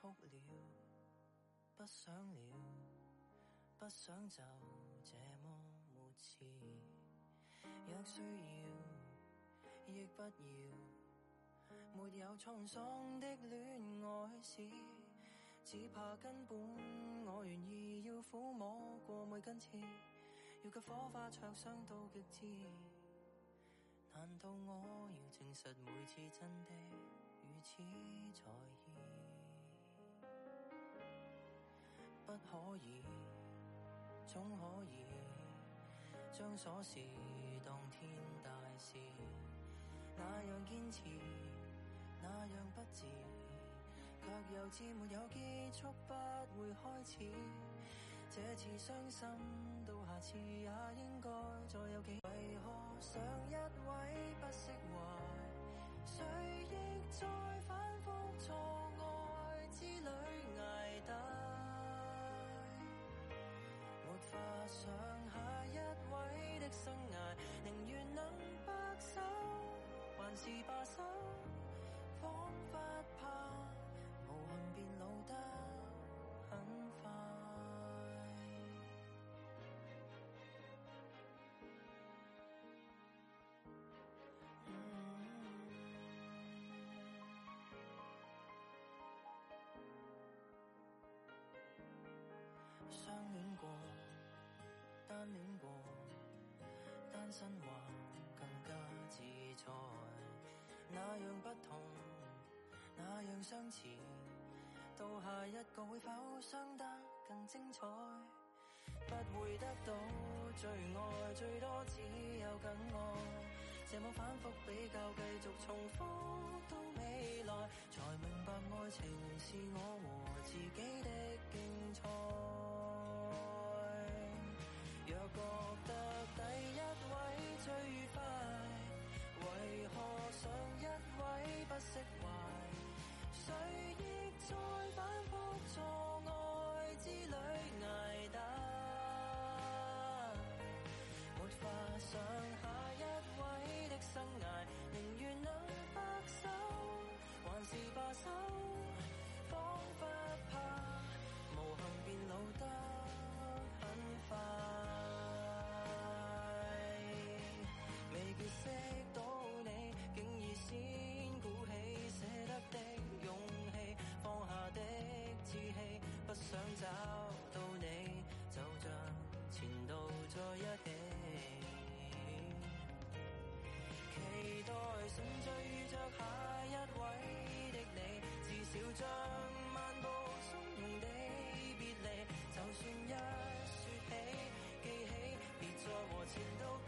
哭了，不想了，不想就這麼沒刺。若需要，亦不要。沒有滄桑的戀愛史，只怕根本我願意要撫摸過每根刺，要給火花灼傷到極致。難道我要證實每次真的如此在意？不可以，總可以將瑣事當天大事，那樣堅持，那樣不智，卻又似沒有結束不會開始。這次傷心，到下次也應該再有幾？為何上一位不釋懷，誰亦在反復錯愛之旅？發上下一位的生涯，寧願能白首，還是罷手。真話更加自在，哪樣不同，哪樣相似，到下一個會否傷得更精彩？不會得到最愛，最多只有更愛。這麼反覆比較，繼續重複到未來，才明白愛情是我和自己的競賽。若覺得第一位最愉快，為何上一位不釋懷？誰亦在反覆錯愛之旅捱打，沒法想下一位的生涯，寧願能白首還是罷手，彷佛怕無憾變老得。識到你，竟然先鼓起捨得的勇氣，放下的志氣，不想找到你，就像前度在一起。期待想追着下一位的你，至少將漫步從容的別離。就算一說起，記起，別再和前度。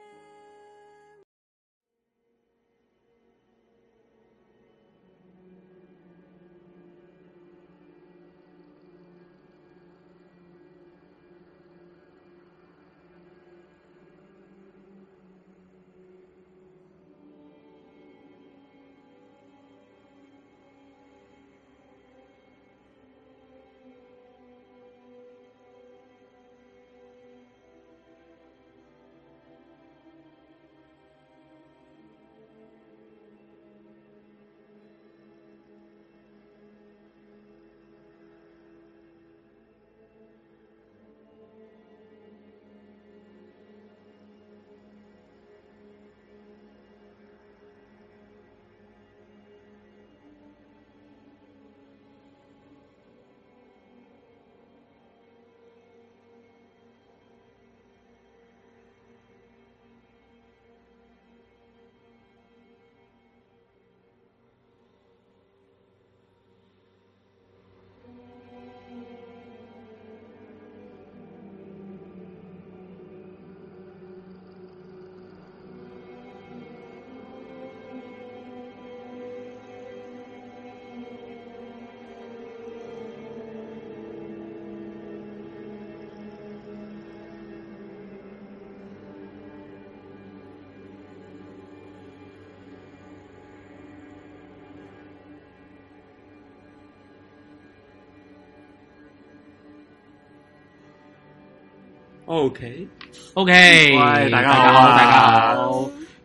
O K O K，大家好，大家好，大家好。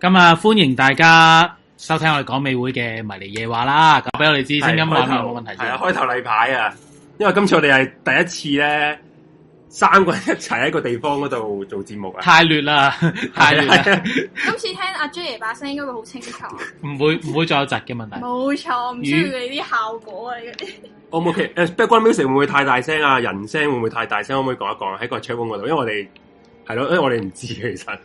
咁啊，歡迎大家收聽我哋港美會嘅迷離夜話啦。咁俾我哋知先，咁聲音問題係啊，開頭例牌啊，因為今次我哋係第一次咧。三個人一齊喺個地方嗰度做節目啊！太亂啦，太亂啦。今次聽阿 Jay 把聲應該會好清楚， 唔會唔會再有窒嘅問題錯。冇錯，唔需要，你啲效果啊！你 O 唔 OK？誒，Background music 會唔會太大聲啊？人聲會唔會太大聲？可唔可以講一講喺、啊、個 check 嗰度，因為我哋係咯，因為我哋唔知其實。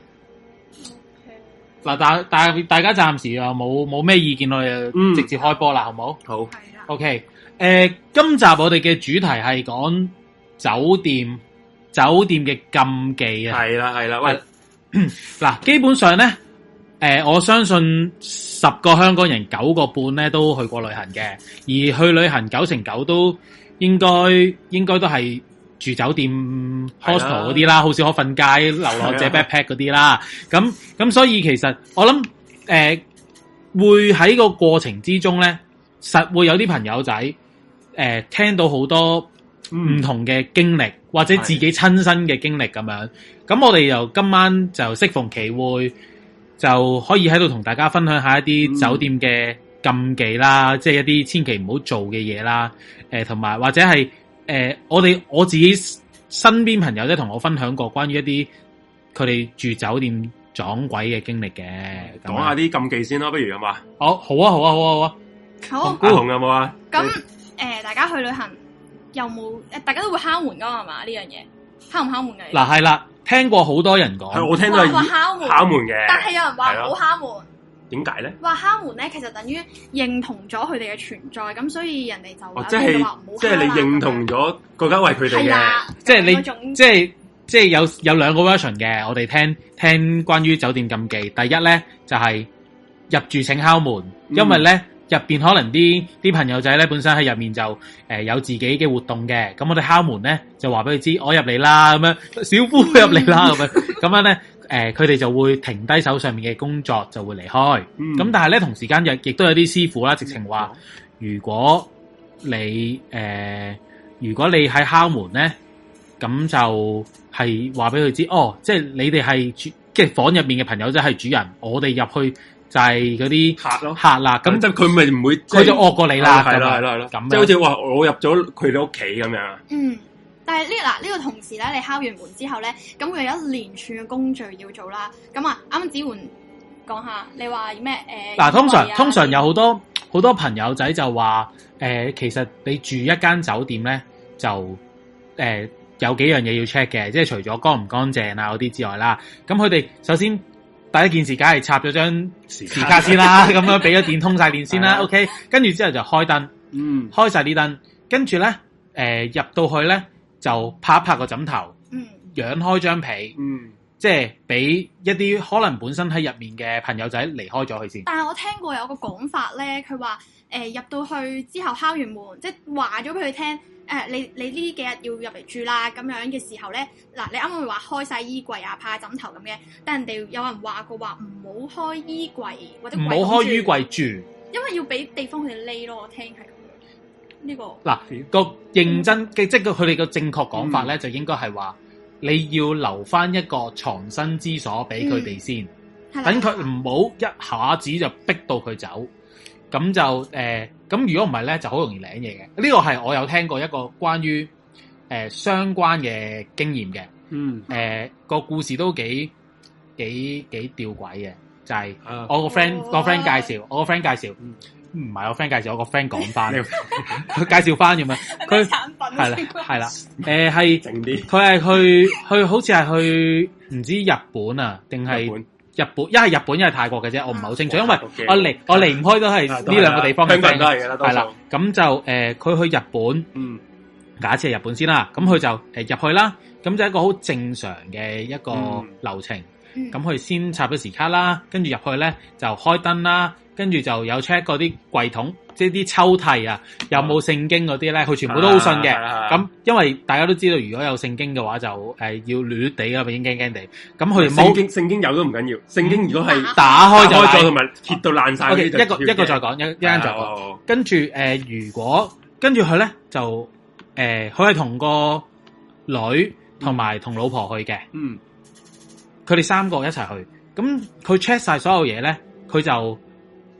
嗱，大大大家暫時啊，冇冇咩意見咯，又直接開波啦，好、嗯、唔好？好。O K。誒，今集我哋嘅主題係講酒店。酒店嘅禁忌啊，係啦係啦，喂，嗱，基本上咧，誒、呃，我相信十個香港人九個半咧都去過旅行嘅，而去旅行九成九都應該應該都係住酒店 hostel 嗰啲啦，好少可瞓街留落借 backpack 嗰啲啦，咁咁所以其實我諗誒、呃、會喺個過程之中咧，實會有啲朋友仔誒、呃、聽到好多。唔、嗯、同嘅經歷，或者自己親身嘅經歷咁樣，咁我哋由今晚就適逢其會，就可以喺度同大家分享一下一啲酒店嘅禁忌啦，嗯、即係一啲千祈唔好做嘅嘢啦。誒、呃，同埋或者係誒，我、呃、哋我自己身邊朋友咧同我分享過關於一啲佢哋住酒店撞鬼嘅經歷嘅，講下啲禁忌先啦，不如咁啊？好、嗯哦，好啊，好啊，好啊，好啊，好。古紅有冇啊？咁誒、啊啊呃，大家去旅行。又冇，誒，大家都會敲門噶嘛？係嘛？呢樣嘢，敲唔敲門嘅？嗱係啦，聽過好多人講，係我聽過有人話敲門，敲門嘅。但係有人話唔好敲門，點解咧？話敲門咧，其實等於認同咗佢哋嘅存在，咁所以人哋就即係即係你認同咗，國家為佢哋嘅。即係你，即係即係有有兩個 version 嘅。我哋聽聽關於酒店禁忌。第一咧就係入住請敲門，因為咧。入邊可能啲啲朋友仔咧，本身喺入面就誒、呃、有自己嘅活動嘅，咁我哋敲門咧就話俾佢知，我入嚟啦，咁樣小夫入嚟啦，咁 樣咁樣咧，誒佢哋就會停低手上面嘅工作，就會離開。咁、嗯、但係咧同時間又亦都有啲師傅啦，直情話，如果你誒、呃、如果你喺敲門咧，咁就係話俾佢知，哦，即、就、係、是、你哋係主，即係房入面嘅朋友仔係主人，我哋入去。就係嗰啲客咯、啊啊，客啦、啊，咁就佢咪唔會，佢就惡過你啦，係咯係咯係咯，即係、就是、好似話我入咗佢哋屋企咁樣。嗯，但係呢嗱呢個同時咧，你敲完門之後咧，咁佢有一連串嘅工序要做啦。咁啊，啱啱子桓講下，你話咩？誒、呃，嗱、啊，通常、啊、通常有好多好、啊、多朋友仔就話，誒、呃，其實你住一間酒店咧，就誒、呃、有幾樣嘢要 check 嘅，即係除咗乾唔乾淨啊嗰啲之外啦。咁佢哋首先。第一件事，梗係插咗張匙卡先啦，咁樣俾咗電 通晒電先啦。啊、OK，跟住之後就開燈、嗯，開晒啲燈，跟住咧，誒、呃、入到去咧就拍一拍個枕頭，揚、嗯、開張被，嗯、即係俾一啲可能本身喺入面嘅朋友仔離開咗佢先。但係我聽過有一個講法咧，佢話，誒、呃、入到去之後敲完門，即係話咗俾佢聽。誒，你你呢幾日要入嚟住啦？咁樣嘅時候咧，嗱，你啱啱話開曬衣櫃啊，拍下枕頭咁嘅，但人哋有人話佢話唔好開衣櫃或者唔好開衣櫃住，因為要俾地方佢哋匿咯。我聽係咁樣，呢、這個嗱、那個認真嘅、嗯，即係佢佢哋嘅正確講法咧、嗯，就應該係話你要留翻一個藏身之所俾佢哋先，等佢唔好一下子就逼到佢走。咁就誒，咁如果唔係咧，就好容易領嘢嘅。呢個係我有聽過一個關於誒相關嘅經驗嘅。嗯。誒個故事都幾幾幾吊詭嘅，就係我個 friend，我 friend 介紹，我個 friend 介紹，唔係我 friend 介紹，我個 friend 講翻佢介紹翻咁啊。佢係啦，係啦。誒係，佢係去去好似係去唔知日本啊定係。日本一係日本一係泰國嘅啫，我唔係好清楚，因為我離我離唔開都係呢兩個地方嘅，係啦，咁、啊啊啊、就誒佢、呃、去日本，嗯、假設係日本先啦，咁佢就誒入、呃、去啦，咁就一個好正常嘅一個流程，咁、嗯、佢先插咗匙卡啦，跟住入去咧就開燈啦，跟住就有 check 嗰啲櫃桶。即係啲抽屜啊，有冇聖經嗰啲咧？佢全部都好信嘅。咁、啊啊、因為大家都知道，如果有聖經嘅話，就誒、呃、要捋地啊，影驚驚地。咁佢冇聖經，聖經有都唔緊要。聖經如果係打開咗、就是，同埋切到爛晒、啊 okay, 就是，一個一個再講、啊，一間再講。跟住誒，如果跟住佢咧，就誒，佢係同個女同埋同老婆去嘅。嗯，佢哋三個一齊去。咁佢 check 晒所有嘢咧，佢就。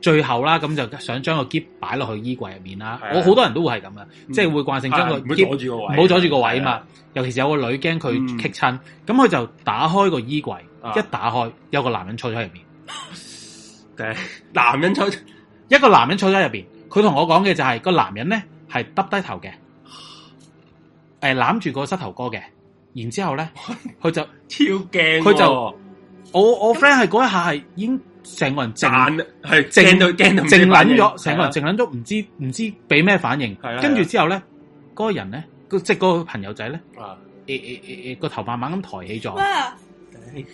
最後啦，咁就想將個喼擺落去衣櫃入面啦、啊。我好多人都會係咁嘅，即係會慣性將個喼唔好阻住個位，唔好阻住個位啊嘛。尤其是有個女驚佢棘親，咁、嗯、佢就打開個衣櫃、啊，一打開有個男人坐喺入邊。男人坐咗入面一個男人坐喺入邊，佢同我講嘅就係個男人咧係耷低頭嘅，誒，攬住個膝頭哥嘅，然之後咧佢就超驚，佢就我我 friend 係嗰一下係已經。成個人靜，係靜到驚到靜撚咗，成個人靜撚咗，唔知唔知俾咩反應。跟住之後咧，嗰個人咧，即係、啊啊啊那個啊嗰個朋友仔咧，個、啊欸欸欸、頭慢慢咁抬起咗。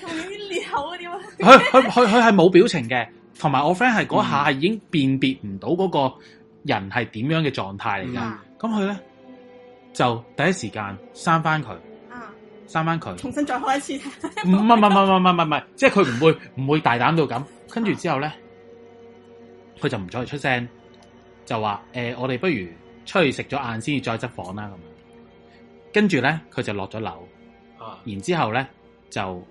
同啲裂口點啊？佢佢佢係冇表情嘅，同埋我 friend 係嗰下係已經辨別唔到嗰個人係點樣嘅狀態嚟噶。咁佢咧就第一時間閂返佢，閂返佢，重新再開一次。唔係唔係唔係唔係唔係，即係佢唔會唔會大膽到咁。 跟住之後咧，佢就唔再出聲，就話：誒、呃，我哋不如出去食咗晏先，再執房啦。咁，跟住咧，佢就落咗樓。然之後咧，就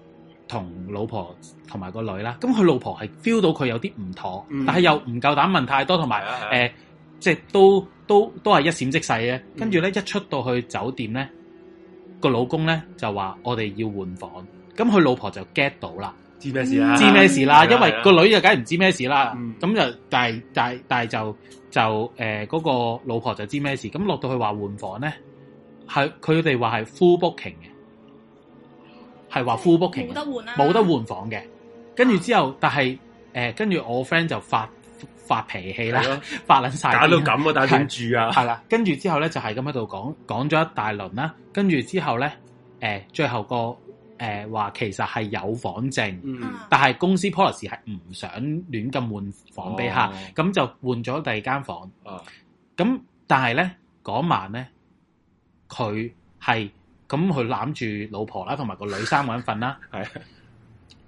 同老婆同埋個女啦。咁佢老婆係 feel 到佢有啲唔妥，嗯、但係又唔夠膽問太多，同埋誒，即、嗯、係、呃、都都都係一閃即逝嘅。跟住咧、嗯，一出到去酒店咧，個老公咧就話：我哋要換房。咁佢老婆就 get 到啦。知咩事啦、嗯？知咩事啦？因為個女就梗係唔知咩事啦。咁、嗯、就但係但係但係就就誒嗰、呃那個老婆就知咩事。咁落到去話換房咧，係佢哋話係 full booking 嘅，係話 full booking 冇得換冇、啊、得換房嘅。跟住之後，但係誒、呃、跟住我 friend 就發發脾氣啦，發捻晒，搞到咁啊，但係點住啊？係啦，跟住之後咧就係咁喺度講講咗一大輪啦。跟住之後咧，誒、呃、最後個。誒、呃、話其實係有房證，嗯、但係公司 policy 係唔想亂咁換房俾客，咁、哦、就換咗第二間房。咁、哦、但係咧晚咧，佢係咁佢攬住老婆啦，同埋個女三個人瞓啦。係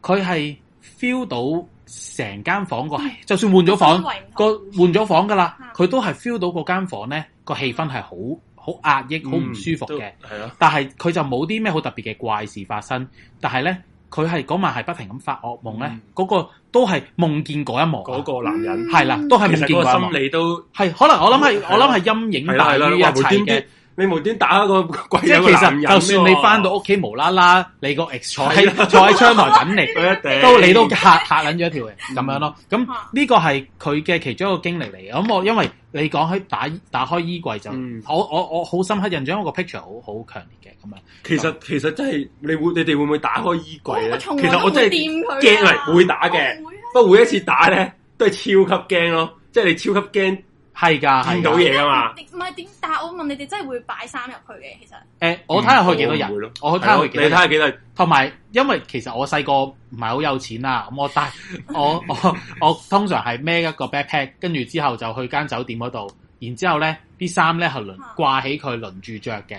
佢係 feel 到成間房個，就算換咗房個換咗房噶啦，佢、嗯、都係 feel 到間間房咧個氣氛係好好壓抑，好唔舒服嘅，係、嗯、咯、嗯。但係佢就冇啲咩好特別嘅怪事發生。但係咧，佢係嗰晚係不停咁發噩夢咧，嗰、嗯嗰個都係夢見嗰一、啊嗰個、一幕，嗰個男人係啦，都係夢見嗰一幕。個心理都係，可能我諗係、嗯、我諗係陰影大一齊嘅。你無端打開個鬼，啊、即係其實就算你翻到屋企無啦啦，你個 ex 坐喺坐喺窗台等你，都，一定都你都吓吓卵咗一跳嘅咁樣咯。咁呢個係佢嘅其中一個經歷嚟嘅。咁我因為你講開打打開衣櫃就，嗯、我我我好深刻印象，有個 picture 好好強烈嘅咁樣。其實其實真、就、係、是、你會你哋會唔會打開衣櫃咧？哦啊、其實我真係驚嚟，會打嘅，哦不，會啊、不過每一次打咧都係超級驚咯，即、就、係、是、你超級驚。係噶，拎到嘢啊嘛！唔係點？但係我問你哋，真係會擺衫入去嘅，其實。誒、嗯，我睇下去幾多人咯。我睇下去幾多人。你睇下幾多人？同埋，因為其實我細個唔係好有錢啦，咁我帶 我我我，我通常係孭一個 backpack，跟住之後就去間酒店嗰度，然之後咧啲衫咧係輪掛起佢，輪住着嘅。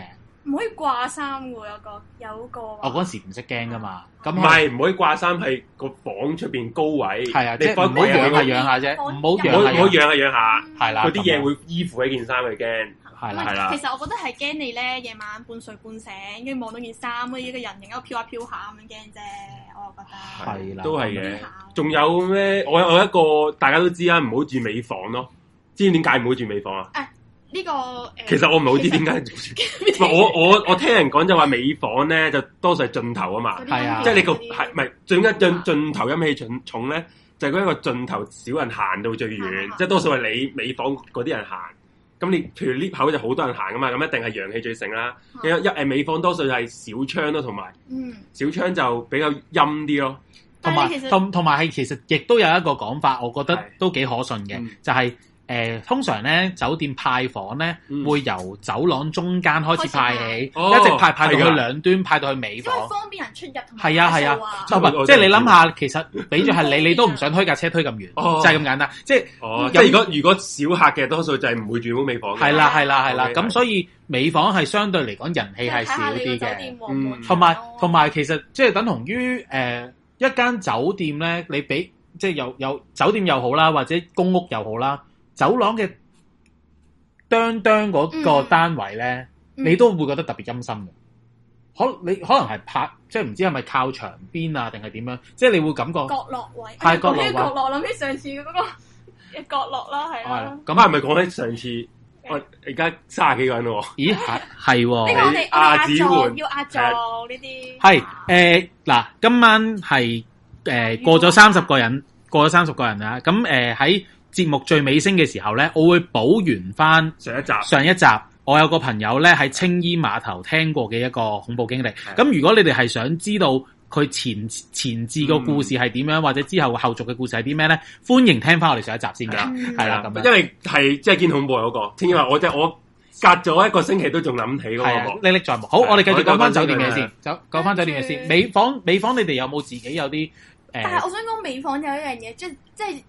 唔可以掛衫噶喎，有個有個。我嗰時唔識驚噶嘛，咁唔係唔可以掛衫，係個房出邊高位。係啊，即係唔好養下養下啫，唔好唔好養下養下，係啦。嗰啲嘢會依附喺件衫，去驚，係啦係啦。其實我覺得係驚你咧，夜晚半睡半醒，跟住望到件衫，依個人影一,一,一,一,一、啊啊、一個飄下飄下咁樣驚啫，我又覺得係啦，都係嘅。仲有咩？我我一個大家都知啦、啊，唔好住尾房咯。知點解唔好住尾房啊？哎呢、這個誒、嗯，其實我唔係好知點解。 我我我聽人講就話尾房咧就多數係盡頭啊嘛，係啊，即、就、係、是、你個係唔係？總之盡盡頭陰氣重重咧，就係嗰一個盡頭少人行到最遠，即係多數係你尾房嗰啲人行。咁、嗯嗯、你譬如 lift 口就好多人行啊嘛，咁一定係陽氣最盛啦。一一誒尾房多數係小窗咯、啊，同埋嗯小窗就比較陰啲咯。同埋同同埋係其實亦都有一個講法，我覺得都幾可信嘅，就係。誒通常咧，酒店派房咧、嗯，會由走廊中間開始派起，啊、一直派派到去兩端，派到去尾房，方便人出入。係啊係啊，即係你諗下，其實俾住係你，你都唔想推架車推咁遠，哦、就係、是、咁簡單。即係、哦、即係，如果如果小客嘅多數就係唔會住到尾房嘅。係啦係啦係啦，咁、哦啊啊啊啊 okay，所以尾房係相對嚟講人氣係少啲嘅。同埋同埋，嗯啊、其實即係等同於誒、呃、一間酒店咧，你俾即係有有酒店又好啦，或者公屋又好啦。走廊嘅當當嗰個單位咧、嗯，你都會覺得特別陰森嘅。可、嗯、你可能係拍，即係唔知係咪靠牆邊啊，定係點樣？即係你會感覺角落位，係角落位。諗起、啊、上次、嗰個 角落啦，係啦、啊。咁係咪講起上次？我而家卅幾個人咯。咦、啊？係係？呢個我哋阿子換要壓仔呢啲。係誒嗱，今晚係誒、呃、過咗三十個人，過咗三十個人啦。咁誒喺。呃節目最尾聲嘅時候咧，我會補完翻上一集。上一集我有個朋友咧喺青衣碼頭聽過嘅一個恐怖經歷。咁如果你哋係想知道佢前前置個故事係點樣，嗯、或者之後後續嘅故事係啲咩咧，歡迎聽翻我哋上一集先噶。係啦，因為係即係兼恐怖嗰、那個青衣話，我即係我隔咗一個星期都仲諗起嗰個,、那個。歷歷在目。好，我哋繼續講翻酒店嘅先，走講翻酒店嘅先。尾房尾房，你哋有冇自己有啲？但係我想講尾房有一樣嘢，即即係誒，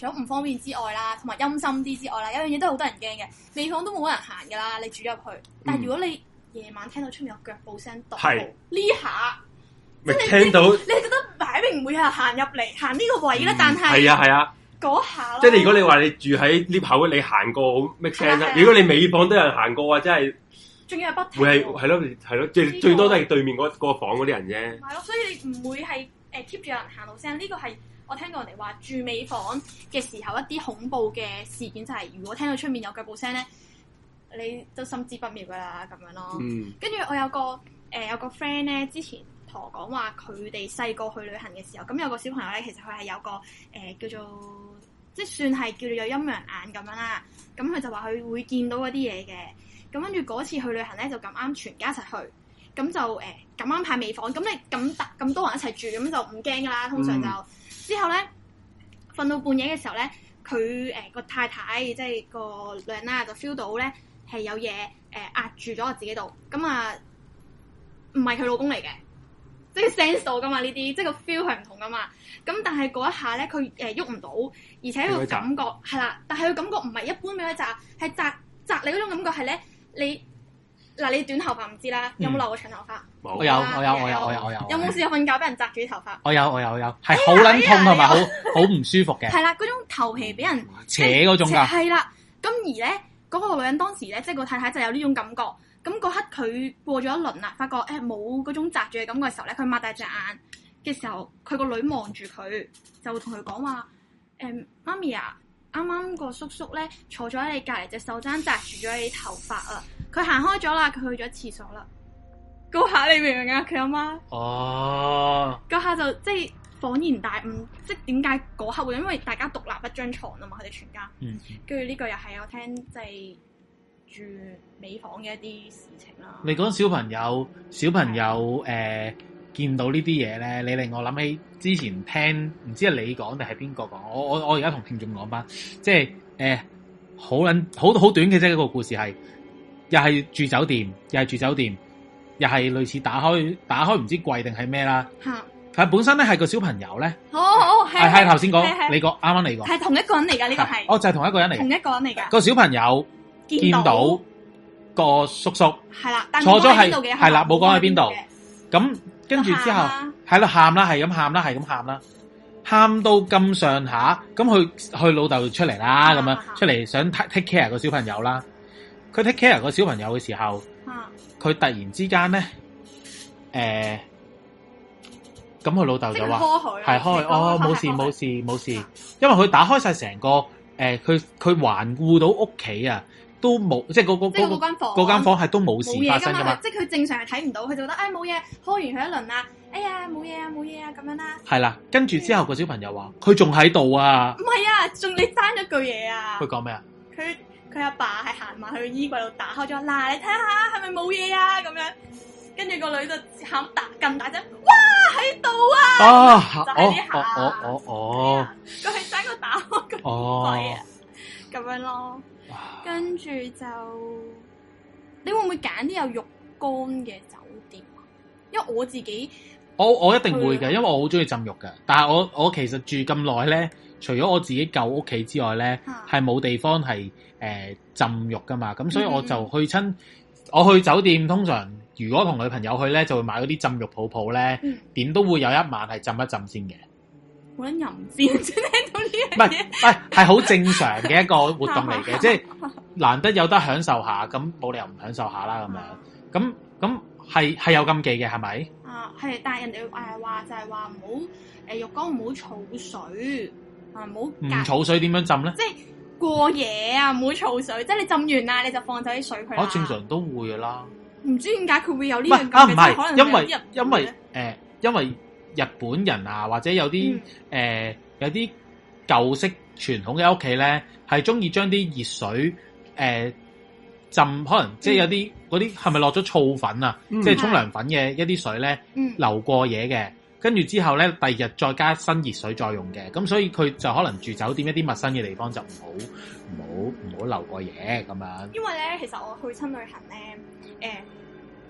除咗唔方便之外啦，同埋陰森啲之外啦，有一樣嘢都係好多人驚嘅。尾房都冇人行噶啦，你住入去。但係如果你夜晚聽到出面有腳步聲踱呢下，即係聽到你係覺得擺明唔會有人行入嚟，行呢個位啦。但係係啊係啊，嗰下即係如果你話你住喺 𨋢 口你行過好 make 聲啦。如果你尾房都有人行過啊，真係仲要係不停。係係咯係咯，最、這個、最多都係對面嗰、嗰個嗰個房嗰啲人啫。係咯，所以你唔會係。誒、keep 住有人行路聲，呢個係我聽過人哋話住尾房嘅時候一啲恐怖嘅事件，就係如果聽到出面有腳步聲咧，你就心知不妙噶啦咁樣咯。嗯、跟住我有個誒、有個 friend 咧，之前同我講話佢哋細個去旅行嘅時候，咁有個小朋友咧，其實佢係有個誒、叫做即係算係叫做有陰陽眼咁樣啦。咁佢就話佢會見到嗰啲嘢嘅。咁跟住嗰次去旅行咧，就咁啱全家一齊去。咁就誒咁啱排尾房，咁你咁搭，咁多人一齊住，咁就唔驚噶啦。通常就、嗯、之後咧，瞓到半夜嘅時候咧，佢個、呃、太太即係個女人啦就 feel 到咧係有嘢、呃、壓住咗我自己度，咁啊唔係佢老公嚟嘅，即係 sense 到噶嘛呢啲，即係個 feel 係唔同噶嘛。咁但係嗰一下咧，佢誒喐唔到，而且佢感覺係啦，但係佢感覺唔係一般俾佢扎，係扎扎你嗰種感覺係咧你。嗱，你短頭髮唔知啦、嗯，有冇留過長頭髮？冇、嗯有有，我有，我有，我有，我有。有冇試過瞓覺俾人扎住啲頭髮？我、哎、有，我有，我、哎、有，係好撚痛同埋好好唔舒服嘅。係、哎、啦，嗰、哎、 種頭皮俾人扯嗰種㗎、啊。係啦，咁而咧，嗰、那個女人當時咧，即、就、係、是、個太太就有呢種感覺。咁、那、嗰、個、刻佢過咗一輪啦，發覺誒冇嗰種扎住嘅感覺嘅時候咧，佢擘大隻眼嘅時候，佢個女望住佢，就同佢講話：誒、嗯，媽咪啊，啱啱個叔叔咧坐咗喺你隔離隻手踭扎住咗你啲頭髮啊！佢行開咗啦，佢去咗廁所啦。嗰下你明唔明啊？佢阿媽哦，嗰、oh. 下就即係恍然大悟，即係點解嗰刻會？因為大家獨立一張床啊嘛，佢哋全家，跟住呢個又係我聽即係住尾房嘅一啲事情咯。你講小朋友，小朋友誒、mm -hmm. 呃，見到這些東西呢啲嘢咧，你令我諗起之前聽唔知係你講定係邊個講，我我我而家同聽眾講翻，即係誒好捻好好短嘅啫，一、這個故事係。又係住酒店，又係住酒店，又係類似打開打開唔知櫃定係咩啦。吓，佢本身咧係個小朋友咧。好好係係頭先講，你個啱啱嚟講係同一個人嚟噶呢個係。哦就係同一個人嚟。同一個人嚟噶。哦就是個，個，那個小朋友見到，見到，見到個叔叔係、啊、啦，坐咗係係啦，冇講喺邊度。咁跟住之後喺度喊啦，係咁喊啦，係咁喊啦，喊到咁上下，咁佢佢老豆出嚟啦，咁樣出嚟想 take take care 個小朋友啦。佢 take care 個小朋友嘅時候，佢突然之間咧，誒、欸，咁佢老豆就話係開哦，冇事冇事冇事，因為佢打開晒成個誒，佢佢環顧到屋企啊，都冇即係嗰個間房，嗰間房係都冇事發生噶嘛，即係佢正常係睇唔到，佢就覺得誒冇嘢，開完佢一輪啦，哎呀冇嘢啊冇嘢啊咁樣啦。係啦，跟住之後個小朋友話，佢仲喺度啊。唔係啊，仲你刪咗句嘢啊，佢講咩啊？佢。佢阿爸係行埋去衣櫃度打開咗，嗱你睇下係咪冇嘢啊？咁、啊、樣，跟住個女就喊大咁大聲，哇喺度啊，啊！就喺啲哦！佢真個打開個衣櫃，咁、啊、樣咯。跟住就，你會唔會揀啲有浴缸嘅酒店？因為我自己，我我一定會嘅，因為我好中意浸浴㗎。但係我我其實住咁耐咧。除咗我自己舊屋企之外咧，係、啊、冇地方係誒、呃、浸浴噶嘛，咁所以我就去親、嗯，我去酒店通常如果同女朋友去咧，就會買嗰啲浸浴泡泡咧，點、嗯、都會有一晚係浸一浸先嘅。我諗又唔知，聽到呢樣嘢，唔係唔係，係好 正常嘅一個活動嚟嘅，即 係難得有得享受下，咁冇理由唔享受下啦，咁樣，咁咁係係有禁忌嘅，係咪？啊，係，但係人哋誒話就係話唔好誒浴缸唔好儲水。唔好，唔儲水點樣浸咧？即係過夜啊，唔好儲水。即係你浸完啊，你就放走啲水佢，我、啊、正常都會噶啦。唔知點解佢會有呢樣？啊、唔、啊、係，因為因為誒，因為日本人啊，或者有啲誒、嗯呃、有啲舊式傳統嘅屋企咧，係中意將啲熱水誒、呃、浸，可能即係有啲嗰啲係咪落咗醋粉啊？嗯、即係沖涼粉嘅一啲水咧、嗯，流過夜嘅。跟住之後咧，第二日再加新熱水再用嘅，咁所以佢就可能住酒店一啲陌生嘅地方就唔好唔好唔好留過嘢咁樣。因為咧，其實我去親旅行咧，呃、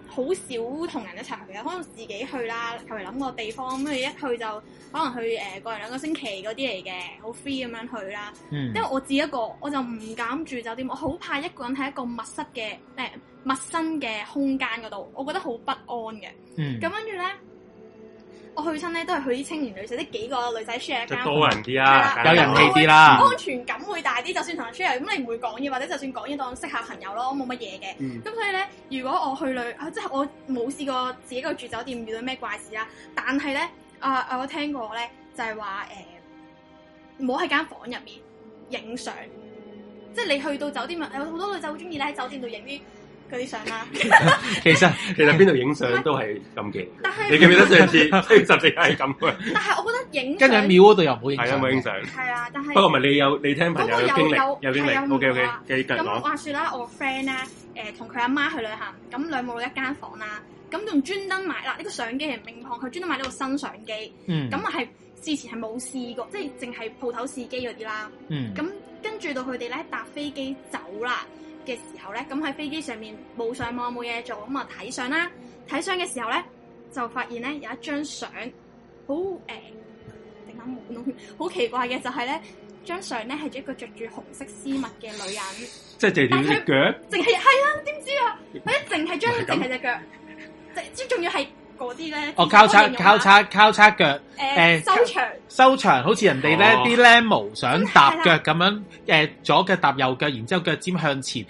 好少同人一齊去嘅，可能自己去啦，求其諗個地方咁，一去就可能去、呃、過兩個星期嗰啲嚟嘅，好 free 咁樣去啦、嗯。因為我只一個，我就唔敢住酒店，我好怕一個人喺一個密室嘅誒陌生嘅空間嗰度，我覺得好不安嘅。咁跟住咧。我去親咧都係去啲青年旅社，即係幾個女仔 share 一間房，就多人啲啊，啊有人氣啲啦，安全感會大啲。就算同人 share，咁你唔會講嘢，或者就算講嘢都係識下朋友咯，冇乜嘢嘅。咁、嗯、所以咧，如果我去旅行，即係我冇試過自己個住酒店遇到咩怪事啊。但係咧，啊啊，我聽過咧就係話誒，唔好喺間房入面影相，即係你去到酒店咪有好多女仔好中意咧喺酒店度影啲。佢啲相啦，其實其實邊度影相都係咁嘅。但係你記唔記得上次十四日係咁？但係我覺得影，跟住喺廟嗰度又冇影相。係啊，冇影相。係啊，但係不過唔係你有你聽朋友有經歷、嗰個、有啲咩、okay, okay, 啊？O K O K，繼續講。說話説啦，我 friend 咧誒同佢阿媽去旅行，咁兩母女一間房啦，咁仲專登買啦呢、呢個相機係明航，佢專登買呢個新相機。嗯。咁啊係事前係冇試過，即係淨係鋪頭試機嗰啲啦。嗯。咁跟住到佢哋咧搭飛機走啦。嘅時候咧，咁喺飛機上面冇上網冇嘢做，咁啊睇相啦，睇相嘅時候咧就發現咧有一張相好誒，定、欸、下冇咁好奇怪嘅就係咧張相咧係一個着住紅色絲襪嘅女人，即係淨係隻腳，淨係係啊，點知啊，佢 一淨係將淨係隻腳，即係仲要係。嗰啲咧，哦，交叉、交叉、交叉腳，誒、呃，收長、呃，收長，好似人哋咧啲靚模想搭腳咁樣，誒、嗯呃，左腳搭右腳，然之後腳尖向前，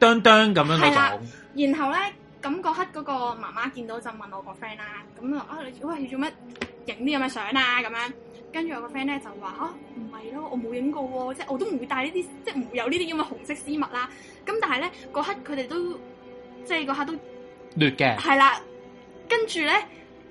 鏘鏘咁樣嗰種。然後咧，咁、那、嗰、個、刻嗰個媽媽見到就問我個 friend 啦，咁啊，啊，你喂，做乜影啲咁嘅相啊？咁樣，跟住我個 friend 咧就話，吓唔係咯，我冇影過、哦，即、就、係、是、我都唔會戴呢啲，即係唔會有呢啲咁嘅紅色絲襪啦。咁但係咧嗰刻佢哋都，即係嗰刻都，劣嘅，係啦。跟住咧，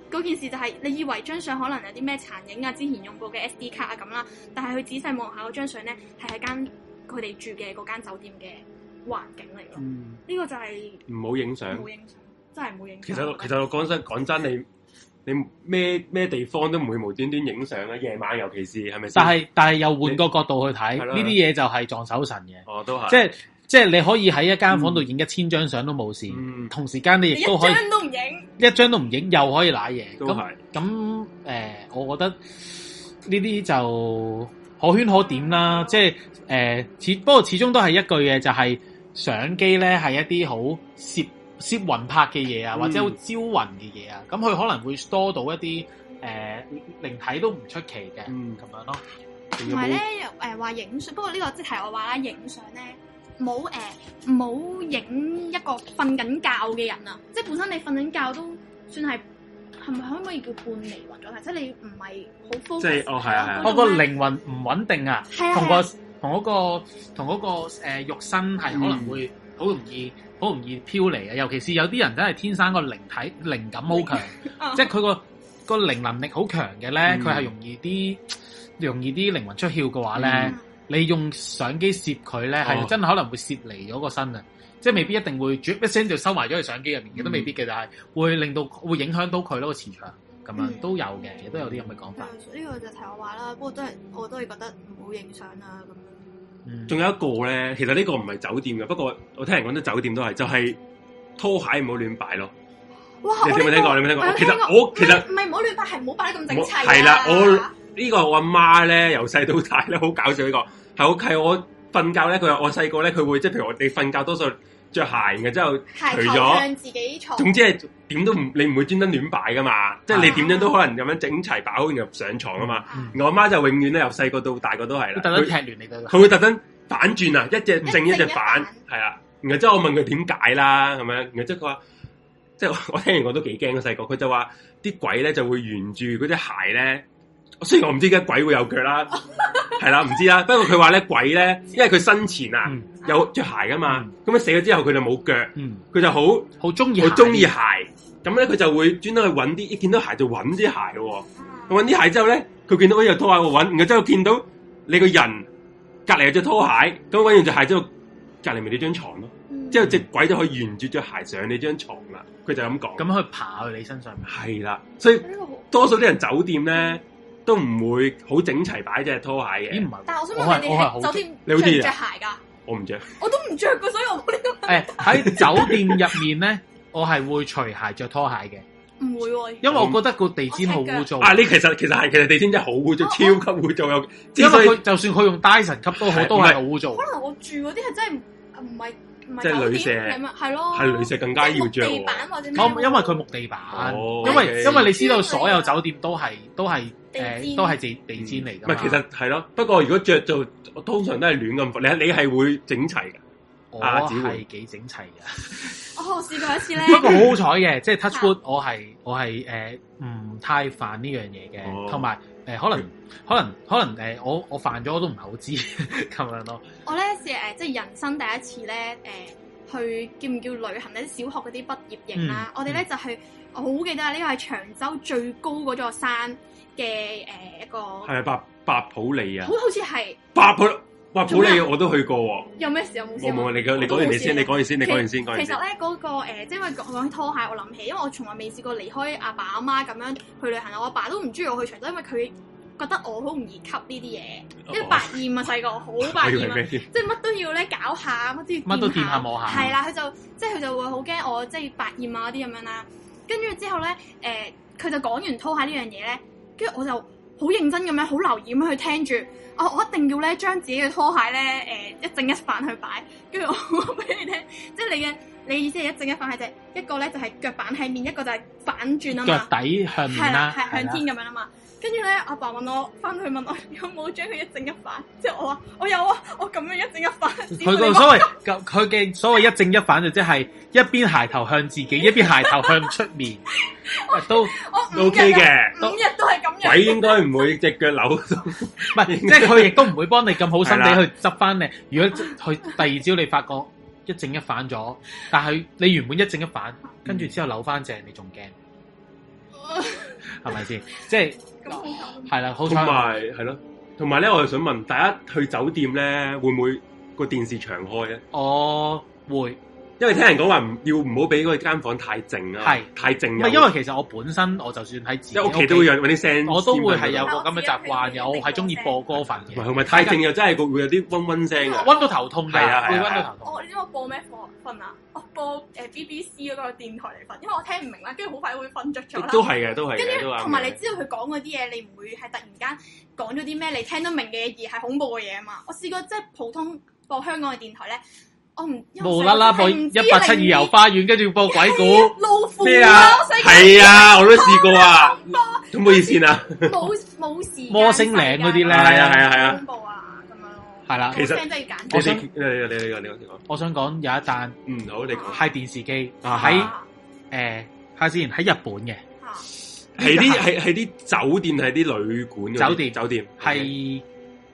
嗰件事就係你以為張相可能有啲咩殘影啊，之前用過嘅 SD 卡啊，咁啦，但係佢仔細望下嗰張相咧，係喺間佢哋住嘅嗰間酒店嘅環境嚟咯。呢、嗯呢個就係唔好影相，唔好影相真係唔好影。其實其實我講、嗯、真講真，你你咩咩地方都唔會無端端影相嘅，夜晚尤其是係咪先？但係但係又換個角度去睇，呢啲嘢就係撞手神嘅。哦，都係。即、就、係、是。即係你可以喺一間房度影一千張相都冇事，嗯，同時間你亦都可以一張都唔影，一張都唔影又可以瀨嘢。咁咁誒，我覺得呢啲就可圈可點啦。即係誒、呃，始不過始終都係一句嘢，就係、是、相機咧，係一啲好攝攝魂拍嘅嘢啊、嗯，或者好招魂嘅嘢啊。咁佢可能會多到一啲誒靈體都唔出奇嘅，咁、嗯、樣咯。同埋咧，又誒話影相，不過這個我說拍照呢個即係我話啦，影相咧。冇誒，冇、呃、影一個瞓緊覺嘅人啊！即係本身你瞓緊覺都算係，係咪可唔可以叫半離魂狀態？即係你唔係好 focus 即係哦，係啊，係啊。我個靈魂唔穩定啊，同個同嗰個同嗰個誒、呃、肉身係可能會好容易好、嗯、容易飄離啊！尤其是有啲人真係天生個靈體靈感好強，啊、即係佢個個靈能力好強嘅咧，佢、嗯、係容易啲容易啲靈魂出竅嘅話咧。嗯你用相機攝佢咧，係真係可能會攝離咗個身啊、哦！即係未必一定會，絕 p e 就收埋咗喺相機入面嘅、嗯、都未必嘅，就係會令到會影響到佢咯，磁場咁樣都有嘅，亦都有啲咁嘅講法。呢、嗯嗯這個就提我話啦，不過都係我都係覺得唔好影相啊咁樣。仲、嗯、有一個咧，其實呢個唔係酒店嘅，不過我聽人講得酒店都係，就係、是、拖鞋唔好亂擺咯。哇！這個、你有冇聽過？你有冇聽，聽，聽過？其實我其實唔係唔好亂擺，係唔好擺咁整齊。係啦，我。呢、這個我阿媽咧，由細到大咧好搞笑呢、這個，係好契我瞓覺咧。佢話我細個咧，佢會即係譬如我哋瞓覺，多數着鞋然之後，後，除咗，總之係點都唔，你唔會專登亂擺噶嘛。即係你點樣都可能咁樣整齊擺好入上床啊嘛。嗯嗯、我阿媽就永遠咧，由細個到大個都係啦。佢會，會特登踢亂你對啦，佢會特登反轉啊，一隻正一,一隻反，係啊。然後之後我問佢點解啦，咁樣，然後即係佢話，即係我，我聽完我都幾驚。個細個佢就話啲鬼咧就會沿住嗰隻鞋咧。我雖然我唔知點解鬼會有腳啦、啊，係 啦，唔知啦、啊。不過佢話咧，鬼咧，因為佢生前啊、嗯、有着鞋噶嘛，咁佢死咗之後佢就冇腳，佢、嗯、就好好中意好中意鞋。咁咧佢就會專登去揾啲，一見到鞋就揾啲鞋、哦。揾、啊、啲鞋之後咧，佢見到有一隻拖鞋，我揾，然後之後見到你個人隔籬有隻拖鞋，咁揾完隻鞋之後，隔籬咪你張床咯、啊嗯。之後隻鬼就可以沿住隻鞋上你張床啦。佢就咁講。咁可以爬去你身上？係啦，所以多數啲人酒店咧。嗯都唔會好整齊擺隻拖鞋嘅，欸，但係我想問你，你喺酒店你好着唔着鞋噶？我唔着，我都唔着噶，所以我冇呢個。誒、哎、喺酒店入面咧， 我係會除鞋着拖鞋嘅，唔會，啊，因為我覺得個地氈好污糟啊！呢其實其實係其實地氈真係好污糟，超級污糟有，因為佢就算佢用 dyson 吸都好，都係好污糟。可能我住嗰啲係真係唔係。是即係女石，係咯，係鐳石更加要着。木地板或者、哦、因為佢木地板，哦、因為、okay、因為你知道所有酒店都係都係地，都係、呃、地、嗯、都地氈嚟。唔其實係咯。不過如果着就通常都係亂咁，你你係會整齊噶？我係幾整齊噶？ 我試過一次咧。不過好好彩嘅，即、就、係、是、touch wood，我係我係誒唔太犯呢樣嘢嘅，同、哦、埋。誒、呃，可能可能可能誒、呃，我我犯咗， 樣我都唔係好知咁樣咯。我咧是誒，即係人生第一次咧，誒、呃，去叫唔叫旅行咧？小學嗰啲畢業營啦、啊嗯，我哋咧就去，我好記得啊！呢個係長洲最高嗰座山嘅誒、呃、一個，係白白普理啊，好好似係白普。哇！普利我都去過喎。有咩事？有冇事？我冇，你講你講完你先，你講完先，你講完先。其，先其，其實咧嗰、嗰個即係、呃就是、因為講，講拖鞋，我諗起，因為我從來未試過離開阿爸阿媽咁樣去旅行。我阿爸都唔中意我去長洲，因為佢覺得我好容易吸呢啲嘢，因為百厭啊，細個好百厭即係乜都要咧搞下，乜都掂下。乜都掂下摸下。係啦，佢就即係佢就會好驚我即係百厭啊啲咁樣啦。跟住之後咧，佢、呃、就講完拖鞋呢樣嘢咧，跟住我就。好認真咁樣，好留意咁去聽住。哦，我一定要咧將自己嘅拖鞋咧、呃，一正一反去擺。跟住我，話俾你聽，即係你嘅你意思係一正一反係即係一個咧就係腳板喺面，一個就係反轉啊嘛。腳底向天啊。係啦，係向天咁樣啊嘛。跟住咧，阿爸，爸問我翻去問我有冇將佢一正一反？即係我話我有啊，我咁樣一正一反。佢個所謂佢嘅所謂一正一反就即係一邊鞋頭向自己， 一邊鞋頭向出面。 都 O K 嘅，咁日都係咁樣。鬼應該唔會隻腳扭到，係即係佢亦都唔會幫你咁好心地去執翻嚟。如果佢第二朝你發覺一正一反咗，但係你原本一正一反，跟住之後扭翻正，你仲驚。係咪先？即係係啦，好同埋係咯。同埋咧，我就想問，大家去酒店咧，會唔會個電視長開咧？我、哦、會。因為聽人講話，唔要唔好俾嗰間房太靜啊，太靜。唔係，因為其實我本身我就算喺自己，屋企都會用搵啲聲，我都會係有個咁嘅習慣。有係中意，播歌瞓，唔係太靜又真係會有啲嗡嗡聲嘅，嗡到頭痛的。係啊係啊。哦，你知我播咩課瞓啊？我播誒 BBC 嗰個電台嚟瞓，因為我聽唔明啦，跟住好快會瞓着咗啦。都係嘅，都係嘅。跟住同埋你知道佢講嗰啲嘢，你唔會係突然間講咗啲咩你聽得明嘅嘢，而係恐怖嘅嘢啊嘛。我試過即係普通播香港嘅電台咧。哦，唔無啦啦放一八七二遊花園，跟住要播鬼故咩啊？係啊，啊，我都試過啊。有、啊、冇意思啊？冇冇事。摩星嶺嗰啲咧，係啊係啊係啊。恐怖啊！咁、啊啊啊、樣。係啦、啊，其實我想，你講有一單，唔、嗯、好，你講。係電視機啊喺誒，睇、啊呃、先喺日本嘅，係啲係係啲酒店係啲旅館酒店酒店係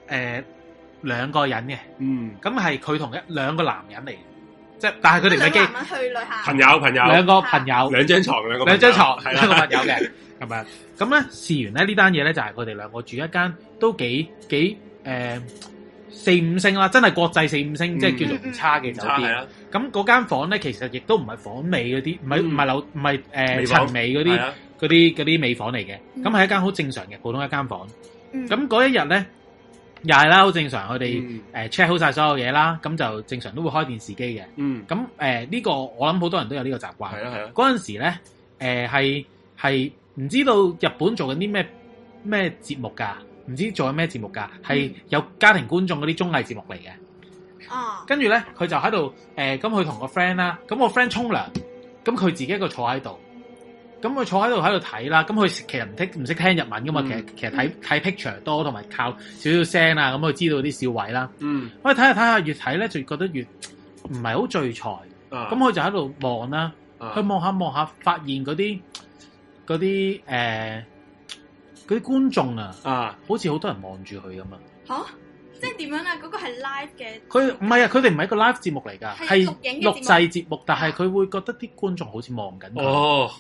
誒。兩個人嘅，嗯，咁係佢同一兩個男人嚟，即係但係佢哋嘅基朋友朋友兩個朋友兩張床兩個兩張床係兩個朋友嘅係咪？咁咧試完咧呢單嘢咧就係佢哋兩個住一間都幾幾誒四五星啦，真係國際四五星，即係叫做唔差嘅酒店。咁嗰間房咧，其實亦都唔係房尾嗰啲，唔係唔係樓唔係誒層尾嗰啲嗰啲嗰啲尾房嚟嘅，咁係一間好正常嘅普通一間房。咁嗰一日咧。又係啦，好正常，佢哋 check 好曬所有嘢啦，咁就正常都會開電視機嘅。咁、嗯、呢、呃呢個我諗好多人都有呢個習慣。係咯係咯。嗰陣時咧，係係唔知道日本做緊啲咩咩節目噶，唔知做緊咩節目噶，係、嗯、有家庭觀眾嗰啲綜藝節目嚟嘅。哦、啊，跟住咧佢就喺度誒，咁佢同個 friend 啦，咁個 friend 沖涼，咁佢自己一個坐喺度。咁佢坐喺度喺度睇啦。咁佢其實唔識唔識聽日文噶嘛、嗯。其實其實睇睇、嗯、picture 多，同埋靠少少聲啦。咁佢知道啲笑位啦。嗯，我睇下睇下，越睇咧就覺得越唔係好聚財。咁、啊、佢就喺度望啦。佢望下望下，發現嗰啲嗰啲誒嗰啲觀眾啊，啊，好似好多人望住佢咁啊吓？即係點樣啊？嗰個係 live 嘅，佢唔係啊。佢哋唔係一個 live 節目嚟㗎，係錄影嘅節目。錄製節目，但係佢會覺得啲觀眾好似望緊佢。哦。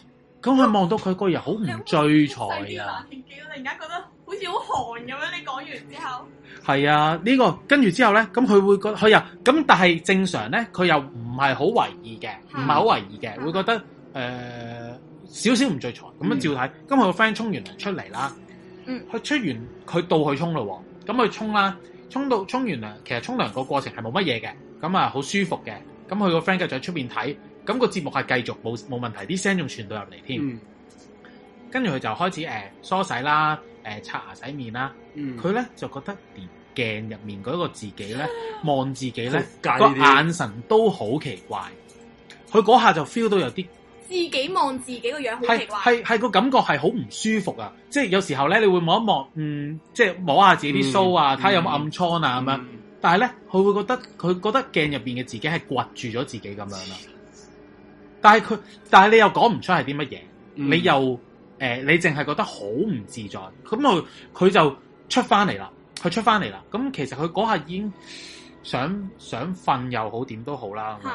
咁佢望到佢個人好唔聚財啊，啊！突然間覺得好似好寒咁樣，你講完之後係啊，呢個跟住之後咧，咁佢會覺得佢又咁，但係正常咧，佢又唔係好懷疑嘅，唔係好懷疑嘅，會覺得誒、呃、少少唔聚財咁樣照睇。咁佢個 friend 沖完涼出嚟啦，嗯，佢出，出完佢到去沖咯喎，咁佢沖啦，沖到沖完涼，其實沖涼個過程係冇乜嘢嘅，咁啊好舒服嘅，咁佢個 friend 繼續喺出邊睇。咁、那個節目係繼續冇冇問題，啲聲仲傳到入嚟添。跟住佢就開始誒、呃、梳洗啦，誒、呃、刷牙洗面啦。佢、嗯、咧就覺得鏡鏡入面嗰個自己咧，望自己咧、那個眼神都好奇怪。佢嗰下就 feel 到有啲自己望自己個樣好奇怪，係係、那個感覺係好唔舒服啊！即、就、係、是、有時候咧，你會望一望，嗯，即係摸下自己啲鬚啊，睇下、嗯、有冇暗瘡啊咁樣、嗯。但係咧，佢會覺得佢覺得鏡入邊嘅自己係刮住咗自己咁樣啦。但係佢，但係你又講唔出係啲乜嘢，你又誒、呃，你淨係覺得好唔自在，咁、嗯、佢就出翻嚟啦，佢出翻嚟啦，咁、嗯、其實佢嗰下已經想想瞓又好，點都好啦，咁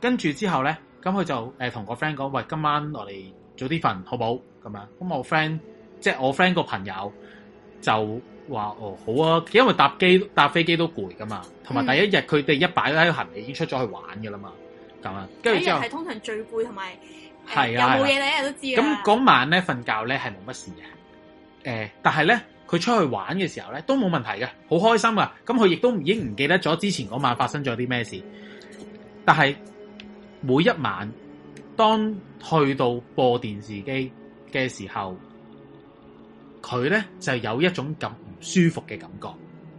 跟住之後咧，咁、嗯、佢就誒同個 friend 講，喂，今晚我哋早啲瞓好冇？咁樣，咁、嗯、我 friend 即係我 friend 個朋友就話，哦好啊，因為搭機搭飛機都攰噶嘛，同埋第一日佢哋一擺低行李已經出咗去玩㗎啦嘛。咁、呃、啊，跟住之後係通常聚會同埋有冇嘢，你一日都知嘅。咁嗰晚咧，瞓覺咧係冇乜事嘅。誒、呃，但係咧，佢出去玩嘅時候咧都冇問題嘅，好開心啊。咁佢亦都已經唔記得咗之前嗰晚發生咗啲咩事。但係每一晚當去到播電視機嘅時候，佢咧就有一種咁唔舒服嘅感覺。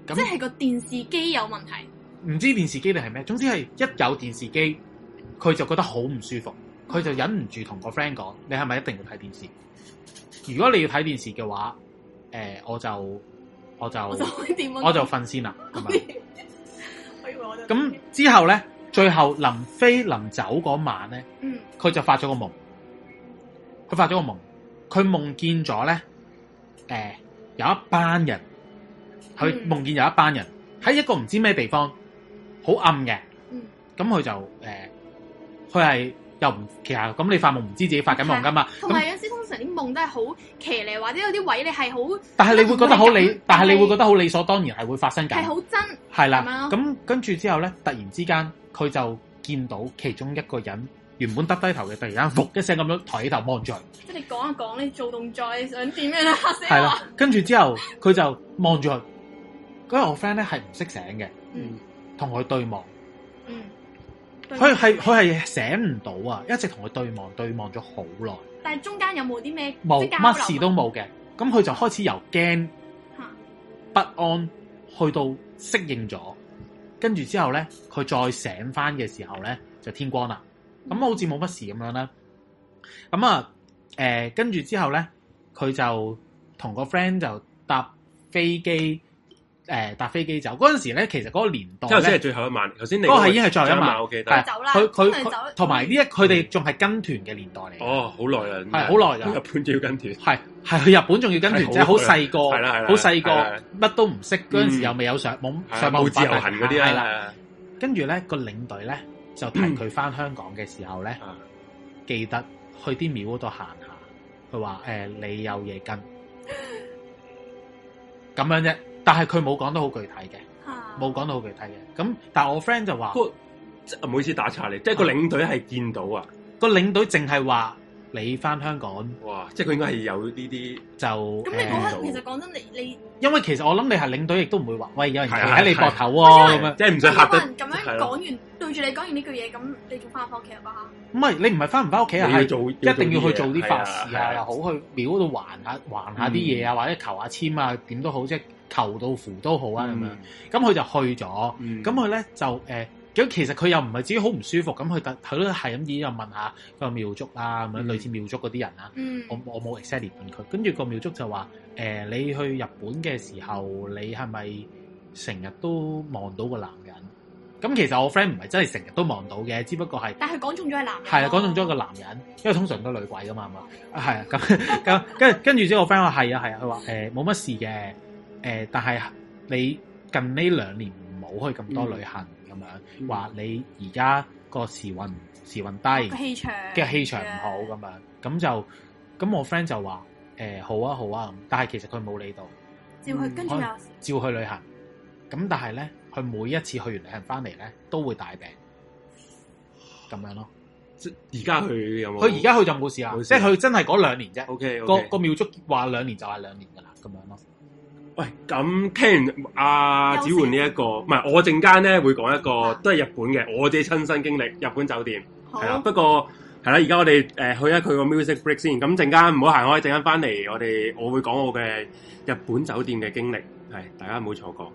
咁即係個電視機有問題，唔知電視機定係咩。總之係一有電視機。佢就覺得好唔舒服，佢就忍唔住同個 friend 講：你係咪一定要睇電視？如果你要睇電視嘅話、呃，我就我就我就瞓、啊、先啦。咁 之後咧，最後林飛臨走嗰晚咧，佢就發咗個夢。佢發咗個夢，佢夢見咗咧、呃，有一班人，佢夢見有一班人喺一個唔知咩地方，好暗嘅。咁、嗯、佢就、呃佢係又唔，其實咁你發夢唔知自己發緊夢噶嘛。同埋有時通常啲夢都係好騎呢，或者有啲位你係好。但係你會覺得好理，但係你會覺得好理所當然係會發生緊。係好真。係啦，咁跟住之後咧，突然之間佢就見到其中一個人原本耷低頭嘅，突然間喐一聲咁樣抬起頭望住佢。即係你講一講你做動作你想點樣啦、啊？係啦 ，跟住之後佢就望住佢嗰個 friend 咧，係唔識醒嘅，同佢對望。佢係，佢係醒唔到啊！一直同佢對望，對望咗好耐，但係中間有冇啲咩？冇，乜事都冇嘅，咁佢就開始由驚不安去到適應咗，跟住之後咧，佢再醒翻嘅時候咧，就天光啦，咁好似冇乜事咁樣啦。咁啊，誒、呃，跟住之後咧，佢就同個 friend 就搭飛機。誒、呃、搭飛機走嗰陣時咧，其實嗰個年代即係先係最後一晚。頭先你嗰個係已經係最後一晚。O K，但係佢佢佢同埋呢一，佢哋仲係跟團嘅年代嚟。哦，好耐啦，好耐啦。日本仲要跟團，係係去日本仲要跟團，即係好細個，係啦係啦，好細個，乜都唔識。嗰陣時又未有上網，上網自由行嗰啲啦。跟住咧個領隊咧就提佢翻香港嘅時候咧、嗯，記得去啲廟度行下。佢話誒，eh, 你有嘢跟咁 樣啫。但係佢冇講得好具體嘅，冇講得好具體嘅。咁，但係我 friend 就話，即唔好意思打岔你，即係個領隊係見到啊，個、啊、領隊淨係話你翻香港，哇！即係佢應該係有啲啲就咁、嗯。你嗰刻其實講真，你你因為其實我諗你係領隊，亦都唔會話，喂，有人喺你膊頭喎，咁樣，即係唔使嚇得咁樣講完，對住你講完呢句嘢，咁你仲翻返翻屋企啊？唔係，你唔係翻唔翻屋企啊？做一定要去做啲法事啊，又好去廟度還下還一下啲嘢啊，或者求下籤啊，點都好即頭到符都好啊，咁、嗯、樣，咁佢就去咗，咁佢咧就誒，咁其實佢又唔係自己好唔舒服，咁佢特佢都係咁，而又問下個廟祝啦咁樣，類似廟祝嗰啲人啊。嗯、我我冇 exactly 問佢，跟住個廟祝就話誒、呃，你去日本嘅時候，你係咪成日都望到，男都到個男人？咁其實我 friend 唔係真係成日都望到嘅，只不過係，但係講中咗係男，係啊，講中咗個男人，因為通常都女鬼噶嘛，係、哦、啊，咁咁 跟跟住之後，我 friend 話係啊係啊，佢話誒冇乜事嘅。誒、呃，但係你近呢兩年唔好去咁多旅行咁、嗯、樣，話、嗯、你而家個時運時運低，氣場、嘅氣場唔好咁樣，咁就咁我 friend 就話、呃、好啊好啊，但係其實佢冇理到，嗯、照去跟住照去旅行，咁、嗯、但係咧，佢每一次去完旅行翻嚟咧，都會大病，咁樣咯。而家佢有冇？佢而家佢就冇事啦，即係佢真係嗰兩年啫。OK, okay. 個個廟祝話兩年就係兩年噶啦，咁樣咯。喂，咁聽完阿子桓呢一個，唔係，我陣間咧會講一個都係日本嘅，我自己親身經歷日本酒店係啦，不過係啦，而家我哋誒、呃、去一佢個 music break 先，咁陣間唔好行開，陣間翻嚟我哋我會講我嘅日本酒店嘅經歷，係、哎、大家唔好錯過。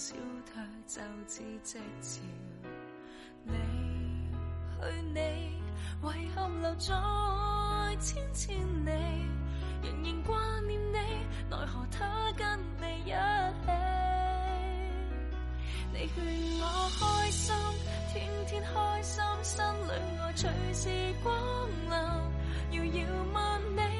消太，太就似寂潮，離去你，為何留在千千里，仍然掛念你，奈何他跟你一起。你勸我開心，天天開心，心裏愛隨時光流，遙遙萬里。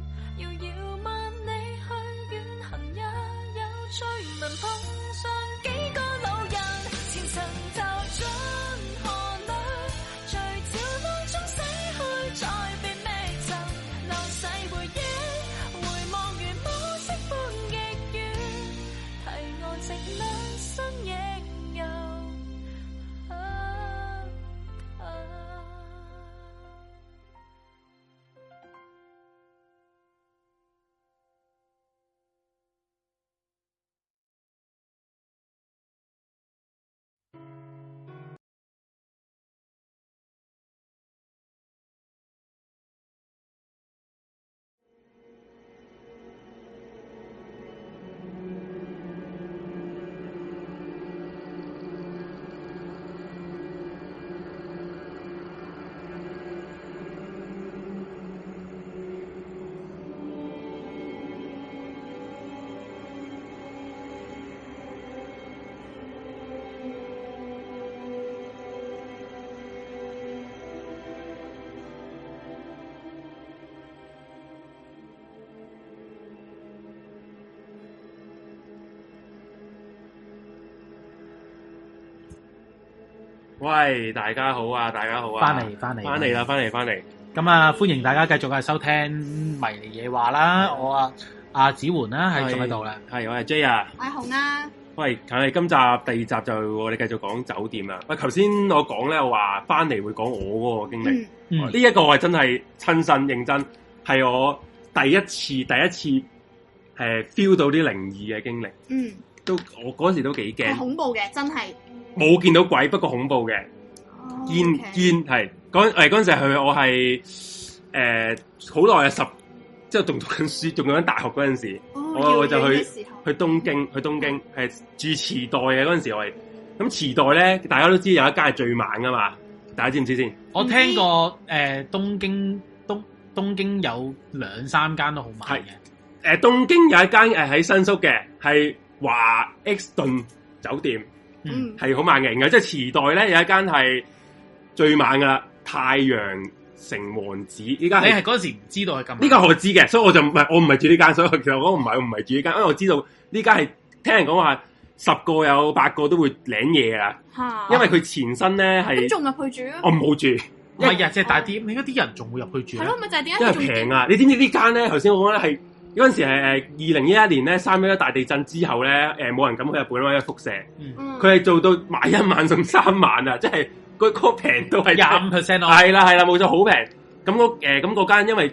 喂，大家好啊！大家好啊！翻嚟，翻嚟，翻嚟啦！翻嚟，翻嚟。咁啊，歡迎大家繼續係收聽迷離夜話啦、嗯。我啊，阿、啊、子桓啦、啊，係仲喺度啦。係，我係 J 啊。我係紅啦、啊。喂，梗係今集第二集就我哋繼續講酒店啦。喂，頭先我講咧，我話翻嚟會講我嗰個經歷。呢、嗯、一、這個我係真係親身認真，係我第一次第一次誒 feel 到啲靈異嘅經歷。嗯。都我嗰時都幾驚。恐怖嘅，真係。冇見到鬼，不過恐怖嘅，oh, okay. 煙煙係嗰陣時去，佢我係誒好耐啊，十即係仲讀緊書，仲讀緊大學嗰陣時，oh, 我就去、okay. 去東京，去東京係、oh. 住池袋嘅嗰陣時我，我係咁池袋咧，大家都知有一間係最猛㗎嘛，大家知唔知先？我聽過誒、呃、東京東東京有兩三間都好猛嘅，誒、呃、東京有一間誒喺新宿嘅係華 X 頓酒店。嗯係好猛嘅，然後即係池袋咧有一間係最猛噶啦，太陽城王子依家，你係嗰陣時唔知道係咁，呢、這個我知嘅，所以我就唔係我唔係住呢間，所以其實我唔係唔係住呢間，因為我知道呢間係聽人講話十個有八個都會領嘢噶，因為佢前身咧係都仲入去住，啊我唔好住，因為日即大啲你嗰啲人仲會入去住，係咯，咪就係點，因為平啊，你知唔知呢間咧？頭先我講咧係。嗰陣時係誒二零一一年呢，三一一大地震之後呢，誒、呃、冇人敢去日本啦，因為輻射。嗯嗯。佢係做到買一晚送三晚啊！即係嗰個平都係廿五 percent 係啦係啦，冇錯，好平。咁嗰咁嗰間，那個呃那個、因為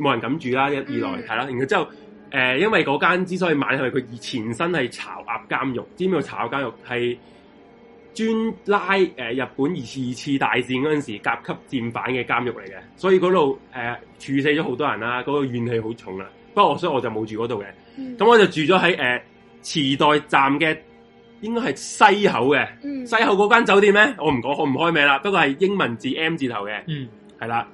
冇人敢住啦，一以來係啦。然後之後誒、呃，因為嗰間之所以買係佢前身係巢鴨監獄，知唔知道巢鴨監獄係專拉、呃、日本二次二次大戰嗰陣時甲級戰犯嘅監獄嚟嘅，所以嗰度誒處死咗好多人啦，嗰、那個怨氣好重啊！不過，所以我就冇住嗰度嘅，咁我就住咗喺誒池袋站嘅，應該係西口嘅，嗯，西口嗰間酒店咧，我唔講，我唔開名啦。不過係英文字 M 字頭嘅，係、嗯、啦。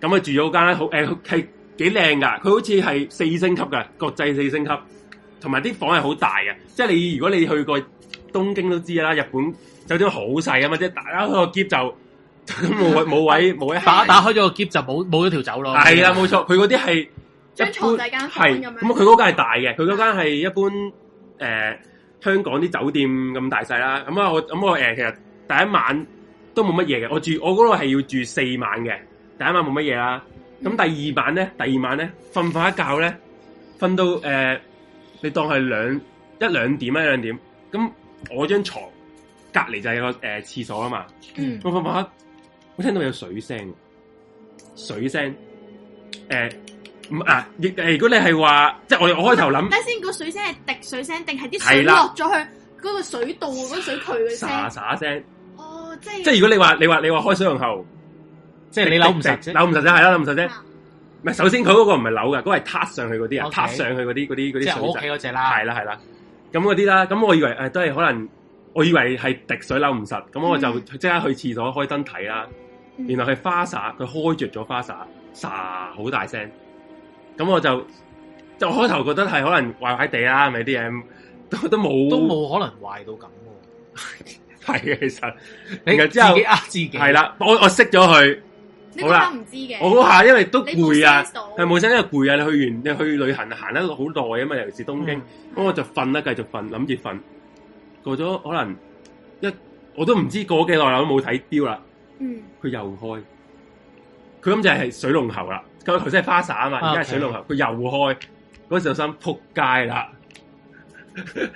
咁啊住咗間咧，好誒係幾靚噶，佢，呃、好似係四星級㗎，國際四星級，同埋啲房係好大嘅。即係你如果你去過東京都知啦，日本酒店好細啊嘛，即係打開個篋就冇位冇位冇位，打 打開咗個篋就冇冇咗條走廊。係啦，冇錯，佢嗰啲係。床間咁佢嗰間係大嘅，佢嗰間係一般誒、呃、香港啲酒店咁大細啦。咁啊我咁我誒、呃、其實第一晚都冇乜嘢嘅，我住我嗰度係要住四晚嘅，第一晚冇乜嘢啦。咁第二晚咧、嗯，第二晚咧瞓瞓一覺咧，瞓到誒、呃，你當係兩一兩點啊，一兩點。咁我張床隔籬就係個誒廁、呃、所啊嘛，嗯、我瞓瞓下，我聽到有水聲，水聲誒。呃唔啊！亦如果你係話，即係我我開頭諗，睇下先個水聲係滴水聲，定係啲水落咗去嗰個水道嗰啲水渠嘅聲，撒聲。哦，即係即係，如果你話、那個那個 oh, 你話你話開水龍頭，即係你扭唔實，扭唔實聲係啦，扭唔實聲。唔係，首先佢嗰個唔係扭噶，嗰係塌上去嗰啲人塌上去嗰啲嗰啲啲水。我屋企嗰隻啦，係啦係啦，咁嗰啲啦。咁我以為誒、呃、都係可能，我以為係滴水扭唔實，咁我就即刻去廁所開燈睇啦。原來係花灑，佢開著咗花灑，撒好大聲。咁我就就我開頭覺得係可能壞壞地啦，係咪啲嘢都冇，都冇可能壞到咁嘅、啊。係 嘅，其實你又之後呃自己係啦，我我熄咗佢。好啦，唔知嘅。我嗰下因為都攰啊，係冇聲，因為攰啊。你去完你去旅行行得好耐啊嘛，尤其是東京。咁、嗯、我就瞓啦，繼續瞓，諗住瞓。過咗可能一，我都唔知過咗幾耐，我都冇睇表啦。嗯，佢又開，佢咁就係水龍頭啦。佢頭先係花灑嘛，而家係水龍頭，佢、okay，又開，嗰時就心撲街啦，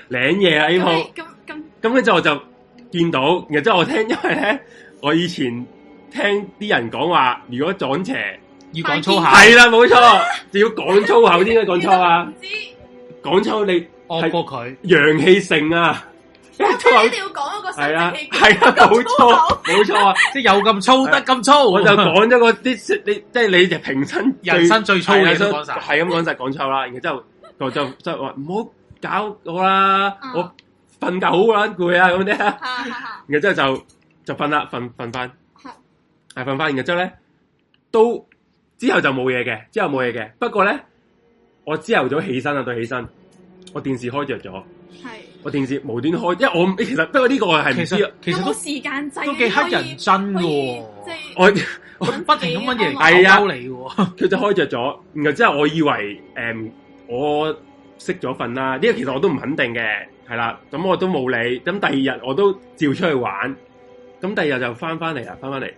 兩嘢啊！咁咁咁，跟住我就見到，然後之後我聽，因為呢，我以前聽啲人講話，如果撞邪要講粗口，係啦冇錯， 就要講粗口先可講粗口 知粗啊！講粗你惡過佢，陽氣盛啊！一定要講一個神奇紀錄，冇、啊、 粗，冇錯啊！即係又咁粗，得咁粗，我就講咗個啲， 你即係、就是、你就平身，人生最粗嘅講係咁講晒講錯啦。然後之後就就就話唔好搞我啦，我瞓覺好鬼攰啊，咁啲，然後之後就就瞓啦，瞓瞓返，係瞓返。然之後咧，都之後就冇嘢嘅，之後冇嘢嘅。不過咧，我朝頭早起身啊，對，起身，我電視開着咗，係。我電視無端開，因為我、欸、其實我不過呢個係唔知其實，其實都，都時間制、就是、都幾乞人憎嘅、啊就是。我我，的我不停咁搵嘢，係啊嚟佢 就開着咗，然後之後我以為誒、嗯、我熄咗瞓啦。呢個其實我都唔肯定嘅，係啦、啊。咁我都冇理。咁第二日我都照出去玩。咁第二日就翻翻嚟啦，翻翻嚟。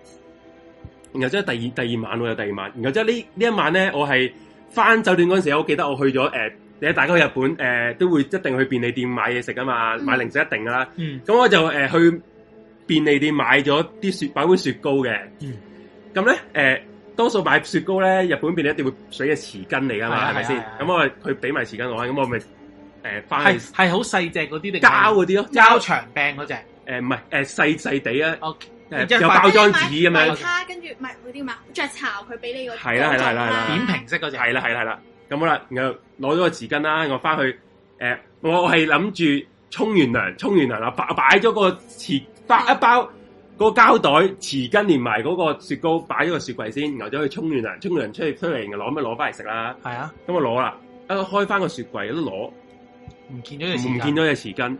然後之後第二第二晚又第二晚。然後之後呢呢一晚咧，我係翻酒店嗰陣時，我記得我去咗誒。呃你大家去日本，誒、呃、都會一定去便利店買嘢食噶嘛、嗯，買零食一定噶啦。咁、嗯、我就誒、呃、去便利店買咗啲雪，買碗雪糕嘅。咁咧誒，多數買雪糕咧，日本便利店一定會水嘅匙羹嚟噶嘛，係咪先？咁我佢俾埋匙羹我，咁我咪誒翻係好細隻嗰啲定膠嗰啲咯，膠、呃、長柄嗰隻。誒唔係誒細細地啊，呃、細細 okay, 有包裝紙咁樣。卡跟住唔係嗰啲叫咩？雀巢佢俾你個係啦係啦係啦扁平式嗰隻係啦係啦。咁、嗯、好啦，然後攞咗個匙羹啦，我翻去誒，我係諗住沖完涼，沖完涼啦，擺擺咗個匙一包個膠袋匙羹連埋嗰個雪糕，擺咗個雪櫃先，然後走去沖完涼，沖完涼出去出嚟，然後攞咩攞翻嚟食啦？係啊，咁、嗯、我攞啦、呃，開翻個雪櫃都攞，唔見咗隻匙唔見咗隻匙羹，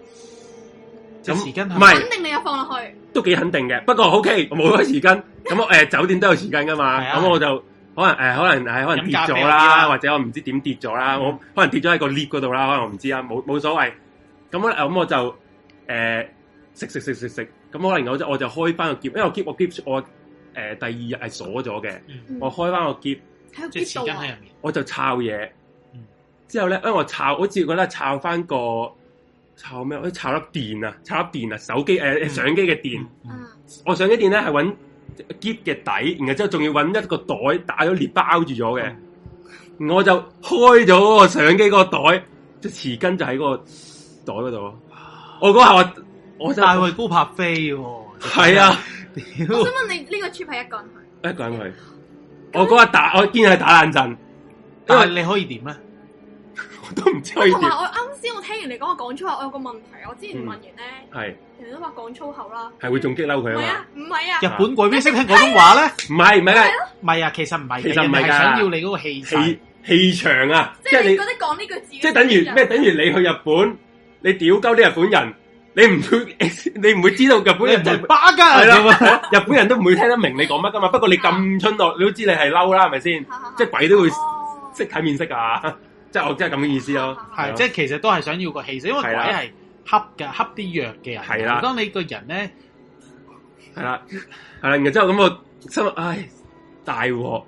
隻匙羹唔係肯定你有放落去，都幾肯定嘅。不過 OK，冇咗匙羹，咁我誒酒店都有匙羹噶嘛，咁、啊嗯、我就。可能誒、呃，可能、嗯、可能跌咗、嗯、啦、啊，或者我唔知點跌咗啦，嗯、我可能跌咗喺個 lift 嗰度啦，可能我唔知啊，冇冇所謂。咁我咁我就誒食食食食食，咁、呃嗯、可能我就，我就開翻個篋，因為我篋我篋我誒、呃、第二日係鎖咗嘅，我開翻個篋、嗯，即係錢喺入面，我就抄嘢、嗯。之後咧，因為我抄，好似我覺得抄翻個抄咩？我抄粒電啊，抄粒電、啊、電啊，手機誒、呃嗯、相機嘅電、嗯嗯。我相機電咧係搵。k 嘅底，然後之後仲要揾一個袋打咗裂包住咗嘅，我就開咗嗰個相機嗰個袋，隻匙羹就喺嗰個袋嗰度咯。我嗰下我我帶去高拍飛喎，係啊。我想問你呢個 trip 係一個人去，一個人去。我嗰日打我見係打冷震，但係你可以點啊？都唔知。同埋我啱先，我聽人哋講我講粗口，我有個問題，我之前問完咧，係人都話講粗口啦，係會仲激嬲佢啊？唔係啊，唔係啊，日本鬼邊識聽廣東話咧？唔係唔係啊，唔係啊,是是啊，其實唔係，其實唔係噶，想要你嗰個氣氣氣場啊，即係你覺得講呢句字，即係等於咩？等於你去日本，你屌鳩啲日本人，你唔會你唔會知道日本人係巴噶，係啦、啊 啊，日本人都唔會聽得明你講乜噶嘛。不過你咁粗落你都知你係嬲啦，係咪先？哈哈哈哈即係鬼都會識睇、哦、面色噶。即係我即係咁嘅意思咯，係、嗯、即係其實都係想要個氣勢，因為鬼係恰嘅，恰啲弱嘅人。係啦，當你個人咧，係啦，係啦，然後之後咁我，我心唉大鑊，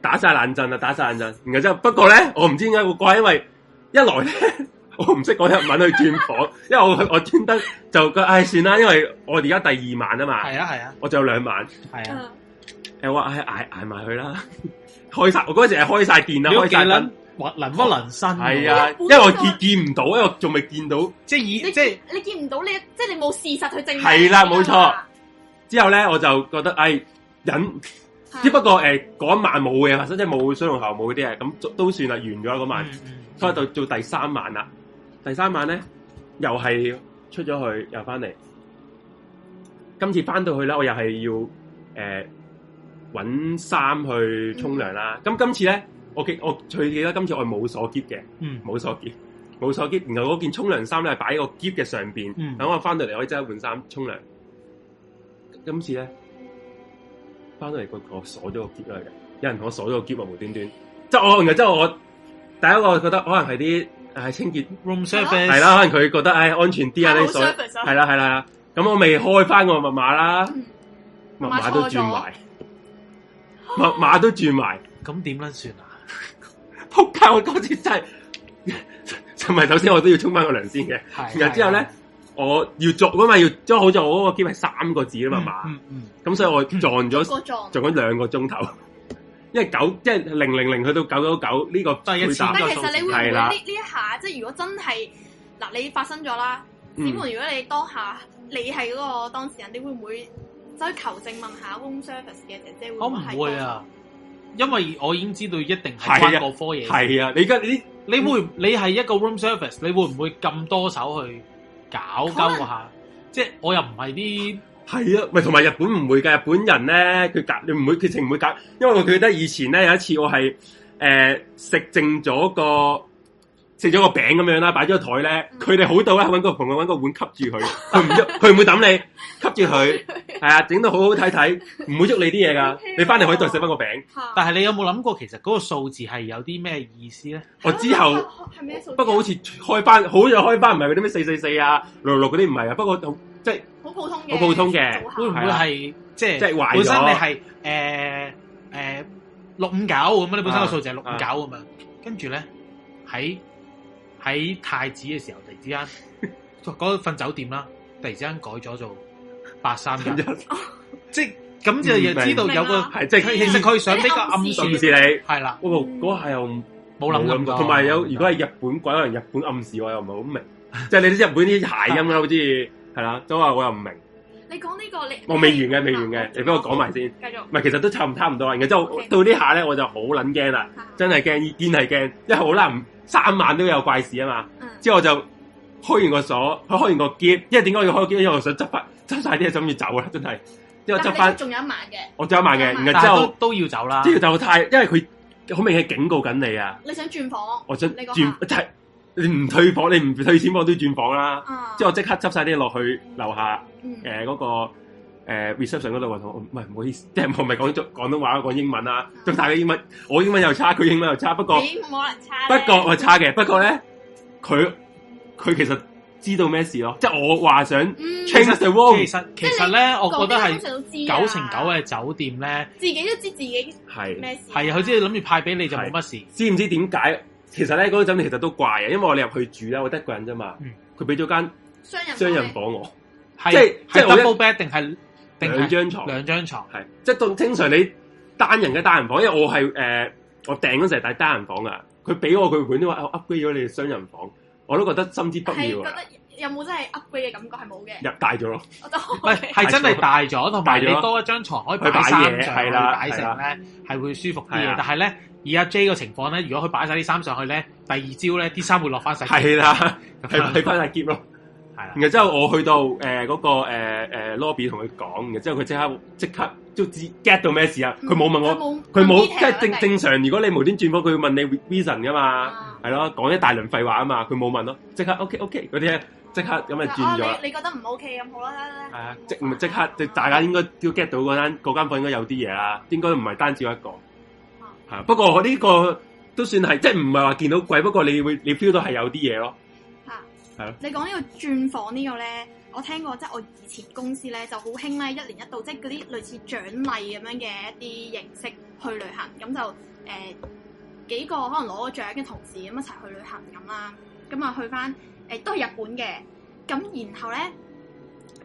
打晒冷震啦，打晒冷震。然後之後不過咧，我唔知點解會怪，因為一來咧我唔識講日文去轉房 因、哎，因為我我專登就個唉算啦，因為我而家第二晚啊嘛，係啊係啊，我仲有兩晚，係啊，誒我係挨埋去啦，開晒我嗰時係開晒電啦，開晒活能屈能伸，啊，係啊，因為我見見唔到，因為我仲未見到，即係以即係你見唔到，你即係你冇事實去證明。係啦，啊，冇錯。之後咧，我就覺得，誒、哎、忍、啊，只不過誒嗰、呃、一晚冇嘢發生，即係冇水龍喉冇啲嘢，咁都算啦，完咗嗰晚，嗯嗯，所以就做第三晚啦。第三晚咧，又係出咗去，又翻嚟。今次翻到去啦，我又係要誒搵衫去沖涼啦。咁，嗯、今次咧。我記我最記得今次我冇鎖喼嘅，冇鎖喼，冇鎖喼。然後嗰件沖涼衫咧，擺喺個喼嘅上邊，等、嗯、我翻到嚟可以即刻換衫沖涼。今次咧，翻到嚟個我鎖咗個喼啦，有人同我鎖咗個喼啊，無端端，即我，然後即，我，即我，我，第一個我覺得可能係啲係清潔 room service，係啦，可能佢覺得誒、哎、安全啲啊，呢鎖，係啦係啦，咁我未開翻個密碼啦，啦、嗯嗯嗯嗯，密碼都轉埋，密碼都轉埋，咁點樣算啊？扑街！我嗰次真、就、係、是，就埋頭先我都要沖翻個涼先嘅。然後之後咧，我要做噶嘛，要即好咗我個機係三個字啊、嗯、嘛。咁、嗯、所以我撞咗撞咗兩個鐘頭，因為九即係零零零去到九九九呢個推閘嘅時你係啦。呢呢一下即係如果真係嗱，你發生咗啦，點會？如果你當下你係嗰個當事人，你會唔會再求證問，問下 room service 嘅姐姐？我唔會啊。因為我已經知道一定係一個科嘢，係啊！你而家你你會你係一個 room service，你會唔會咁多手去搞鳩下？即係我又唔係啲係啊，咪同埋日本唔會嘅日本人咧，佢隔，你唔會，佢淨唔會隔。因為我記得以前咧有一次我係誒食剩咗個。食咗個餅咁樣啦，擺咗個台咧，佢、嗯、哋好到咧，揾個盆，搵個碗吸住佢，唔、嗯、喐，佢唔會抌你，吸住佢，係 啊，整到好好睇睇，唔會喐你啲嘢噶， 你翻嚟可以再食翻個餅。但係你有冇諗過，其實嗰個數字係有啲咩意思咧？我之後係咩數？不過好似開翻，好似開翻唔係嗰啲咩四四四啊，六六嗰啲唔係啊。不過即係好普通嘅，會唔會係即係即係壞咗？本身你係誒誒六五九，咁你本身個數字係六五九啊嘛，跟住咧喺。嗯喺太子嘅時候，突然之間嗰份酒店啦，突然之間改咗做八三一，即係咁、嗯、就又知道有個係即係其實佢想俾個暗，暗示你係啦，嗰下又冇諗咁多，同埋、那個、有，有如果係日本鬼，可能日本暗示我又唔係好明，即係你啲日本啲諧音啦， 好似係啦，都話我又唔明。你講呢、這個你我未完嘅未完嘅，你俾我講埋、嗯嗯、先，繼、嗯、續唔係其實都差唔差唔多人，然、嗯、後就到呢下咧，我，我就好撚驚啦，真係驚，堅係驚，因為好難。三晚都有怪事啊嘛、嗯，之後我就開完個鎖，佢開完個喼，因為點解要開個喼？因為我想執翻執晒啲嘢，想要走啦，真係。之後執翻，仲有一晚嘅，我仲有一晚嘅，然之後都要走啦。都要走之後太，因為佢好明顯警告緊你啊。你想轉房？我想轉你講啊，就係、是、你唔退房，你唔退錢，我、嗯、都要轉房啦、嗯。之後即刻執晒啲嘢落去樓下，誒、嗯呃嗰個。誒、uh, reception 嗰度話我唔係，唔好意思，即係我咪講粵廣東話講英文啊，仲大嘅英文，我英文又差，佢英文又差，不過不過我差嘅，不過咧佢佢其實知道咩事咯，即係我話想 change the room、嗯、其實其實咧，我覺得係九成九嘅酒店咧，自己都知自己係咩事、事，係啊，佢知你諗住派俾你就冇乜事，知唔知點解？其實咧嗰間酒店其實都怪嘅。因為我哋入去住咧，我得一個人啫嘛，佢俾咗間雙人雙人房我，即係即係 double bed 定係？兩張床，兩張床，係即、就係、到正常你單人嘅單人房，因為我係誒、呃、我訂嗰陣時帶單人房啊。佢俾我佢款啲話我 upgrade 咗你嘅雙人房，我都覺得心知不妙啊！覺得有冇真係 upgrade 嘅感覺係冇嘅，入大咗咯，唔係係真係大咗，同埋你多一張床可以擺嘢，係啦，擺成咧係會舒服啲嘅。但係咧，以阿 J 嘅情況咧，如果佢擺晒啲衫上去咧，第二朝咧啲衫會落翻晒，係啦，係翻阿結咯。然之後我去到誒嗰、呃嗰個誒誒 lobby 同佢講，然之後佢即刻即刻都知 get 到咩事啊？佢冇問我，佢冇即係正正常。如果你無端轉房，佢會問你 reason 噶嘛，係、啊、咯，講一大輪廢話啊嘛，佢冇問咯，即刻 OK OK 嗰啲咧，即刻咁咪轉咗。你你覺得唔 OK 咁好啦，係啊，即即刻，即、啊啊啊、大家應該都 get 到嗰間嗰間房應該有啲嘢啦，應該唔係單止一個。不過我呢個都算係，即係唔係話見到鬼，不過你會你 feel 到係有啲嘢咯。你講呢個轉房呢個咧，我聽過即係我以前公司咧就好興咧一年一度，即係嗰啲類似獎勵咁樣嘅一啲形式去旅行咁就、呃、幾個可能攞咗獎嘅同事咁一齊去旅行咁啦，咁啊去返、呃、都係日本嘅咁，然後咧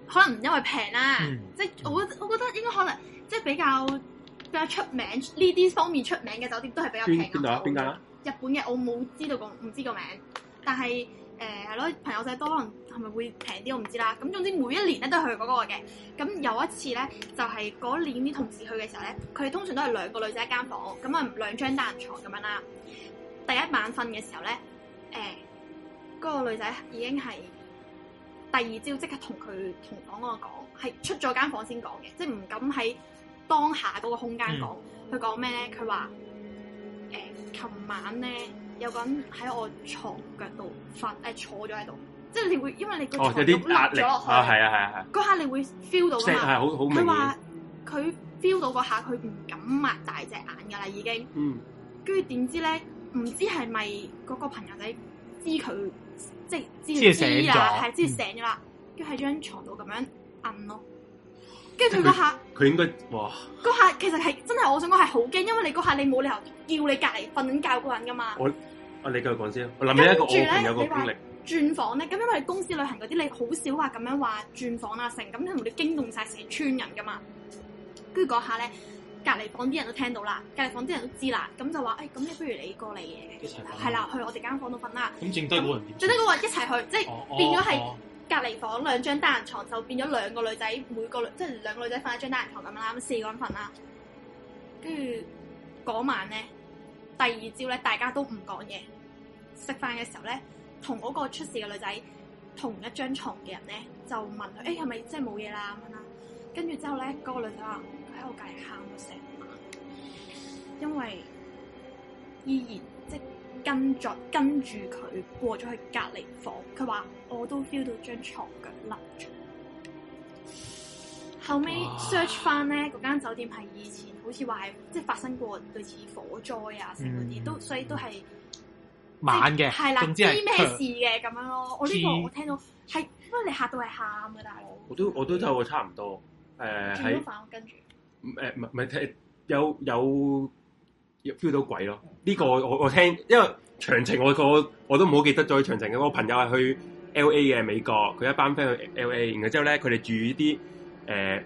可能因為平啦、啊嗯，即係我我覺得應該可能即係比較比較出名呢啲方面出名嘅酒店都係比較平啊。邊度啊？邊間啊？日本嘅我冇知道個唔知個名，但係。誒，係咯，朋友仔多可能係咪會平啲，我唔知啦。咁總之每一年咧都去嗰個嘅。咁有一次咧，就係嗰年啲同事去嘅時候咧，佢哋通常都係兩個女仔一間房，咁啊兩張單人床咁樣啦。第一晚瞓嘅時候咧，誒，嗰個女仔已經係第二朝即刻同佢同房嗰個講，係出咗間房先講嘅，即係唔敢喺當下嗰個空間講。佢講咩咧？佢話誒，琴晚咧。有個人喺我床腳度瞓，誒、哎、坐咗喺度，即係你會，因為你個床碌、哦、咗、哦、啊，係啊係啊係，嗰下你會 feel 到啊、那、嘛、個，係好好，佢話佢 feel 到嗰下佢唔敢擘大隻眼噶啦，已經，嗯，跟住點知咧？唔知係咪嗰個朋友仔知佢，即係知佢知啊，係知醒咗啦，跟住喺張床度咁樣摁咯。跟住佢下，佢應該哇！嗰下其實係真係，我想講係好驚，因為你嗰下你冇理由叫你隔籬瞓覺嗰人噶嘛。我，我你繼續講先，我諗起一個我有個經歷，轉房咧，咁因為你公司旅行嗰啲，你好少話咁樣話轉房啊，成咁你驚動晒成村人噶嘛。跟住嗰下咧，隔籬房啲人都聽到啦，隔籬房啲人都知啦，咁就話誒，咁、哎，你不如你過嚟嘅，係啦，去我哋間房度瞓啦。咁剩低嗰人，淨低嗰話一齊去，即係、哦、變咗係。哦隔籬房兩張單人床就變咗兩個女仔，每個女即係兩個女仔瞓一張單人床咁啦，咁四個人瞓啦。跟住嗰晚咧，第二朝咧，大家都唔講嘢。食飯嘅時候咧，同嗰個出事嘅女仔同一張床嘅人咧，就問佢：誒、哎，係咪真係冇嘢啦？咁樣啦。跟住之後咧，嗰、嗰個女仔話喺我隔籬喊咗成晚，因為依然。跟著跟住佢過咗去隔離房，佢話我都 feel 到張床腳甩咗。後尾 search 翻咧，嗰間酒店係以前好似話係即係發生過類似火災啊，成嗰啲都所以都係猛嘅，係啦、就是嗯，唔知咩事嘅咁樣咯、嗯。我呢、這個我聽到係因為你嚇到係喊嘅大佬。我都我都就差唔多誒喺。呃、跟住誒唔係唔係有有。有 feel 到鬼咯！呢、呢個我我聽，因為詳情我個我,我都唔好記得再詳情嘅。我朋友係去 L A 嘅美國，佢一班 friend 去 L A，然後之後咧佢哋住啲誒，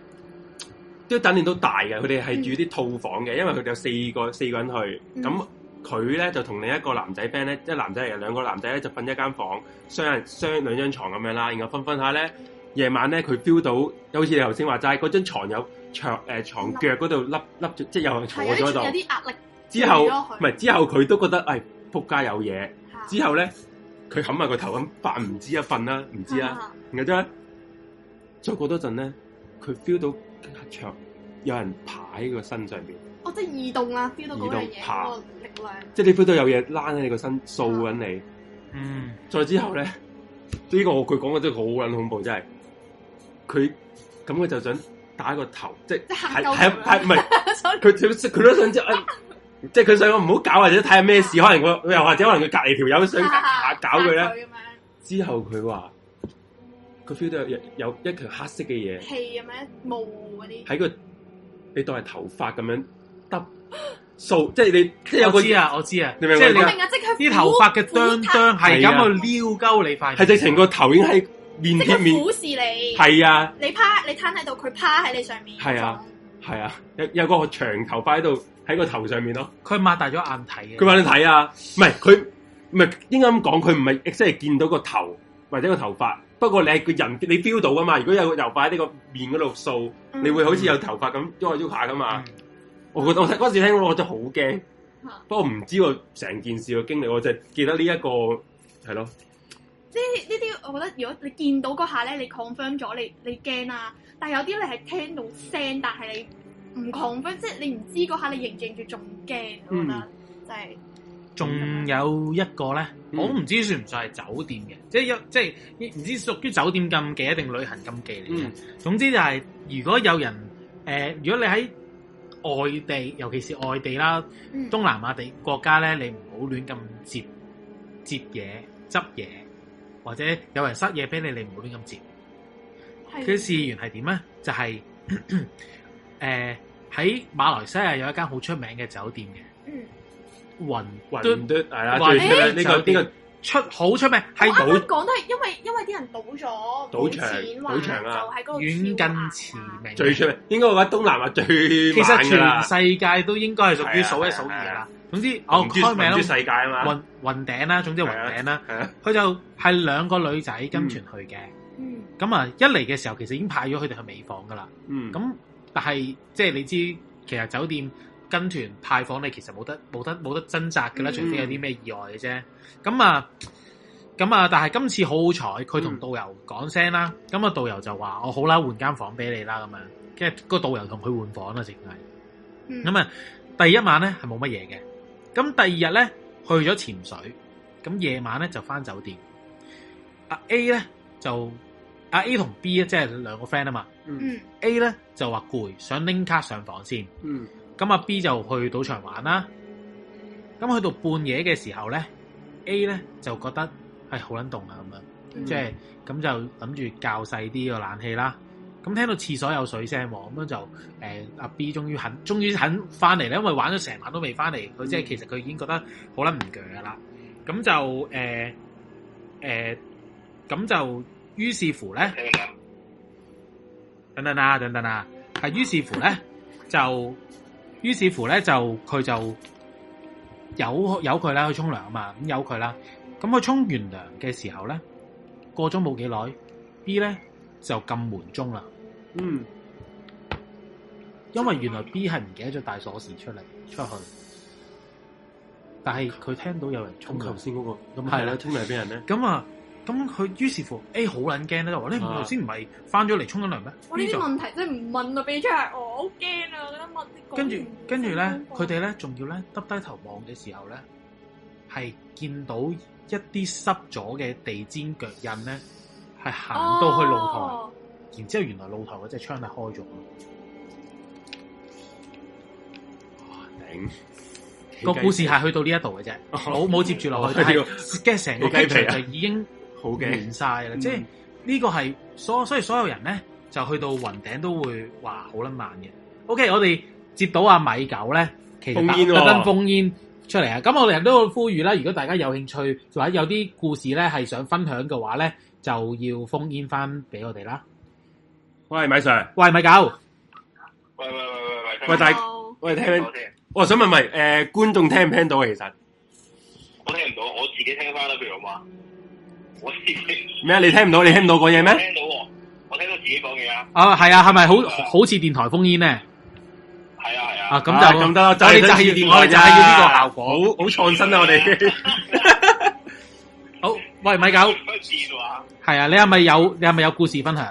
都等年都大嘅。佢哋係住啲套房嘅、嗯，因為佢哋有四個四個人去。咁佢咧就同另一個男仔 friend 咧，即係男仔嚟嘅，兩個男仔咧就瞓一間房，雙人雙兩張床咁樣啦。然後瞓瞓下咧，夜、嗯、晚咧佢 feel 到，好似你頭先話齋，嗰張床有床誒、呃、床腳嗰度凹凹住，即係又係坐咗喺度，有啲壓力。之後唔係之後，佢都覺得誒、嗯哎、仆街有嘢、嗯、之後咧佢冚埋個頭咁扮唔知一瞓啦唔知啦、嗯嗯、然後咧再過多陣咧佢 feel 到極長有人爬喺個身上邊哦即係移動啦 feel 到嗰樣嘢力量即係你 feel 到有嘢拉喺你個身掃緊你嗯，嗯再之後咧呢、嗯這個佢講嘅真係好撚恐怖真係佢咁佢就想打個頭即係係係唔係佢佢都想即、哎 即係佢想我唔好搞，或者睇下咩事，可能我又或者可能佢隔離條友想搞佢呢、啊？之後佢話：佢 feel 到有一條黑色嘅嘢。氣咁樣，霧嗰啲。喺個你當係頭髮咁樣耷掃，即係你即係有個。我知啊，我知啊，你明唔、就是、明啊？明啊，即係啲頭髮嘅哚哚係咁喺度撩鳩你塊。係直情個投影喺面貼面。即係俯視你。係啊。你趴你攤喺度，佢趴喺你上面。係啊。係啊，有有個長頭髮喺度喺個頭上面咯。佢擘大咗眼睇嘅，佢話你睇啊。唔係，佢唔係應該咁講，佢唔係即係見到個頭或者個頭髮。不過你係個人，你 feel 到噶嘛？如果有個頭髮喺呢個面嗰度掃，嗯，你會好似有頭髮咁喐下喐下噶嘛？我覺得我嗰時聽到我就好驚，不過唔知個成件事嘅經歷，我就記得呢、這、一個係咯。呢呢啲我覺得如果你見到嗰下咧，你 confirm 咗你你驚啊。但係有啲你係聽到聲，但係你。唔恐怖，即係你唔知嗰下，你認住認住仲驚，嗯、覺得即、就、係、是。仲有一個咧、嗯，我唔知算唔算係酒店嘅、嗯，即係有即係唔知屬於酒店禁忌定旅行禁忌嚟嘅、嗯。總之就係、是、如果有人誒、呃，如果你喺外地，尤其是外地啦，嗯、東南亞地國家咧，你唔好亂咁接接嘢、執嘢，或者有人塞嘢俾你，你唔好亂咁接。佢事緣係點咧？就係、是、誒。 呃喺馬來西亞有一間好出名嘅酒店嘅，雲雲係啦。最出名呢、欸這個呢、這個出好出名，係我講都係因為因為啲人賭咗賭錢賭場，場啊，就喺嗰個遠近馳名最出名。應該我覺得東南亞最，其實全世界都應該係屬於數一數二啦。總之我、哦、開名咯，世界嘛雲雲頂啦，總之雲頂啦。佢、啊啊、就係兩個女仔跟團去嘅，咁、嗯、啊、嗯、一嚟嘅時候其實已經派咗佢哋去尾房噶啦，咁、嗯。但係即係你知，其實酒店跟團派房你其實冇得冇得冇得掙扎㗎啦，除非有啲咩意外嘅啫。咁、嗯、啊，咁啊，但係今次好好彩，佢同導遊講聲啦，咁、嗯、啊導遊就話我好啦，換間房俾你啦，咁樣，即係個導遊同佢換房啦，淨係。咁、嗯、啊，第一晚咧係冇乜嘢嘅，咁第二日咧去咗潛水，咁夜晚咧就翻酒店。阿 A 咧就。阿 A 同 B 啊，即係兩個 friend 啊嘛。嗯、A 咧就話攰，想拎卡上房先。咁、嗯、阿 B 就去賭場玩啦。咁去到半夜嘅時候咧，A 咧就覺得係好、哎、撚凍啊，咁樣，即係咁就諗住較細啲個冷氣啦。咁聽到廁所有水聲，咁樣就誒阿、呃、B 終於肯，終於肯翻嚟咧，因為玩咗成晚都未翻嚟，佢、嗯、即係其實佢已經覺得好撚唔攰噶啦。咁就誒誒咁就。呃呃那就於是乎咧，等等啦，等等啦，係於是乎咧，就於是乎咧，就佢就有誘佢啦去沖涼啊嘛，咁有佢啦。咁佢沖完涼嘅時候咧，過咗冇幾耐，B 咧就撳門鐘啦。嗯，因為原來 B 係唔記得咗帶鎖匙出嚟出去，但係佢聽到有人沖頭先嗰個，係、嗯、啦，沖涼係邊人咧？咁啊。咁佢於是乎，A 好撚驚咧！我、欸、話你頭先唔係翻咗嚟沖咗涼咩？我呢啲問題係唔問就俾出嚟，我好驚啊！我覺得問。跟住，跟住咧，佢哋咧仲要咧耷低頭望嘅時候咧，係見到一啲濕咗嘅地氈腳印咧，係行到去露台，哦、然之後原來露台嗰隻窗係開咗。哇、哦！頂個故事係去到呢一度嘅啫，好、哦、冇接住落去，哦、但係成個雞皮、啊啊、就已經。好、okay. 嘅，晒、嗯、啦，即係呢個係所，所以所有人咧就去到雲頂都會話好撚慢嘅。O、okay, K，我哋接到阿米九咧，其實特登封煙出嚟啊！咁、哦、我哋都呼籲啦，如果大家有興趣或者有啲故事咧係想分享嘅話咧，就要封煙翻俾我哋啦。喂，米 Sir，喂，米九，喂喂喂喂喂，喂，喂，喂，聽聽聽喂大，喂聽唔聽，聽，聽、哦呃、聽，聽到我想問埋誒，觀眾聽唔聽到？其實我聽唔到，我自己聽翻啦，譬如話。咩啊？你聽唔到？你聽唔到講嘢咩？聽到我，我聽到自己講嘢啊，啊，啊，啊！啊，係啊，係咪好好似電台風煙咧？係啊，係啊！啊，咁就咁得啦。就係要電台，就係、係啊、要呢個效果，好好創新啊！我哋好，喂，米狗，係啊，啊，你係咪有？你係咪有故事分享？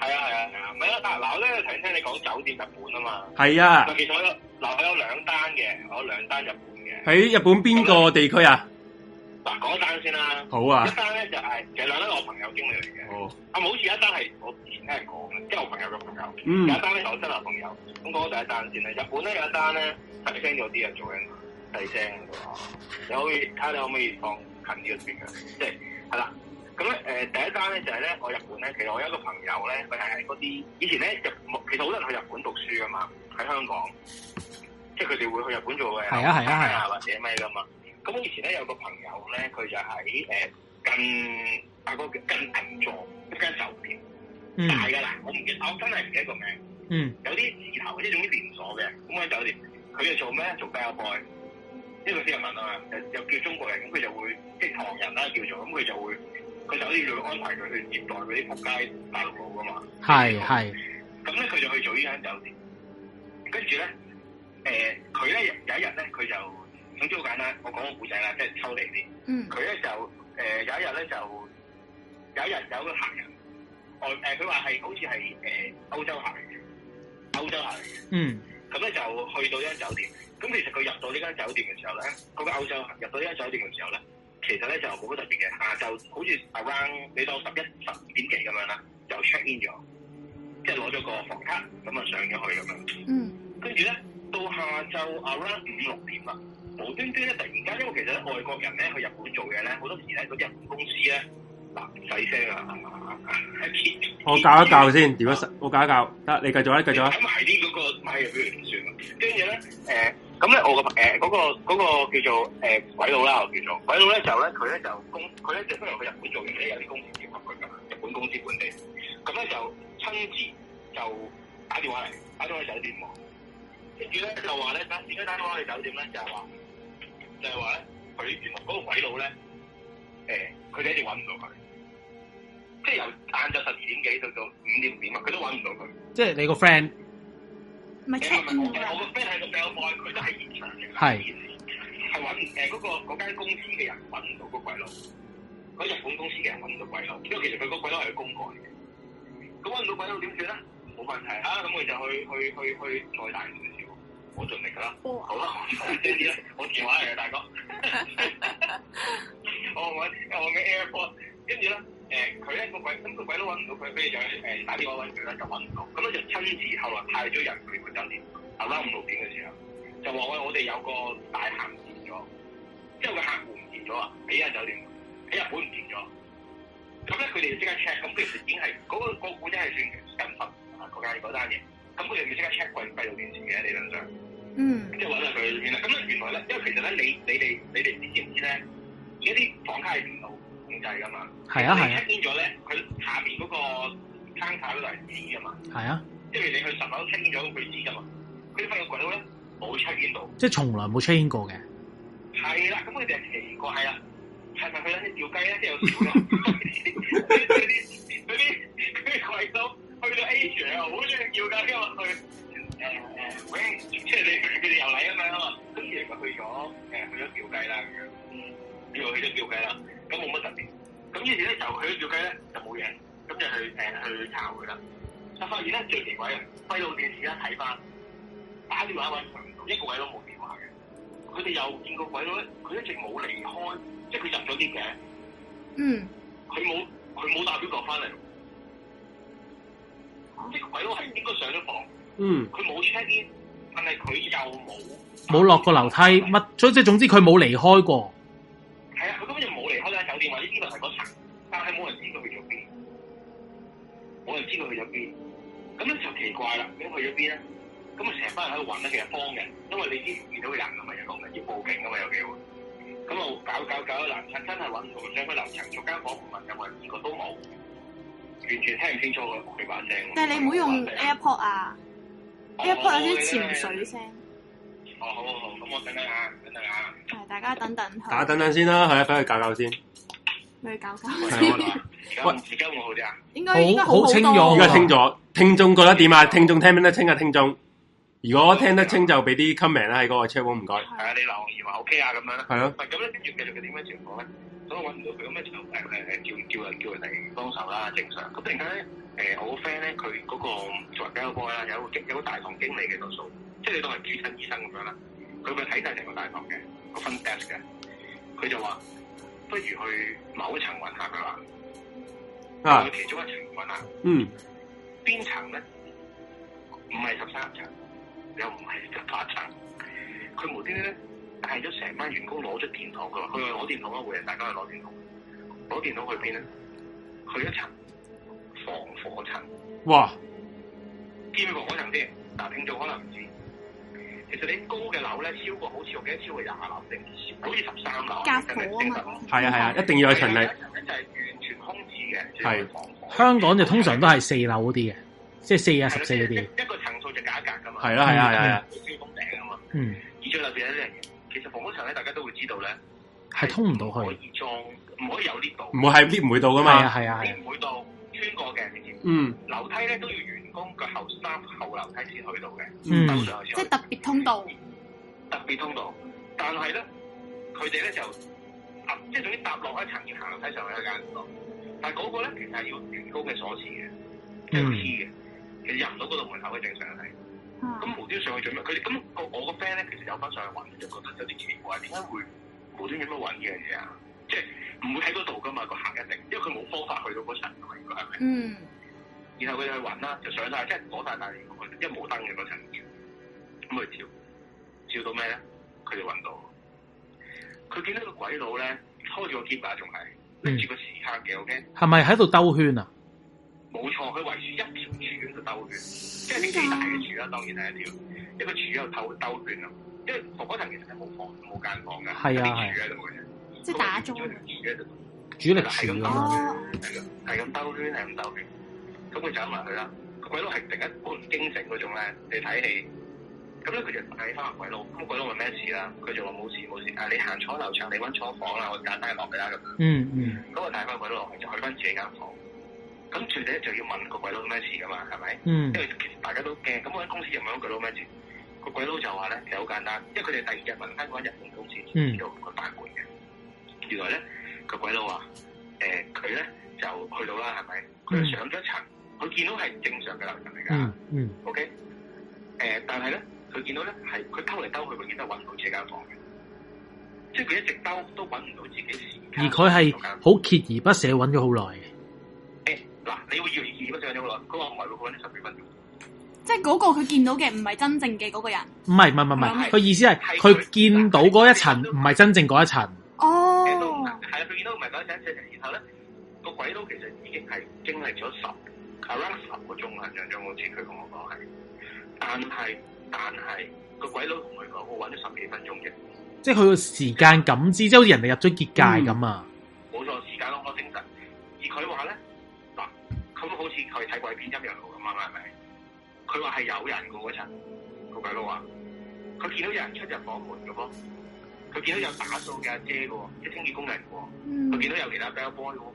係啊，係啊，係啊，咪啦嗱，我咧提聽你講酒店日本啊嘛，係啊，其實嗱，我有兩單嘅，我有兩單日本嘅，喺日本邊個地區啊？嗱，講一單先啦。好啊！一單咧就係、是，其、就、實、是、兩單我朋友經歷嚟嘅。哦。啊，好似一單係我之前聽人講嘅，即、就、係、是、我朋友嘅朋友。嗯。一單咧就我親男朋友。咁、那、講、個、第一單先啦。日本咧有一單咧細聲咗啲人做緊細聲嘅喎。你可以睇下你可唔可以放近啲嘅邊嘅？即係係啦。咁咧誒第一單咧就係、是、咧我日本咧其實我有一個朋友咧，佢係喺嗰啲以前咧日其實好多人去日本讀書㗎嘛，喺香港，即係佢哋會去日本做嘅係啊係啊係啊或者咩㗎嘛。是咁我以前咧有個朋友咧，佢就喺誒近啊個近銀座一間酒店，大㗎啦，我唔記，我真係唔記得個名。嗯，有啲字頭，即係總之連鎖嘅咁嘅酒店。佢就做咩？做 bell boy，即係服務員啊嘛，又又叫中國人，咁佢就會即係唐人啦叫做，咁佢就會佢就好要安排佢去接待嗰啲仆街大陸佬㗎嘛。係係。咁咧佢就去做呢間酒店，跟住咧誒佢咧有一日咧佢就。總之好簡單，我講個故事啦，即係抽離啲。嗯。佢咧就誒、呃、有一日咧就，就有一日有個客人，外誒佢話係好似係誒歐洲客嚟嘅，歐洲客嚟嘅。嗯。咁咧就去到呢間酒店，咁其實佢入到呢間酒店嘅時候咧，嗰、嗰個歐洲客入到呢間酒店嘅時候咧，其實咧就冇乜特別嘅。下晝好似 around 你當十一十二點幾咁樣啦，就 check in 咗，即係攞咗個房卡，咁啊上咗去咁樣。嗯。跟住咧到下晝 around 五六點啦。無端端咧，突然間，因為其實咧，外國人咧去日本做嘢咧，好多時喺嗰日本公司咧，嗱唔使聲噶，係嘛？我教一教先，如果我教一教，得你繼續啊，繼續啊。咁係啲嗰個買嘢畀嚟算啦。跟住咧，誒，咁咧我個誒嗰個個叫做誒鬼佬啦，我叫做鬼佬咧就咧，佢咧就公，佢咧就雖然去日本做完咧，有啲公司接合佢噶，日本公司本地，咁咧就親自就打電話嚟，打咗去酒店喎。跟住咧就，呢就呢話咧，點解打咗去酒店咧？就係、是、話。就係話咧，佢原來嗰個鬼佬咧，誒、呃，佢哋一直搵唔到佢，即係由晏晝十二點幾到到五點點啊，佢都搵唔到佢。即、就、係、是、你個 friend，唔係出我個 friend 喺個 bell boy 佢都喺現場嘅。係，係搵唔成嗰個嗰間公司嘅人搵唔到嗰鬼佬，嗰日本公司嘅人搵唔到鬼佬，因為其實佢嗰鬼佬係公幹嘅。咁搵唔到鬼佬點算咧？冇問題啊，咁佢就去去去去再大。我盡力㗎啦，好啦， 我電話嚟啊，大哥， 我我我嘅 AirPod，跟住咧誒佢咧個鬼咁，個鬼都揾唔到佢。跟住就誒打電話揾佢咧就揾唔到，咁咧就親自後來派咗人去個酒店，喺拉五路線嘅時候就話喂，我哋有個大客唔見咗，即係個客戶唔見咗啊喺日本酒店，喺日本唔見咗，咁咧佢哋就即刻 check，咁其實已經係嗰、嗰個股真係算緊拍啊咁佢哋咪即刻 check 閉路電視嘅，理論上，嗯，即係揾下佢先啦。咁原來咧，因為其實咧，你你哋你哋知唔知咧？而家啲房卡係電腦控制噶嘛？係啊係。你 check 咗咧，佢、啊、下面嗰個 a c c 度係知噶嘛？係啊。即係你去十樓 check 咗佢知噶嘛？佢發現鬼佬咧冇出現到，即係從來冇出現過嘅。係啦、啊，咁佢哋係奇怪啦，係咪佢喺度吊雞咧？即係嗰啲嗰啲啲嗰啲鬼佬。 去到 Asia 好中意叫噶，因為去誒誒喂即係你哋佢哋又嚟咁樣啊嘛，跟住就去咗誒、欸、去咗叫雞啦咁樣，又、嗯、去咗叫雞啦，咁冇乜特別。咁於是咧就去咗叫雞咧就冇嘢，咁就去誒、欸、去，去查佢啦。就發現咧最奇怪啊，閉路電視而家睇翻，打電話揾一,一個位都冇電話嘅。佢哋又見過鬼咯，佢一直冇離開，即係佢入咗啲嘅。嗯。佢冇佢冇打表格翻嚟。呢個鬼佬係應該上咗房，嗯，佢冇 check in，但係佢又冇冇落過樓梯，乜，即即總之佢冇離開過。係、嗯、啊，佢根本就冇離開間酒店，話呢啲咪係嗰層，但係冇人知佢去咗邊，冇人知佢去咗邊，咁就奇怪啦，咁去咗邊咧？咁啊成班人喺度揾得其實慌嘅，因為你知道遇到人嘅嘛，不個人講要報警噶嘛，有機會，咁啊搞搞搞喺南層，真係揾唔到，上去樓層逐間房問又問，一個都冇。完全聽唔清楚嘅，佢把聲，但係你唔好用 AirPod 啊，啊，AirPod 有啲潛水聲。哦好，好，好。咁我等等下，等等下。係大家等等。大家等等先啦，係啊，返去搞搞先。俾搞搞喂，而家會好啲啊，應該應該好好多。而家清咗。聽眾覺得點啊？好好聽眾聽唔聽得清啊？聽眾？如果我聽得清就俾啲 comment 啦，喺嗰個 c 唔該。係啊，你留言話 OK 啊，咁樣咧。係咯。咁咧，跟住繼續佢點樣情況咧？咁我搵唔到佢，咁樣就平嚟，叫叫人叫人嚟幫手啦，正常。咁突然間咧，誒，我個 friend 咧，佢嗰個作為交 i 啦，有個經有個大堂經理嘅多數，即係你當係主診醫生咁樣啦。佢咪睇晒成個大堂嘅，個分 desk 嘅。佢就話不如去某一層搵下佢話。啊。佢其中一層搵啊。嗯。邊層咧？唔係十三層。嗯嗯嗯又唔係七八層，佢無端端咧帶咗成班員工攞出電筒㗎喎，佢去攞電筒啊！會啊，大家去攞電筒，攞電筒去邊咧？去一層防火層。哇！邊個防火層先？嗱，領導可能唔知。其實你高嘅樓咧，超過好似我記得超過廿樓定好似十三樓，防火啊嘛。係啊係啊，一定要係層嚟。一層咧就係完全空置嘅。係、就是、香港就通常都係四樓嗰啲嘅，即係四啊十四嗰啲。一個嘅價格噶嘛，係啦係啊，係啦，要巔峯頂啊嘛。嗯。而最特別咧呢樣嘢，其實防火層咧，大家都會知道咧，係通唔到去，唔，可以裝，唔可以有 lift 到，唔會係 lift 唔會到噶嘛，係啊係啊係。lift 唔會到，穿過嘅你知唔，嗯。啊、嗯，樓梯咧都要員工腳後三後樓梯先去到嘅，嗯。即係、就是、特別通道。特別通道，但係咧，佢哋咧就踏、啊，即係總之踏落一層，行樓梯上去間房。但係嗰個咧，其實係要員工嘅鎖匙嘅，啊、嗯，係 key 嘅。你入唔到嗰度門口嘅正常係，咁無端上去做咩？佢哋。咁個我個 friend 咧，其實有翻上去揾就覺得有啲奇怪，點解會無端咁樣揾呢樣嘢啊？即係唔會喺嗰度噶嘛？個客一定，因為佢冇方法去到嗰層嘅，應該係咪？嗯。然後佢就去揾啦，就上晒，即係攞晒大連嗰個一無燈嘅嗰層，咁佢跳，跳到咩咧？佢就揾到，佢見到個鬼佬咧，拖住個結架仲係拎住個時刻嘅。錶咧，係咪喺度兜圈啊？冇錯，佢圍住一條柱咁就兜圈，即係啲幾大嘅柱啦。當然係一條，一個柱又透兜圈，因為房嗰層其實、啊、都冇房冇間房嘅，啲柱喺度嘅啫。即係打中柱，主力柱咯，係咁兜圈，係咁兜轉。咁佢、哦、走埋去啦。個鬼佬係突然間驚醒嗰種咧、啊，你睇戲咁咧，佢就睇翻個鬼佬。咁鬼佬問咩事啦？佢就話冇事冇事。誒，你行錯樓層，你揾錯房啦。我簡單落嘅啦咁。嗯嗯。咁、那、我、個、帶翻鬼佬落去就去翻自己間房。咁最尾就要問個鬼佬咩事㗎嘛，係咪？嗯。因為其實大家都驚，咁我喺公司又問個鬼佬咩事，個鬼佬就話咧其實好簡單，因為佢哋第二日問翻嗰間日本公司先、嗯、知道佢版本嘅。原來咧個鬼佬話：誒佢咧就去到啦，係咪？佢上咗一層，佢見到係正常嘅樓層嚟㗎。嗯。O、嗯、K。誒、okay? 呃，但係咧佢見到咧係佢偷嚟偷去，永遠都揾唔到自己間房嘅，即係佢一直兜都搵唔到自己時間。而佢係好鍥而不捨揾咗好耐嘅。嗱，你要要二分鐘咗好耐，唔我搵咗十幾分鐘。即係嗰個佢見到嘅唔係真正嘅嗰個人。唔係唔係唔係，佢、嗯、意思係佢見到嗰一層唔係真正嗰一層。哦。係、嗯、啊，佢見到唔係嗰一層，即係然後咧個鬼佬其實已經係經歷咗十，十個鐘啊，讓張佢同我講係。但係但係個鬼佬同佢講，我搵咗十幾分鐘嘅。即係佢個時間感知，即好似人哋入咗結界咁啊。冇、嗯、錯，時間多我精神。而佢話咧。咁好似佢睇鬼片《陰陽路》咁啊？係咪？佢話係有人嘅嗰層，個鬼佬話佢見到有人出入房門嘅噃，佢見到有打掃嘅阿姐嘅喎，即係清潔工人嘅喎，佢、嗯、見到有其他 bell boy 嘅喎，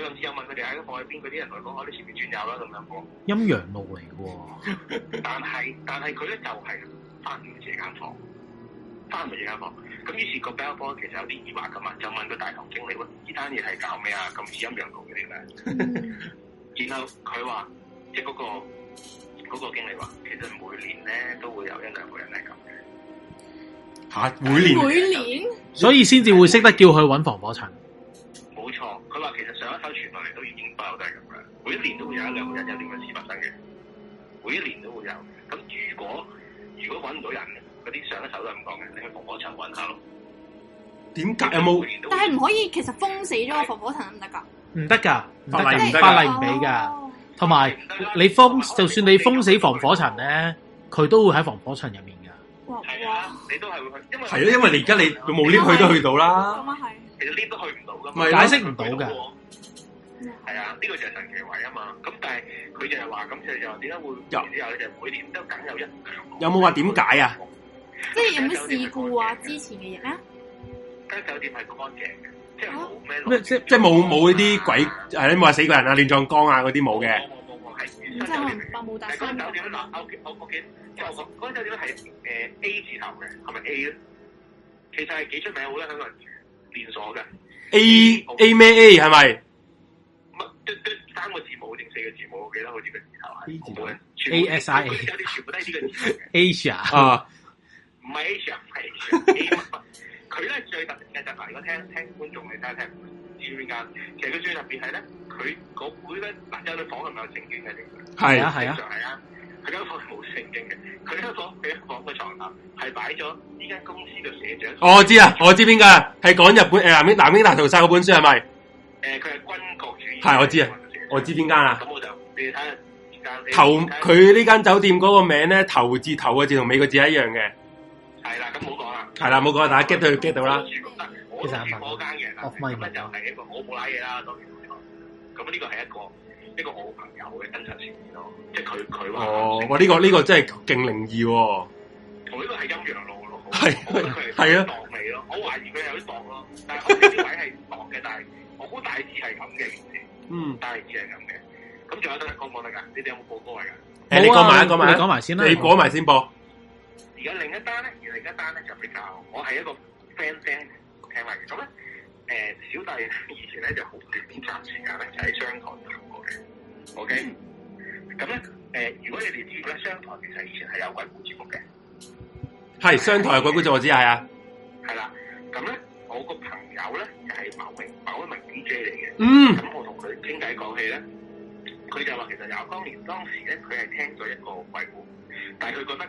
佢甚至有問佢哋喺外邊嗰啲人嚟講，你喺前面轉右啦咁樣講。陰陽路嚟嘅喎，但係但係佢咧就係翻唔到自己間房，翻唔到自己間房。咁於是個 bell boy 其實有啲疑惑嘅嘛，就問個大堂經理話：呢單嘢係搞咩啊？咁似陰陽路嘅咩？ 然後佢話，即係嗰個嗰個經理話，其實每年咧都會有一兩個人係咁嘅吓，每年每年，所以先至會識得叫佢揾防火層。冇錯，佢話其實上一手傳落嚟都已經包底係咁樣，每一年都會有一兩個人有定嘅事發生嘅，每一年都會有。咁如果如果揾唔到人嗰啲上一手都係咁講嘅，你去防火層揾下咯。點解有冇？但係唔可以，其實封死咗個防火層唔得噶。唔得噶，唔得唔得，法例唔俾噶。同埋、啊、你，你封，就算你封死防火層咧，佢都會喺防火層入面噶。係啊，你都係會去。係咯，因為你而家你冇 lift、啊、去都去到啦。係，其實 lift 都去唔到噶。唔係，解釋唔到噶。係、嗯、啊，呢個就係神奇位啊嘛。咁但係佢就係話，咁就又點解會？又就每年都梗有一。有冇話點解啊？即係有冇事故啊？之前嘅嘢咩啊？間酒店係乾淨嘅。即係冇咩，即係即係冇冇呢啲鬼，係你冇話死個人啊、亂葬崗啊嗰啲冇嘅。然之後唔包冇大餐。嗰隻酒店咧？O K O K，嗰隻酒店咧係誒 A 字頭嘅，係咪 A 咧？其實係幾出名好多，香港人住連鎖嘅 A A 咩 A 係咪？乜？對對，三個字母定四個字母？我記得好似個字頭係 A 字頭，A S I，而家啲全部都係呢個 A 字。A 俠啊！咩俠？咩俠？佢咧最特別嘅就係、如果、我聽聽觀眾你睇下聽聽邊間？其實佢最特別係咧，佢嗰會嘅嗱有套房係冇聖經嘅，你係啊係啊，係啊，佢間房係冇聖經嘅，佢間房佢一放開牀頭係擺咗呢間公司嘅社長。我知啊，我知邊間，係講日本、呃、南京南京大屠殺嗰本書係咪？誒，佢、呃、係軍國主義。係我知啊，我知邊間啊。咁我，我就你睇下邊間。頭佢呢間酒店嗰個名咧，頭字頭個字同美國字一樣嘅。係啦，咁冇。係啦，冇講，大家 get 到就 get 到啦。其實嘢，文，我朋就係一個，我冇瀨嘢啦，當然咁呢個係一個，一個我朋友嘅真實事件咯，即係佢佢話。哦，我呢、這個呢、這個真係勁靈異、哦。我、哦、呢、這個係陰陽路咯。係係啊，當尾咯，我懷疑佢有啲當咯，但係呢位係唔當嘅， 但係我估大致係咁嘅，嗯，大致係咁嘅。咁仲有得講冇得噶？你哋有冇播歌嚟噶？誒、啊，你講埋，講埋，講埋先啦，你講埋先、啊、先播。有另一單咧，而另一單咧就比較，我係一個 f r i e n d f r i e n d 聽嚟咁咧。誒、呃，小弟以前咧就好短暫時間咧就喺商台行過嘅。OK，咁咧誒，如果你哋知啦，商台其實以前係有鬼故節目嘅。係商台有鬼故事我知係啊。係啦，咁咧我個朋友咧就係某名某一名 DJ 嚟嘅。嗯。咁我同佢傾偈講起咧，佢就話其實有，當年當時咧佢係聽咗一個鬼故，但係佢覺得。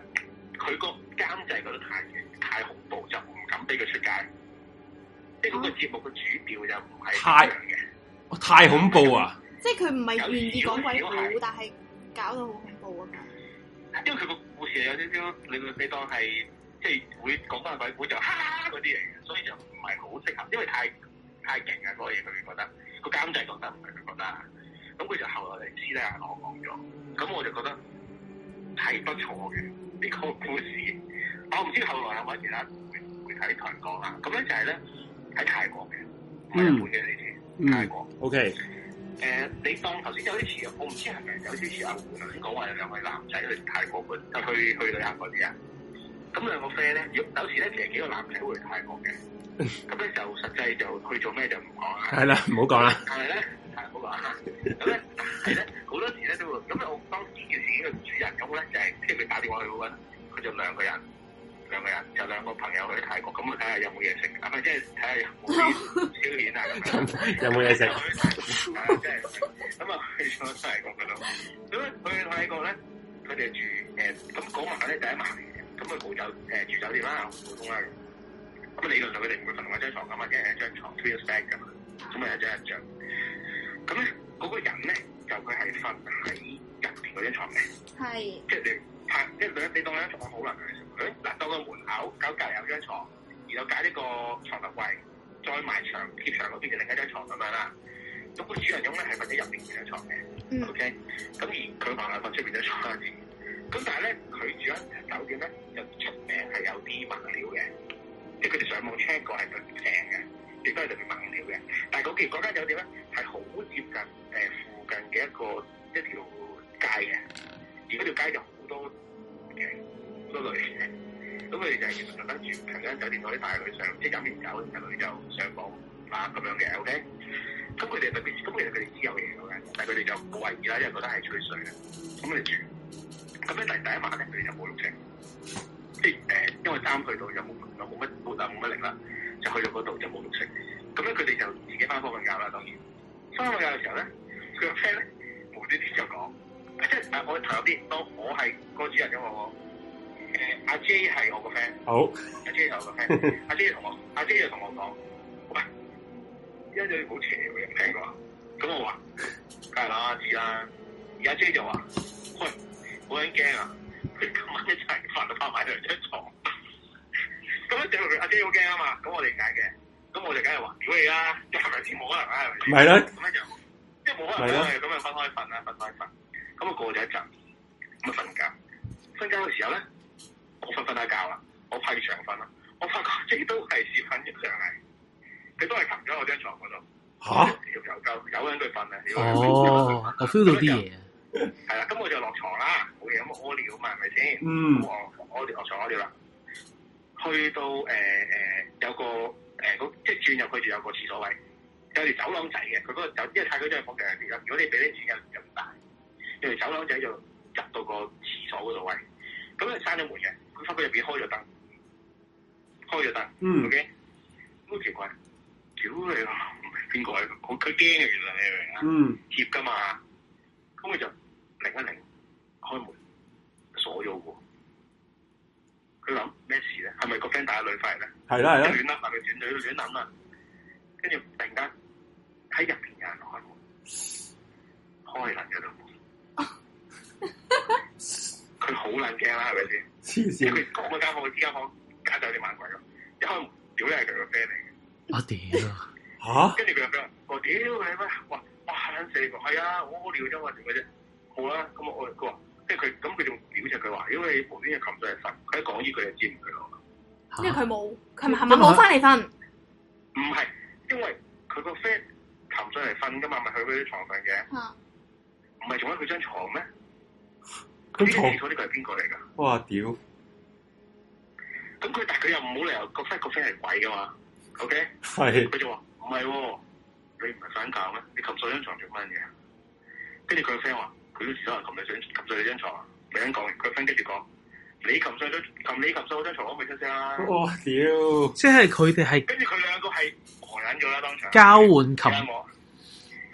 佢個監製覺得太太恐怖，就唔敢俾佢出街。即係嗰個節目嘅主調就唔係太樣嘅，太恐怖啊、就是！即係佢唔係願意講鬼故，但係搞到好恐怖啊！因為佢個故事有少少，你你當係即係會講返鬼故就嚇嗰啲嚟嘅，所以就唔係好適合，因為太太勁啊！嗰個嘢，佢哋覺得個監製覺得唔係佢覺得，咁佢就後來嚟知咧，我講咗，咁我就覺得。係不錯嘅呢個故事的，我唔知道後來係咪其他媒體台講啦。咁樣就係咧喺泰國嘅，阿胡嘅你哋，泰國。O、嗯、K。誒、okay. 呃，你當頭先有啲似嘅，我唔知係咪，我剛剛說有啲似阿胡頭先講話有兩位男仔去泰國玩，即係去去旅行嗰啲啊。咁兩個 friend 咧，如果有時咧其實幾個男仔會去泰國嘅。咁、嗯、咧就實際就佢做咩就唔講啦，係啦，唔好講啦。係咧，唔好講啦。咁咧，係咧，好呢多時咧都會咁我當時當時已經主人公、就係，咁咧就係即係佢打電話去嗰個，佢就兩個人，兩個人就兩個朋友去啲泰國，咁啊睇下有冇嘢食，啊咪即係睇下有冇啲少年咁啊， 係咪 有冇嘢食？即咁啊去咗泰國噶啦，咁佢去泰國咧，佢哋住誒咁嗰晚咧第一晚，咁佢冇酒誒住酒店啦，普通啦。咁理論上佢哋唔會瞓同一張床㗎嘛，即係一張床 two bed 嘛，咁啊有一張。咁咧嗰個人咧就佢係瞓喺入邊嗰張牀嘅，係、mm -hmm.。即係你拍，即係你當呢張牀好難嘅，誒嗱，當個門口隔籬有一張床，然後解呢個床頭位再埋牆貼上嗰邊嘅另一張床咁樣啦。咁個主人翁咧係瞓喺入邊嗰張床嘅、mm -hmm.，OK 床。咁而佢麻麻瞓出邊張牀嘅。咁但係咧佢住喺酒店咧就出名係有啲麻料嘅。即係佢哋上網 check 過係特別正嘅，亦都係特別猛料嘅。但係嗰間嗰間酒店咧係好接近誒附近嘅一個一條街嘅，而嗰條街就好多嘅好多女嘅。咁佢哋就係其實特登住近間酒店度啲大女上，即係飲完酒啲女就上網啦咁樣嘅，O K。咁佢哋特別，咁其實佢哋知有嘢嘅，但係佢哋就冇懷疑啦，因為覺得係吹水嘅。咁佢哋住，咁咧第第一晚咧佢哋就冇錄證。誒，因為三去到又冇冇冇乜冇大冇乜力啦，就去到嗰度就冇食。咁咧佢哋就自己翻房瞓覺啦。當然，翻瞓覺嘅時候咧，佢個 friend 咧無端端就講、哎，但係我頭腦啲唔多，我係個主人因為我我。誒、呃，阿 J 係我個 friend，好。阿 J 就個 friend， 阿 J 就同我，阿 J 就同我講：喂，因為好邪嘅，人聽唔聽到？咁我話梗係啦，阿 J 啦。而家 J 就話：喂，好驚啊！今晚一齊瞓拍埋兩張床，咁樣阿姐好驚啊嘛，咁我哋解嘅，咁我哋梗係話屌你啦，係咪先？冇可能啦、啊，咪唔係啦，咁、啊、咧就即係冇可能嘅、啊，咁、啊、咪分開瞓啦，分開瞓，咁啊過咗一陣，咁啊瞓覺，瞓覺嘅時候咧，我瞓瞓下覺啦，我趴住長瞓咯，我發覺即都係屎瞓一樣嚟，佢都係擒咗我張床嗰度。吓？有有、哦、有人在瞓啊？我 feel 到啲嘢。係 啦，咁我就落床啦，冇嘢，咁屙尿嘛，係咪先？嗯，我哋落床屙尿啦。去到誒誒、呃，有個誒、呃，即係轉入去就有個廁所位，有條走廊仔嘅。佢嗰、嗰個就因為太古張房其實如果你俾啲錢又又唔大，條走廊仔就入到個廁所嗰度位，咁你閂咗門嘅。佢發佢入邊開咗燈，開咗燈。o、嗯、K。咁、OK？奇怪？屌你，唔係邊個？我佢驚嘅，原來你明唔明啊？貼噶嘛。咁佢就。擰一擰開門鎖咗喎，佢諗咩事咧？係咪個 friend 帶阿女翻嚟咧？係啦係啦，亂諗啊，佢轉嘴亂諗啊，跟住突然間喺入邊有人開門，開緊嗰度，佢好撚驚啦，係咪先？黐線！佢講嗰間房間，之間房間家就啲猛鬼咯，一開門屌你係佢個 friend 嚟嘅，我屌嚇！跟住佢又佢話：我屌你乜？話哇撚死我！係、哎、啊，我好尿啫，嘛條嘅啫。好啦，咁我我佢話他就他，即係佢咁佢仲表出佢話，因為旁邊嘅擒上嚟瞓，佢一講呢句就知唔佢咯。因為佢冇，佢係咪冇翻嚟瞓？唔、啊、係，因為佢個 friend 擒上嚟瞓噶嘛，咪去佢啲床瞓嘅。唔係仲喺佢張床咩？佢啲廁呢個係邊個嚟噶？哇屌！咁佢、啊、但佢又唔好理由個 friend 個 friend 係鬼噶嘛？OK，佢就話唔係，你唔係瞓覺咩？你擒上張床做乜嘢？跟住佢個 friend 話。佢都遲早琴咪想擒上你張牀，未肯講。佢分跟住講：你擒上咗，擒你擒上我張牀，我咪出聲啦、啊。哇！屌，即係佢哋係跟住佢兩個係狂忍咗啦，當場交換擒。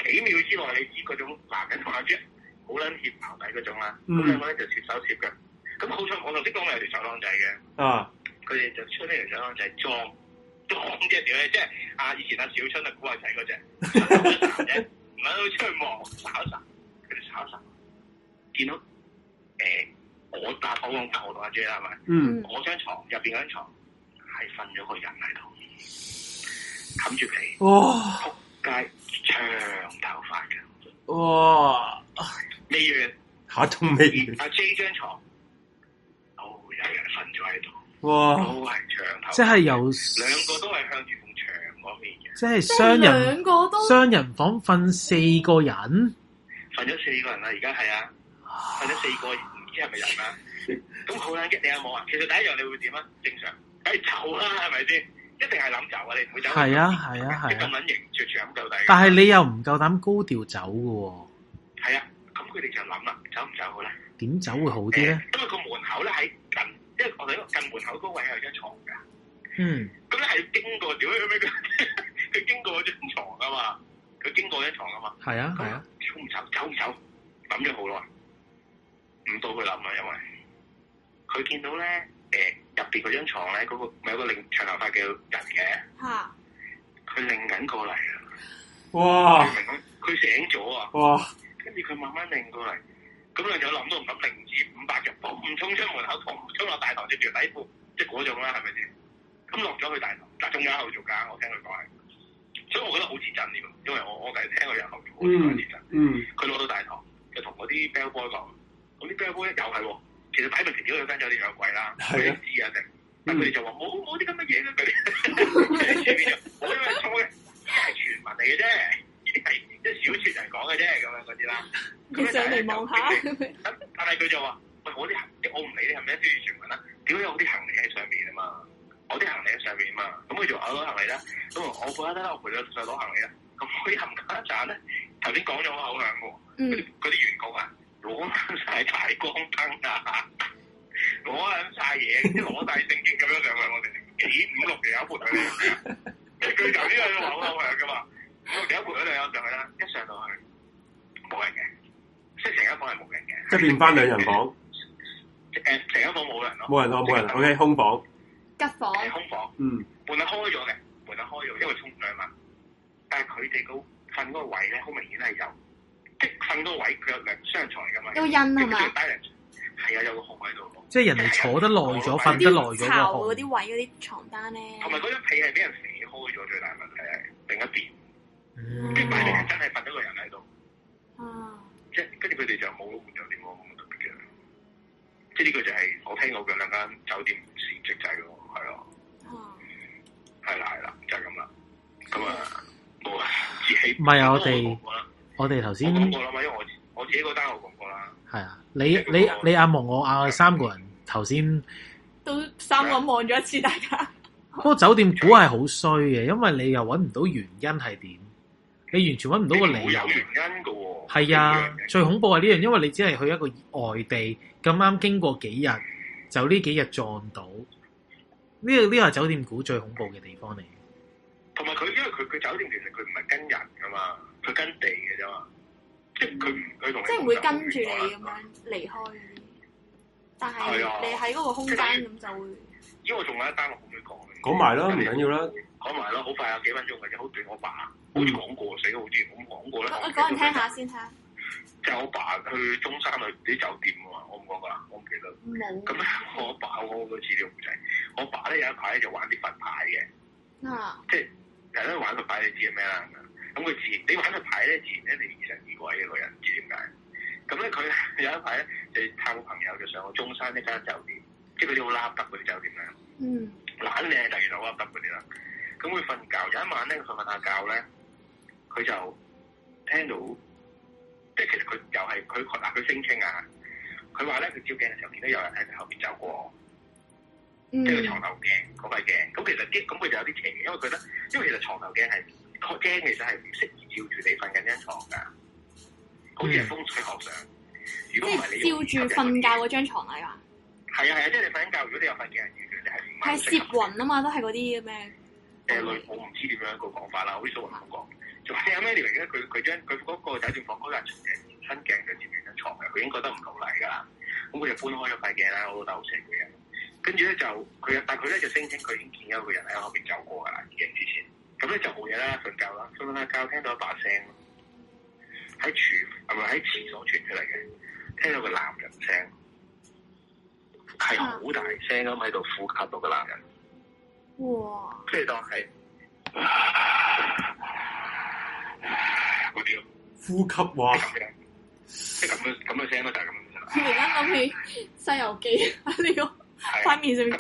幾秒之內，你知嗰種嗱緊同阿好撚貼牀底嗰種啦。咁、嗯、兩個咧就貼手貼腳。咁好彩，我頭先講咪有條手擋仔嘅。啊！佢哋就出呢條手擋仔裝裝即係點咧？即係、就是、啊！以前阿小春啊古惑仔嗰隻唔肯出去望炒散，佢哋炒散。見到誒、欸、我，搭係我頭同阿姐係咪？嗯。我張床入面張床，係瞓咗個人喺度，冚住被。哇！仆街，長頭髮嘅。哇！未完嚇，仲未完。啊，J 張床，都、哦、有人瞓咗喺度。哇！都係長頭。即係由兩個都係向住埲牆嗰邊嘅。即係雙人兩個都雙人房瞓四個人，瞓咗四個人啦！而家係啊。或者四個唔知係咪人啊？咁好撚激你有冇啊？其實第一樣你會點啊？正常，梗係走啦，啊，係咪先？一定係諗走啊！你唔會走？係啊，係啊，係咁穩型，着住咁到底。但係你又唔夠膽高調走嘅。係啊，咁佢哋就諗啦，走唔走好咧？點走會好啲咧，欸？因為個門口咧喺近，因係我哋喺近門口嗰位是有一床噶。嗯。咁咧係經過屌，佢 經過一張床噶嘛？佢經過一床噶嘛？係啊，係啊。走唔走？走唔走？諗咗好耐。唔到佢諗啊，因為佢見到咧，誒、呃、入邊嗰張床咧，嗰、那個咪有個另長頭髮嘅人嘅，佢擰緊過嚟啊！哇！佢醒咗啊！哇！跟住佢慢慢擰過嚟，咁佢就諗到唔諗零至五百入房，唔衝出門口，同衝落大堂脫住底褲，即係嗰種啦，係咪先？咁落咗去大堂，但、啊、中間去做家。我聽佢講係，所以我覺得好貼近，因為我我第日聽後、這個人講好貼近。嗯，佢落到大堂就同嗰啲 bell boy 講。我啲啤杯又係喎，其實擺明佢啲飛機酒店又貴啦，你知啊定？但佢哋就話冇冇啲咁嘅嘢嘅，佢處 邊啊？ 我因為錯嘅，依啲係傳聞嚟嘅啫，依啲係即小説人講嘅啫，咁樣嗰啲啦。唔想咁但係佢就話：我啲行，我唔理你係咩虛傳聞啦，點都有啲行李喺上面啊嘛，我啲行李喺上面啊嘛。咁佢就攞攞行李啦。咁我覺得啦，我陪佢上攞行李啦。咁嗰啲冚家鏟咧，頭先講咗口響喎，嗰啲嗰員工啊。攞晒大光燈啊！攞晒嘢，攞大正經咁樣上去，我哋幾五六人一盤咁樣，即係最緊要佢話好響噶嘛，五六人一盤咁樣上去啦，一上到去冇人嘅，即係成間房係冇人嘅。變返兩人房，誒，成間房冇人咯。冇人咯，冇人。OK，空房。吉房。空房。嗯。門係開咗嘅，門係開咗，因為沖涼啊嘛。但係佢哋嗰瞓嗰個位咧，好明顯係有。瞓個位佢有兩雙床咁樣。有印係咪？係、嗯嗯嗯這個、啊，有個紅喺度。即係人哋坐得耐咗，瞓得耐咗個。啲嗰啲位嗰啲床單咧。同埋嗰張被係俾人扯開咗，最大問題係另一邊，跟住買呢係真係瞓得個人喺度。即係跟住佢哋就冇咗，冇咗啲咁特別嘅。即係呢個就係我聽到嘅兩間酒店事蹟仔咯，係咯。哦。係啦，係啦，就係咁啦。咁、嗯、啊，冇啊，自欺。唔係啊，我哋。我哋頭先，我諗啊，因為我自我自己嗰單我講過啦。係啊，你你你阿望、啊、我阿、啊、三個人頭先都三個望咗一次，大家。嗰個酒店故係好衰嘅，因為你又搵唔到原因係點，你完全搵唔到個理由。原因㗎喎。係啊，最恐怖係呢樣，因為你只係去一個外地，咁啱經過幾日，就呢幾日撞到。呢、這個呢、這個係酒店故最恐怖嘅地方嚟。同埋佢，因為佢佢酒店其實佢唔係跟人噶嘛。佢跟地嘅啫、嗯、嘛，即係佢唔佢同你即係會跟住你咁樣離開，嗯、但係你喺嗰個空間咁、啊、就會。因為我仲有一單我冇講嘅，講埋啦，唔緊要啦，講埋啦，好快有幾分鐘或者好短。我爸好似講過，死好啲，我唔講過啦。我我講聽一下先睇。就係、是、我爸去中山去啲酒店啊我唔講噶，我唔記得。咁咧，我阿爸我嗰次啲妹仔，我爸咧有一排咧就玩啲佛牌嘅，啊，即係人咧玩佛牌，你知係咩啦？咁佢前，你玩個牌咧，前咧你疑神疑鬼嘅個人，唔知點解。咁咧佢有一排咧，就探個朋友就上個中山一間酒店，即係嗰啲好拉得嗰啲酒店啊。嗯。懶嘅，但係又好拉得嗰啲啦。咁佢瞓覺有一晚咧，佢瞓下覺咧，佢就聽到，即係其實佢又係佢確佢聲稱啊，佢話咧佢照鏡嘅時候見到有人喺後邊走過，即係牀頭鏡嗰塊、那個、鏡。咁、那個那個、其實啲咁佢就有啲邪，因為佢得因為其實床頭鏡係。我驚，其實係唔適宜照住你瞓緊張床㗎，好似係風水學上。如果唔係你照住瞓覺嗰張牀嚟話，係啊係啊，即係你瞓緊覺。如果你有瞓緊人住，你係唔係？係攝魂啊嘛，都係嗰啲咩？誒，類我唔知點樣一個講法啦，好似數學咁講。就阿 Mandy 佢佢將佢嗰個酒店房嗰人，牆面新鏡佢攝住張床嘅，佢已經覺得唔夠黎㗎啦。咁佢就搬開咗塊鏡啦，我老豆好醒嘅。跟住咧就佢，但佢咧就聲稱佢已經見咗一個人喺後邊走過㗎啦，已經之前。咁咧就冇嘢啦，瞓覺啦，瞓瞓下覺聽到一把聲，喺廚，係咪喺廁所傳出嚟嘅？聽到個男人聲，係好大聲咁喺度呼吸到個男人。哇！即係當係啲 呼吸喎，即係咁嘅，即係咁嘅咁嘅聲咯，就係咁樣。我而家諗起《西遊記》喺呢個塊面上面吸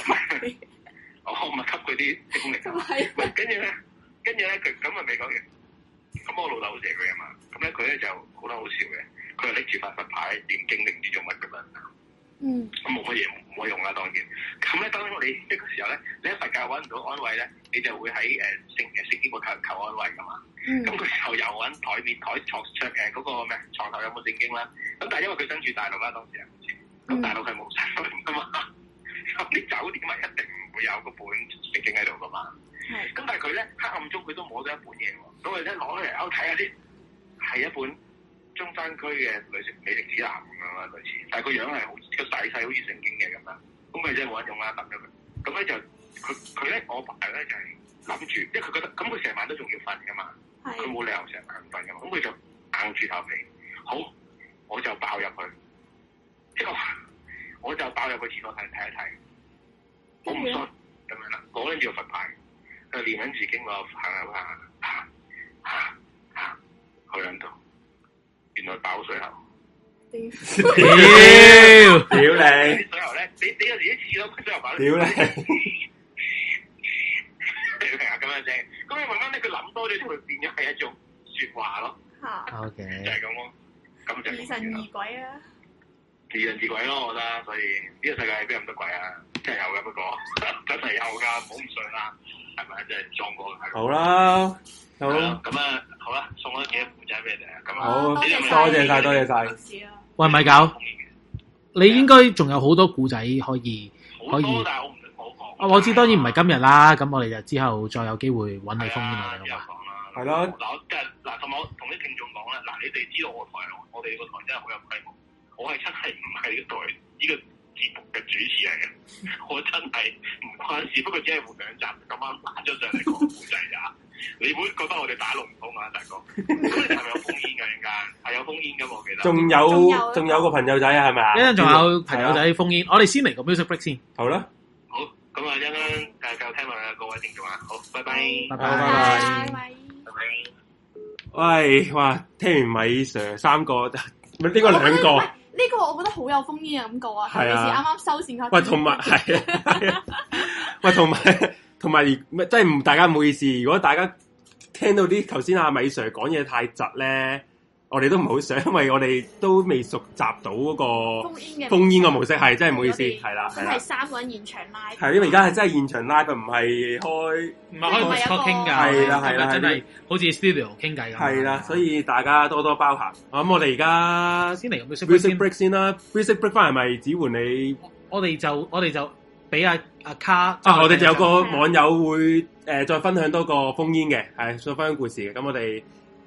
我，我咪吸佢啲啲空氣咁係，喂，跟住咧。跟住咧，佢咁啊未講完，咁我老豆好錫佢啊嘛。咁咧佢咧就好得好笑嘅，佢話你住塊佛牌念經，定唔知做乜噶嘛。嗯。咁冇乜嘢，冇乜用啦，當然。咁咧當你呢係個時候咧，你喺佛教揾唔到安慰咧，你就會喺誒聖誒聖經個求求安慰噶嘛。嗯。咁佢又又揾台面台牀桌誒嗰個咩床頭有冇聖經啦？咁但係因為佢身處大陸啦當時，咁大陸佢冇曬噶嘛。咁啲酒店咪一定唔會有個本聖經喺度噶嘛？咁但係佢咧，黑暗中佢都摸咗一本嘢喎，咁佢一攞出嚟，睇下啲係一本中山區嘅旅遊美食指南咁樣啦類似，但係個樣係好個細細好似聖經嘅咁樣，咁佢真係冇乜用啦，抌咗佢。咁咧就佢佢咧，我爸咧就係諗住，因為佢覺得咁佢成晚都仲要瞓噶嘛，佢冇理由成晚唔瞓噶嘛，咁佢就硬住頭皮，好，我就爆入去，即係我就爆入去廁所睇睇一睇，我唔信咁樣啦，我跟住佛牌。佢練緊自己個行行行行去兩度，原來爆水喉。屌 屌 你！水喉咧，你你有時一次都唔想買。屌 跳美 你！啊，咁樣啫。咁你慢慢咧，佢諗多咗，佢變咗係一種說話咯。吓，O K，就係咁咯。咁就。疑神疑鬼啊！疑神疑鬼咯，我覺得。所以呢個世界係邊咁多鬼啊？真係有噶，不過真係有噶，唔好唔信啊！咪？即、就是、撞過好啦，好咁啊，好啦，送咗幾多古仔俾你哋啊，咁啊，好多謝晒，多謝晒。喂，咪狗，你應該仲有好多古仔可以，可以。可以，但我唔好我知，道是我知道，當然唔係今日啦，咁我哋就之後再有機會揾你。係啊，之後講啦。係啦！嗱，即係嗱，同我同啲聽眾講啦！嗱，你哋知道我台，我我哋個台真係好有規模。我係出係唔係個台，呢、這個。節目嘅主持嚟嘅，我真係唔關事，不過只係換兩集，咁啱打咗上嚟講故仔咋？你會覺得我哋打龍鳳嘛，大哥？係咪有封煙噶？應該係有封煙噶，我記得。仲有仲有個朋友仔係咪啊？一陣仲有朋友仔封煙，我哋先嚟個 music break 先。好啦，好，咁啊，一陣教聽埋啊各位聽眾啊，好，拜拜，拜拜，拜拜，拜拜，喂，哇，聽完咪 Sir 三個，唔係呢個兩個。呢、這個我覺得好有風險嘅感覺啊！係啊，啱啱收線啊，喂，同埋係啊，喂，同埋同埋，即係唔大家唔好意思，如果大家聽到啲頭先阿米 sir 講嘢太窒咧。我哋都唔好想，因為我哋都未熟習到嗰個烽煙嘅烽煙嘅模式，係真係唔好意思，係啦，係係三個人現場 live，係，因為而家係真係現場 live，佢唔係開唔係開直播傾偈，係啦，係啦，真係好似 studio 傾偈咁。係啦，所以大家多多包涵。咁我哋而家先嚟休息 break 先啦。休息 break 翻係咪指換你？我哋就我哋就俾阿阿卡啊，啊，我哋就有個網友會、嗯、再分享多個烽煙嘅，係再分享故事嘅。咁我哋。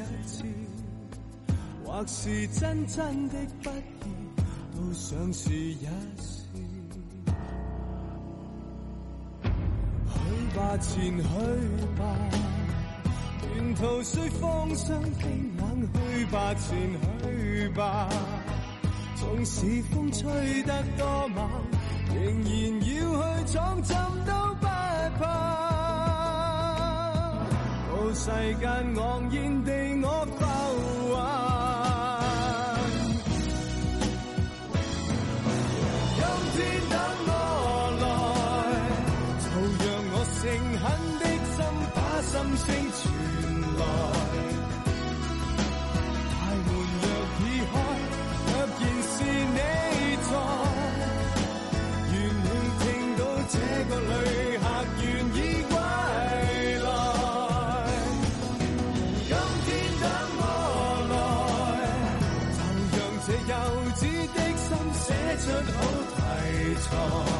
一次，或是真真的不易，都想是一試。去吧，前去吧，沿途雖風霜冰冷，去吧，前去吧。縱使風吹得多猛，仍然要去闖，怎都不怕。到世間昂然地。鐘聲傳來，大門若已開，若然是你在，願你聽到這個旅客願意歸來。今天等我來，就讓這幼稚的心寫出好題材。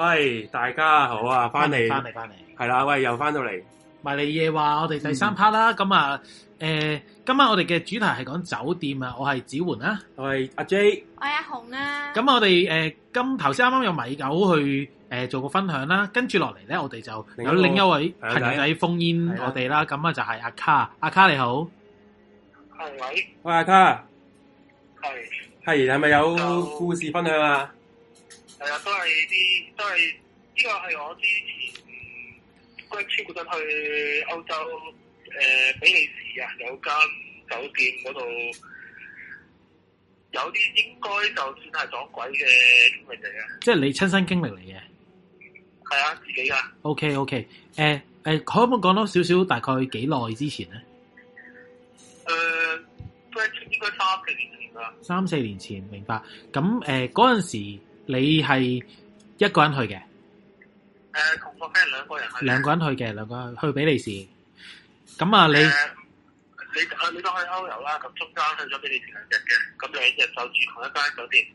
喂，大家好啊！翻嚟，翻嚟，翻嚟，係啦！喂，又翻到嚟。迷離夜話，我哋第三 part 啦。咁、嗯、啊，誒、呃，今晚我哋嘅主題係講酒店指啊。我係子桓啦。我係阿 J，我係阿紅啦、啊。咁我哋誒、呃，今頭先啱啱有米狗去誒、呃、做個分享啦、啊。跟住落嚟咧，我哋就有另一位朋友仔封煙我哋啦。咁啊，看看看看就係阿卡，阿卡你好。係，喂阿卡。係係係咪有故事分享啊？係啊，都係啲，都係呢個係我之前，都係 travel 咗去歐洲，誒、呃，比利時啊，有間酒店嗰度，有啲應該就算係撞鬼嘅經歷嚟嘅。即係你親身經歷嚟嘅，係、嗯、啊，自己噶。O K，O K，誒誒，可唔可以講多少少？大概幾耐之前咧？誒、呃，應該三四年前啦，三四年前，明白。咁誒，嗰、呃、陣時。你係一個人去嘅？誒、啊，同學，佢係兩個人去的。兩個人去嘅，兩個人去比利時。咁啊，你你,你都去啊，你當去歐遊啦，咁中間去咗比利時兩日嘅，咁你二日就住同一間酒店，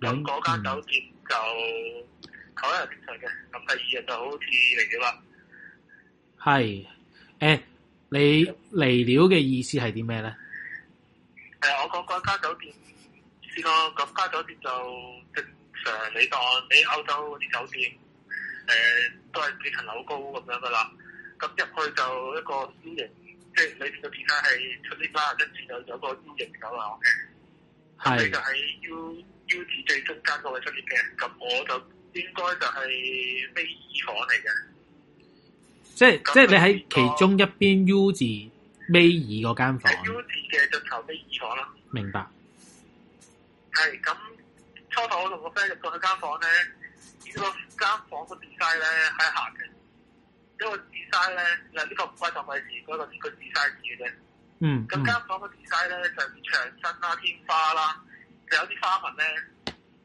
咁嗰間酒店就同、嗯、一人住嘅，咁第二日就好似嚟離了。係，誒、啊，你嚟了嘅意思係點咩咧？誒、啊，我講、那、嗰、個、間酒店先咯，咁間酒店就誒，你當你喺歐洲啲酒店誒、呃，都係幾層樓高咁樣噶啦。咁入去就一個 U 型，即、就、係、是、裏邊嘅中間係出 lift 啦，跟住就有個 U 型走廊嘅。咁、OK？就喺 U U 字最中間嗰位出 lift 嘅。咁我就應該就係尾二房嚟嘅。即係即係你喺其中一邊 U 字尾二嗰間房。U 字嘅盡頭尾二房啦。明白。係咁。初頭我同個 friend 入到去間房咧，呢個間房個 design 咧喺下嘅，因為 design 咧，嗱呢個唔關什麼事，嗰度只個 design 字嘅啫。嗯。咁、嗯、間房個 design 咧就牆身啦、天花啦，就有啲花紋咧，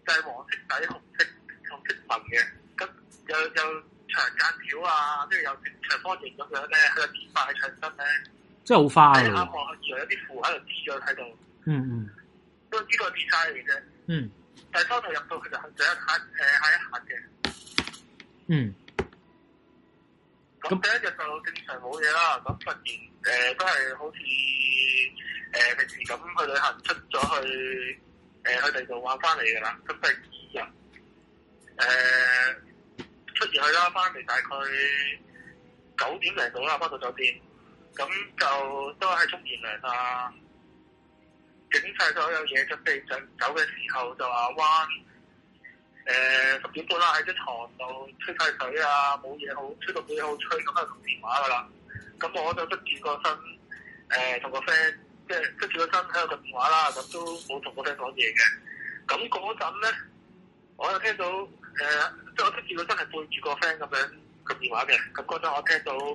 就係黃色底紅色同色紋嘅，咁又有長間條啊，跟住又長方形咁樣咧喺度貼喺牆身咧，真係好花，啱啱以為有啲符喺度貼咗喺度。嗯嗯。因為呢個 design 嚟啫。嗯。嗯這個第三日入到佢就第一下誒下一下嘅。嗯。咁第一日就正常冇嘢啦。咁突然，日、呃、都係好似誒平時咁去旅行出咗去誒，去地度玩翻嚟㗎啦。咁第二日誒、呃、出完去啦，翻嚟大概九點零到啦，翻到酒店。咁就都係出電嚟啊。整晒所有嘢，準備就走嘅時候就話嘩，誒、呃、十點半啦喺啲牀度吹曬水啊，冇嘢好，好吹，冇嘢好吹咁就同電話噶啦。咁我就側住個身，誒、呃、同個 friend 即係側住個身喺度個電話啦，咁都冇同個 friend 講嘢嘅。咁嗰陣咧，我又聽到誒，即、呃、係我側住個身係背住個 friend 咁樣個電話嘅。咁嗰陣我聽到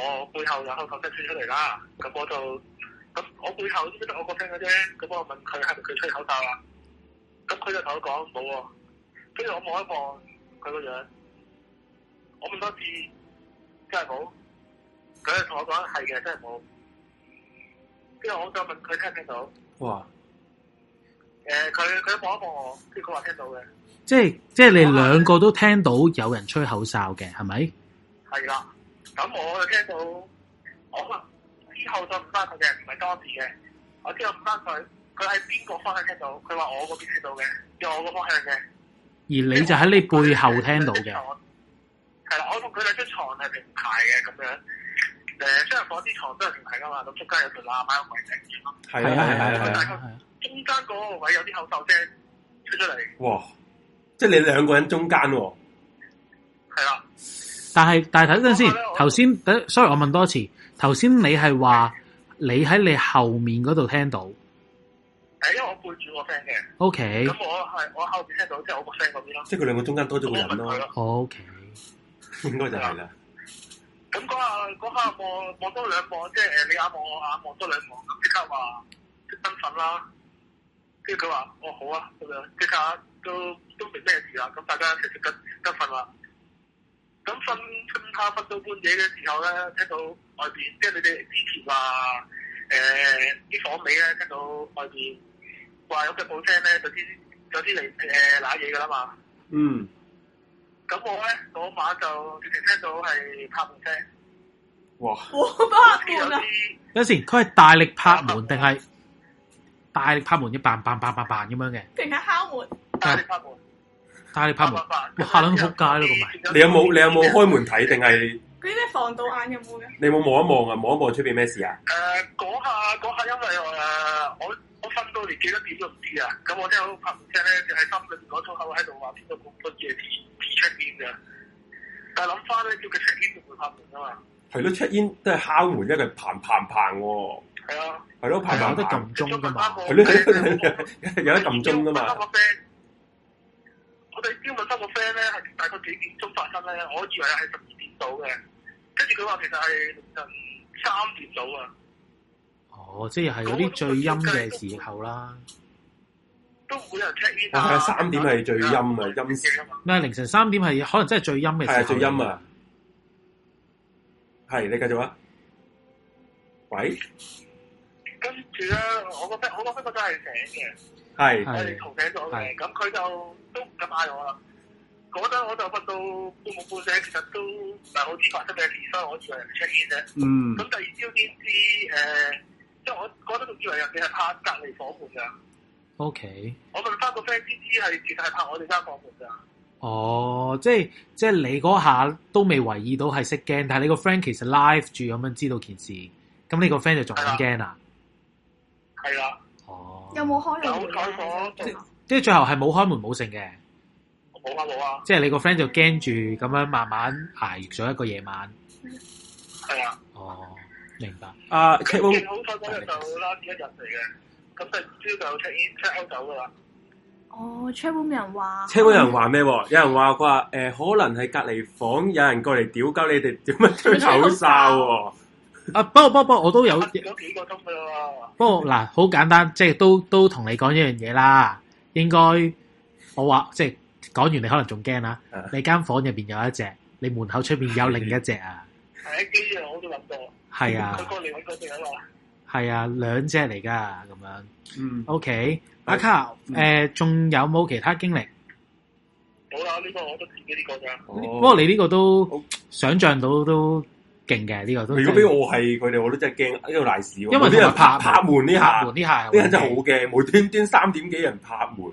我背後有開擴音吹出嚟啦，咁我就。咁我背後都得我個聲嘅啫，咁我問佢係咪佢吹口哨啊？咁佢就同我講冇喎，跟住、啊、我望一望佢個樣，我問多次真係冇，佢就同我講係嘅，真係冇。跟住我再問佢聽唔聽到？哇！誒、呃，佢佢望一望我，跟住佢話聽到嘅。即係即係你兩個都聽到有人吹口哨嘅，係咪？係啦，咁我又聽到，我。之後就唔翻佢嘅，唔係當時嘅。我之後唔翻佢，佢喺邊個方向聽到？佢話我嗰邊聽到嘅，叫我個方向嘅。而你就喺你背後聽到嘅。係啦、啊，我同佢兩張床係平排嘅，咁樣誒，即係房啲床都係平排噶嘛。咁中間有條喇擺個圍成住咯。係啊係啊係啊，但係中間個位有啲口哨聲出出嚟。哇！即係你兩個人中間喎。係啊。但係但係睇陣先，頭先，sorry，我問多次。頭先你係話你喺你後面嗰度聽到，誒，因為我背住我 friend 嘅，O K，咁我係我後邊聽到即係、就是、我個 friend 嗰邊咯，即係佢兩個中間多咗個人咯，O K，應該就係啦。咁嗰下嗰下望望多兩望，即係、就是、你眼望我眼望多兩望，咁即刻話即身瞓啦。跟住佢話哦好啊，咁樣即刻都都冇咩事啊，咁大家直接跟，跟瞓啦。咁分跟他瞓到半夜嘅時候咧，聽到外邊，即係你哋之前話誒啲房尾咧聽到外邊話有腳步聲咧，就知就知嚟，誒、呃、拿嘢噶啦嘛。嗯。咁我咧嗰晚就直情聽到係拍門聲。哇！我拍門啊！有陣時佢係大力拍門定係大力拍門一棒棒棒棒棒咁樣嘅。定係敲門。大力拍門。但係你拍門吓出街咯，唔你有冇你有冇開門睇定係？你啲防盜眼有冇嘅？你冇望一望啊？望一望出邊咩事啊？誒、呃，下下，下因為誒，我我瞓到連幾多點都唔知啊。咁我真嗰個拍門聲咧，就喺、是、心裏面講出口喺度話：邊度咁多出煙嘅。但係諗翻咧，叫佢出煙就會拍門噶嘛？係咯，出煙都係敲門，一個砰砰砰。係啊，係咯，拍砰都撳鐘噶嘛？係咯，有得撳鐘噶嘛？我哋叫咗三個 friend 咧，係大概幾點鐘發生咧？我以為係十二點到嘅，跟住佢話其實係凌晨三點到啊。哦，即係嗰啲最陰嘅時候啦。都冇人 check 呢單啊！三點係最陰啊，陰嘅。咩、嗯？凌晨三點係可能真係最陰嘅時候是、啊。最陰啊！係你繼續啊！喂。跟住咧、啊，我覺得我覺得佢真係醒嘅。係，即係你嘈醒咗嘅，咁佢就都唔敢嗌我啦。嗰陣我就瞓到半夢半醒，其實都唔係好知發生咩事，所以我以為人哋 check in 啫。嗯，咁第二朝先知，誒、呃，即係我嗰陣仲以為人哋係拍隔籬房門噶。O、okay、K。我問翻個 friend 知知係點，係拍我哋間房門噶。哦、oh，即係即係你嗰下都未懷疑到係識驚，但係你個 friend 其實 live 住咁樣知道件事，咁你個 friend 就仲驚啊？係啦。有冇開門？門？開即係最後係冇開門冇成嘅。冇啊冇啊。即係你個 friend 就驚住咁樣慢慢挨咗一個夜晚。係啊。哦、oh,，明白。啊，check in 好快嗰日就啦，住一日嚟嘅，咁就朝就 check in check out 走噶啦。哦，check in 人話。check in 人話咩？有人話佢話誒，可能係隔離房有人過嚟屌鳩你哋點樣吹口哨。啊，不過不過不過，我都有，幾個鐘噶、啊、不過嗱，好簡單，即係都都同你講一樣嘢啦。應該我話，即係講完你可能仲驚啦。你間房入邊有一隻，你門口出邊有另一隻啊。係啊，呢樣我都諗到。係啊。佢過嚟搵啊。係啊，兩隻嚟噶咁樣。嗯。OK，阿 Car 誒，仲、嗯呃、有冇其他經歷？好啦、呢、這個我都自己呢個咋。不過你呢個都想象到都。勁嘅呢個都、就是、如果俾我係佢哋，我都真係驚呢個賴事、啊。因為啲人拍拍門呢下，呢下啲人真係好驚，無端端三點幾人拍門。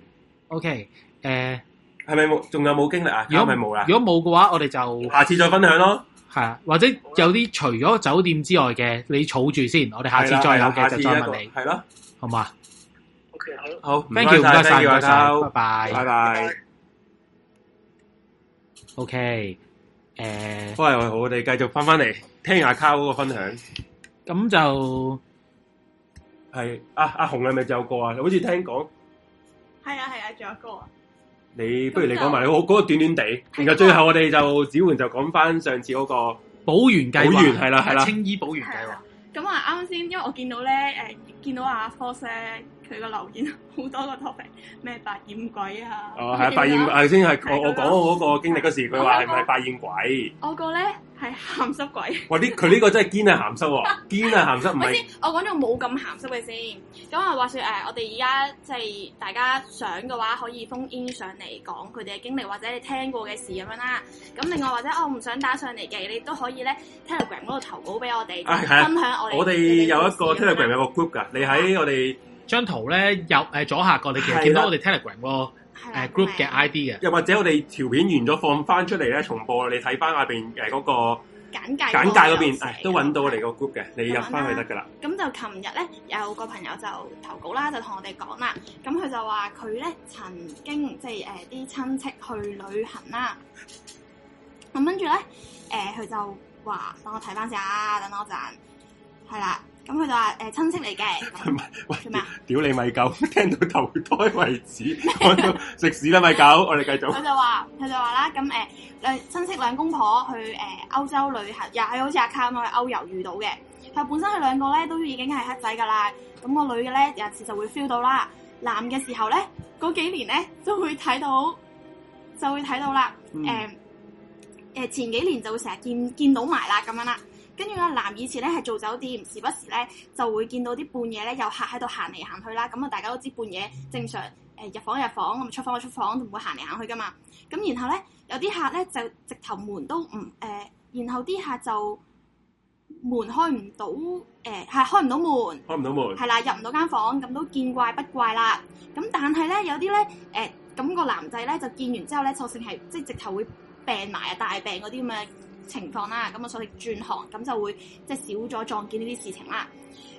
OK，誒、uh，係咪冇？仲有冇經歷啊？咁係冇啦。如果冇嘅、啊、話，我哋就下次再分享咯。係啊，或者有啲除咗酒店之外嘅，你儲住先，我哋下次再有嘅就再問你。係啦、啊、好嘛？OK，好，好，thank you，唔該晒，多謝，拜拜，拜拜。OK。誒、嗯，好，好我哋繼續翻翻嚟，聽阿卡嗰個分享。咁就係阿阿紅係咪仲有個啊？好似聽講係啊係啊，仲、啊、有個啊！你不如你講埋我嗰個短短地，然後最後我哋就子桓就講翻上次嗰、那個保元計劃，係啦係啦，青衣保元計劃。咁啊，啱先，因為我見到咧，誒、啊，見到阿科 sir 佢個留言好多個 topic，咩百厭鬼啊？哦，係啊，百厭。頭先係我我講嗰個經歷嗰時，佢話係唔係百厭鬼？我、那個咧。係鹹濕鬼！哇，呢佢呢個真係堅係鹹濕，堅係鹹濕唔係。我講咗冇咁鹹濕嘅先。咁啊，話說誒、呃，我哋而家即係大家想嘅話，可以封 in 上嚟講佢哋嘅經歷，或者你聽過嘅事咁樣啦。咁另外或者我唔想打上嚟嘅，你都可以咧 Telegram 嗰度投稿俾我哋、哎，分享我哋。我哋有一個 Telegram 有個 group 噶，你喺我哋張、啊、圖咧右誒左下角，你見到我哋 Telegram 喎。誒 group 嘅、嗯、ID 啊，又或者我哋條片完咗放翻出嚟咧，重播你睇翻下邊誒嗰個簡介簡介嗰邊、哎，都揾到我哋個 group 嘅，你入翻去得噶啦。咁、啊、就琴日咧有個朋友就投稿啦，就同我哋講啦。咁佢就話佢咧曾經即係誒啲親戚去旅行啦。咁跟住咧誒，佢、呃、就話等我睇翻先啊，等我一陣，係啦。咁佢就話誒親戚嚟嘅，咩？屌你咪狗，聽到投胎為止， 我都食屎啦咪狗！我哋繼續。佢就話，佢就話啦，咁誒親戚兩公婆去誒歐、欸、洲旅行，又係好似阿卡咁去歐遊遇到嘅。佢本身佢兩個咧都已經係黑仔噶啦，咁、那個女嘅咧有時就會 feel 到啦，男嘅時候咧嗰幾年咧都會睇到，就會睇到啦，誒、嗯、誒、欸、前幾年就會成日見見到埋啦，咁樣啦。跟住個男以前咧係做酒店，時不時咧就會見到啲半夜咧有客喺度行嚟行去啦。咁啊，大家都知半夜正常誒、呃、入房入房咁出房出房，唔會行嚟行去噶嘛。咁然後咧有啲客咧就直頭門都唔誒、呃，然後啲客就門開唔到誒，係、呃、開唔到門，開唔到門，係啦，入唔到間房，咁都見怪不怪啦。咁但係咧有啲咧誒，咁、呃嗰個男仔咧就見完之後咧，就算係即係直頭會病埋啊，大病嗰啲咁嘅。情況啦，咁我所以轉行，咁就會即係、就是、少咗撞見呢啲事情啦。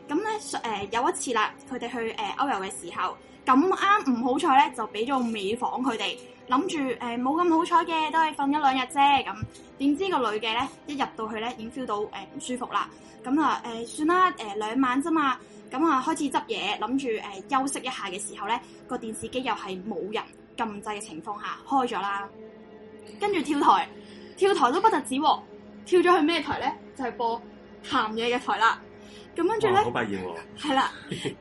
咁咧誒有一次啦，佢哋去誒、呃、歐遊嘅時候，咁啱唔好彩咧就俾咗尾房，佢哋諗住誒冇咁好彩嘅，都係瞓一兩日啫。咁點知個女嘅咧一入到去咧已經 feel 到誒唔、呃、舒服啦。咁啊誒算啦誒兩晚啫嘛，咁啊開始執嘢諗住誒休息一下嘅時候咧，個電視機又係冇人撳掣嘅情況下開咗啦，跟住跳台。跳台都不得止喎、啊，跳咗去咩台咧？就係、是、播咸嘢嘅台啦。咁跟住咧，係啦。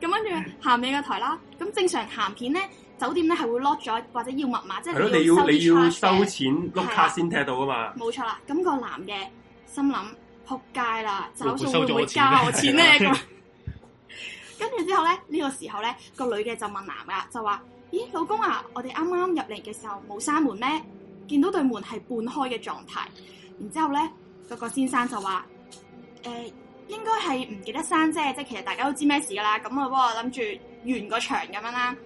咁跟住咸嘢嘅台啦。咁正常咸片咧，酒店咧係會 lock 咗或者要密碼，即係、就是、要,要,要收錢碌卡先睇到㗎嘛。冇錯啦。咁、那個男嘅心諗：扑街啦，找數會唔會加我錢咧？咁跟住之後咧，呢、這個時候咧，個女嘅就問男㗎，就話：咦，老公啊，我哋啱啱入嚟嘅時候冇閂門咩？見到對門係半開嘅狀態，然之後咧，嗰個先生就話：誒、欸，應該係唔記得閂啫，即係其實大家都知咩事㗎啦。咁我諗住完個場咁樣啦，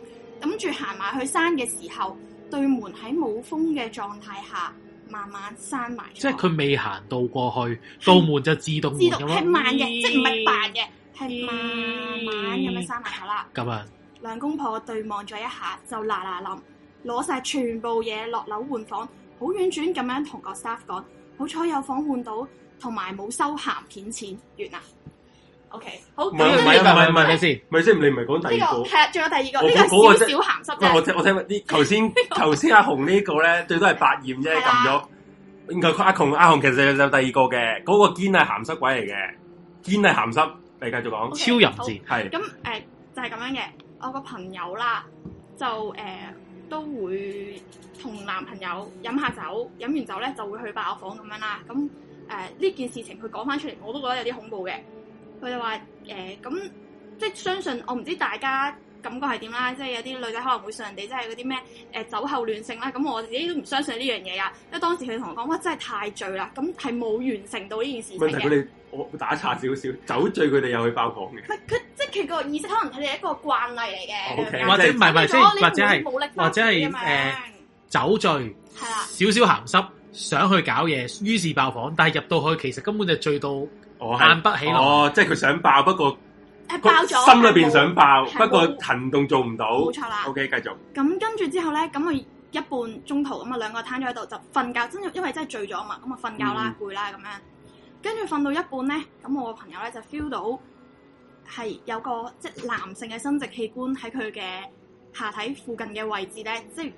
諗住行埋去閂嘅時候，對門喺冇風嘅狀態下慢慢閂埋。即係佢未行到過去，到門就自動。自動係慢嘅、嗯嗯，即係唔係快嘅，係慢慢咁、嗯嗯、樣閂埋啦。咁啊，兩公婆對望咗一下，就嗱嗱臨。攞曬全部嘢落樓換房，轉好婉轉咁樣同個 staff 講。好彩有房換到，同埋冇收鹹片錢。完啦。O、okay, K，好，唔係唔係唔係唔係先，唔係先，你唔係講第二個。其實仲有第二個，而少鹹濕。唔我聽我聽啲頭先頭先阿紅呢個呢，最多係百厭啫，撳 咗。應該、啊、阿紅阿紅其實有第二個嘅嗰、那個堅係鹹濕鬼嚟嘅，堅係鹹濕。你繼續講、okay,，超淫賤係。咁、嗯嗯、就係、是、咁樣嘅，我個朋友啦就、呃都會同男朋友飲下酒，飲完酒咧就會去爆房咁樣啦。咁誒呢件事情佢講翻出嚟，我都覺得有啲恐怖嘅。佢就話誒咁即係相信我唔知大家感覺係點啦。即係有啲女仔可能會信人哋，即係嗰啲咩誒酒後亂性啦。咁我自己都唔相信呢樣嘢啊。因為當時佢同我講話真係太醉啦，咁係冇完成到呢件事情嘅。佢哋我打岔少少酒醉他們，佢哋又去爆房嘅。佢個意識可能係你一個慣例嚟嘅，或者唔係唔係，或者係或者係誒酒醉，係啦，少少鹹濕，想去搞嘢，於是爆房，但係入到去其實根本就醉到撐不起，哦，即係佢想爆，不過誒爆咗，心裏邊想爆，不過行動做唔到，冇錯啦，OK，繼續。咁跟住之後咧，咁啊一半中途咁啊兩個攤咗喺度就瞓覺，真因為真係醉咗啊嘛，咁啊瞓覺啦，攰啦咁樣。跟住瞓到一半咧，咁我個朋友咧就 feel 到。係有個即男性嘅生殖器官喺佢嘅下體附近嘅位置咧，即係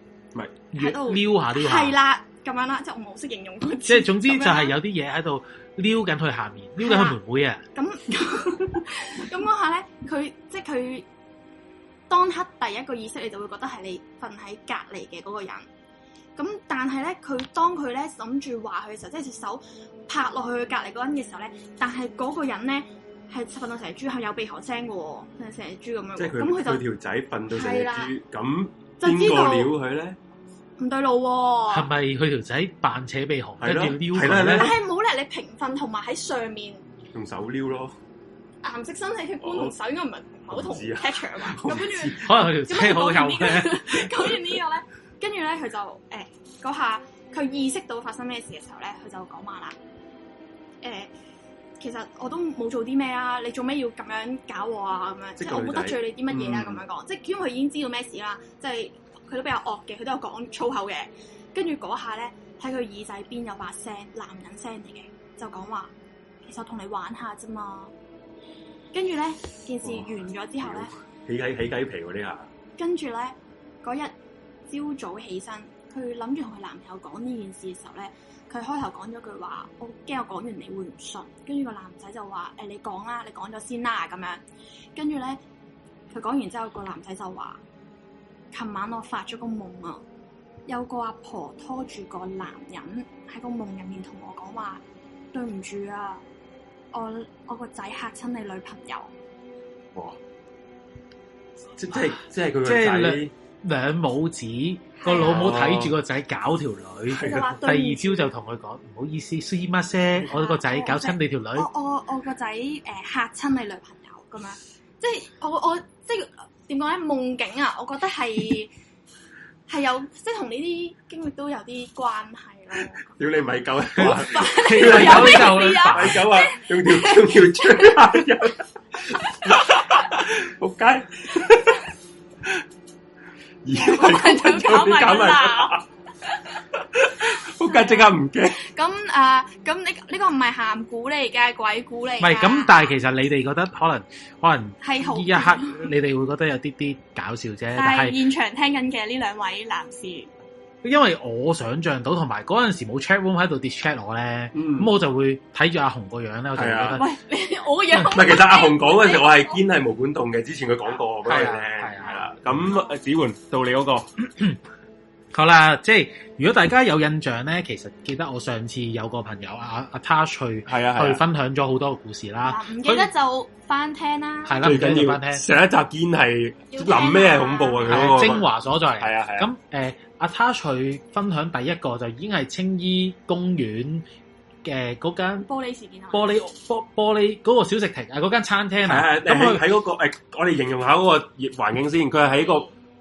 喺度撩下撩下，係啦咁樣啦，即係我唔好識形容，即係總之就係有啲嘢喺度撩緊佢下面，撩緊佢妹妹啊！咁咁下咧，佢 即係佢 當刻第一個意識，你就會覺得係你瞓喺隔籬嘅嗰個人。咁但係咧，佢當佢咧諗住話佢嘅時候，即係隻手拍落去佢隔籬嗰人嘅時候咧，但係嗰個人咧。嗯係瞓到成隻豬，係有鼻鼾聲嘅，真係成隻豬咁樣。即係佢佢條仔瞓到成隻豬，咁邊個撩佢咧？唔對路、啊。係咪佢條仔扮扯鼻鼾？係咯，係啦，係啦。但係冇咧，你平瞓同埋喺上面。用手撩咯。顏色、身體、血管、手，應該唔係唔係好同 touch 可能嘛、 嗯。咁跟住可能佢條。講完呢個咧，跟住咧佢就誒、欸、下佢意識到發生咩事嘅時候咧，佢就講話啦。欸其實我都冇做啲咩啊，你做咩要咁樣搞我啊？咁樣即係、就是、我冇得罪你啲乜嘢啊？咁、嗯、樣講，即係因為佢已經知道咩事啦，即係佢都比較惡嘅，佢都有講粗口嘅。跟住嗰下咧，喺佢耳仔邊有把聲男人聲嚟嘅，就講話其實同你玩下啫嘛。跟住咧，件事完咗之後咧，起雞起雞皮嗰啲啊！跟住咧，嗰日朝早起身，佢諗住同佢男朋友講呢件事嘅時候咧。佢開頭講咗句話，我驚我講完你會唔信，跟住個男仔就話：，誒、哎，你講啦，你講咗先啦、啊，咁樣。跟住咧，佢講完之後，個男仔就話：，琴晚我發咗個夢啊，有個阿婆，婆拖住個男人喺個夢入面同我講話：，對唔住啊，我我個仔吓親你女朋友。哇！即即是即係佢個仔兩兩母子。 個老母睇住個仔搞條女，第二朝就同佢講唔好意思，輸乜聲，我個仔搞親你條女我。我我我個仔誒吓親你女朋友咁樣，即係我我我即係點講咧？夢境啊，我覺得係係 有即係同呢啲經歷都有啲關係咯。屌 你咪狗，你有咩事啊？ 用條用條嘴，撲街！ 混蛋 而搞埋好家即刻唔不驚、 嗯。咁、嗯、誒，咁呢呢個唔係鹹故嚟㗎，鬼故嚟。唔係咁，但係其實你哋覺得可能，可能係呢一刻你哋會覺得有啲啲搞笑啫。但係現場聽緊嘅呢兩位男士。因為我想象到，同埋嗰陣時冇 chat room 喺度 detect 我咧，咁、嗯、我就會睇住阿紅個樣咧，我就覺得、啊。喂，我嘅樣。其實阿紅講嗰時，我係堅係毛管戙嘅。之前佢講過嗰陣咧，係啦、啊。咁、啊啊啊啊啊、子桓到你嗰、那個， 好啦。即係如果大家有印象咧，其實記得我上次有個朋友阿 Tasha 係啊，去分享咗好多個故事啦。唔、啊啊、記得就翻聽啦。係啦，唔緊要，翻聽。上一集堅係諗咩恐怖啊？佢嗰、啊那個、啊、精華所在。係啊，係啊。咁誒。阿他佢分享第一個就已經係青衣公園嘅嗰間玻璃事件啊！玻璃玻玻璃嗰，那個小食亭啊，嗰，呃、間餐廳啊，咁佢喺嗰個，呃、我哋形容下嗰個熱環境先。佢係喺個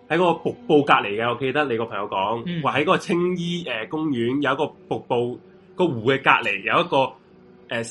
喺個瀑布隔離嘅，我記得你個朋友講話喺嗰個青衣誒，呃、公園有一個瀑布，那個湖嘅隔離有一個誒，呃、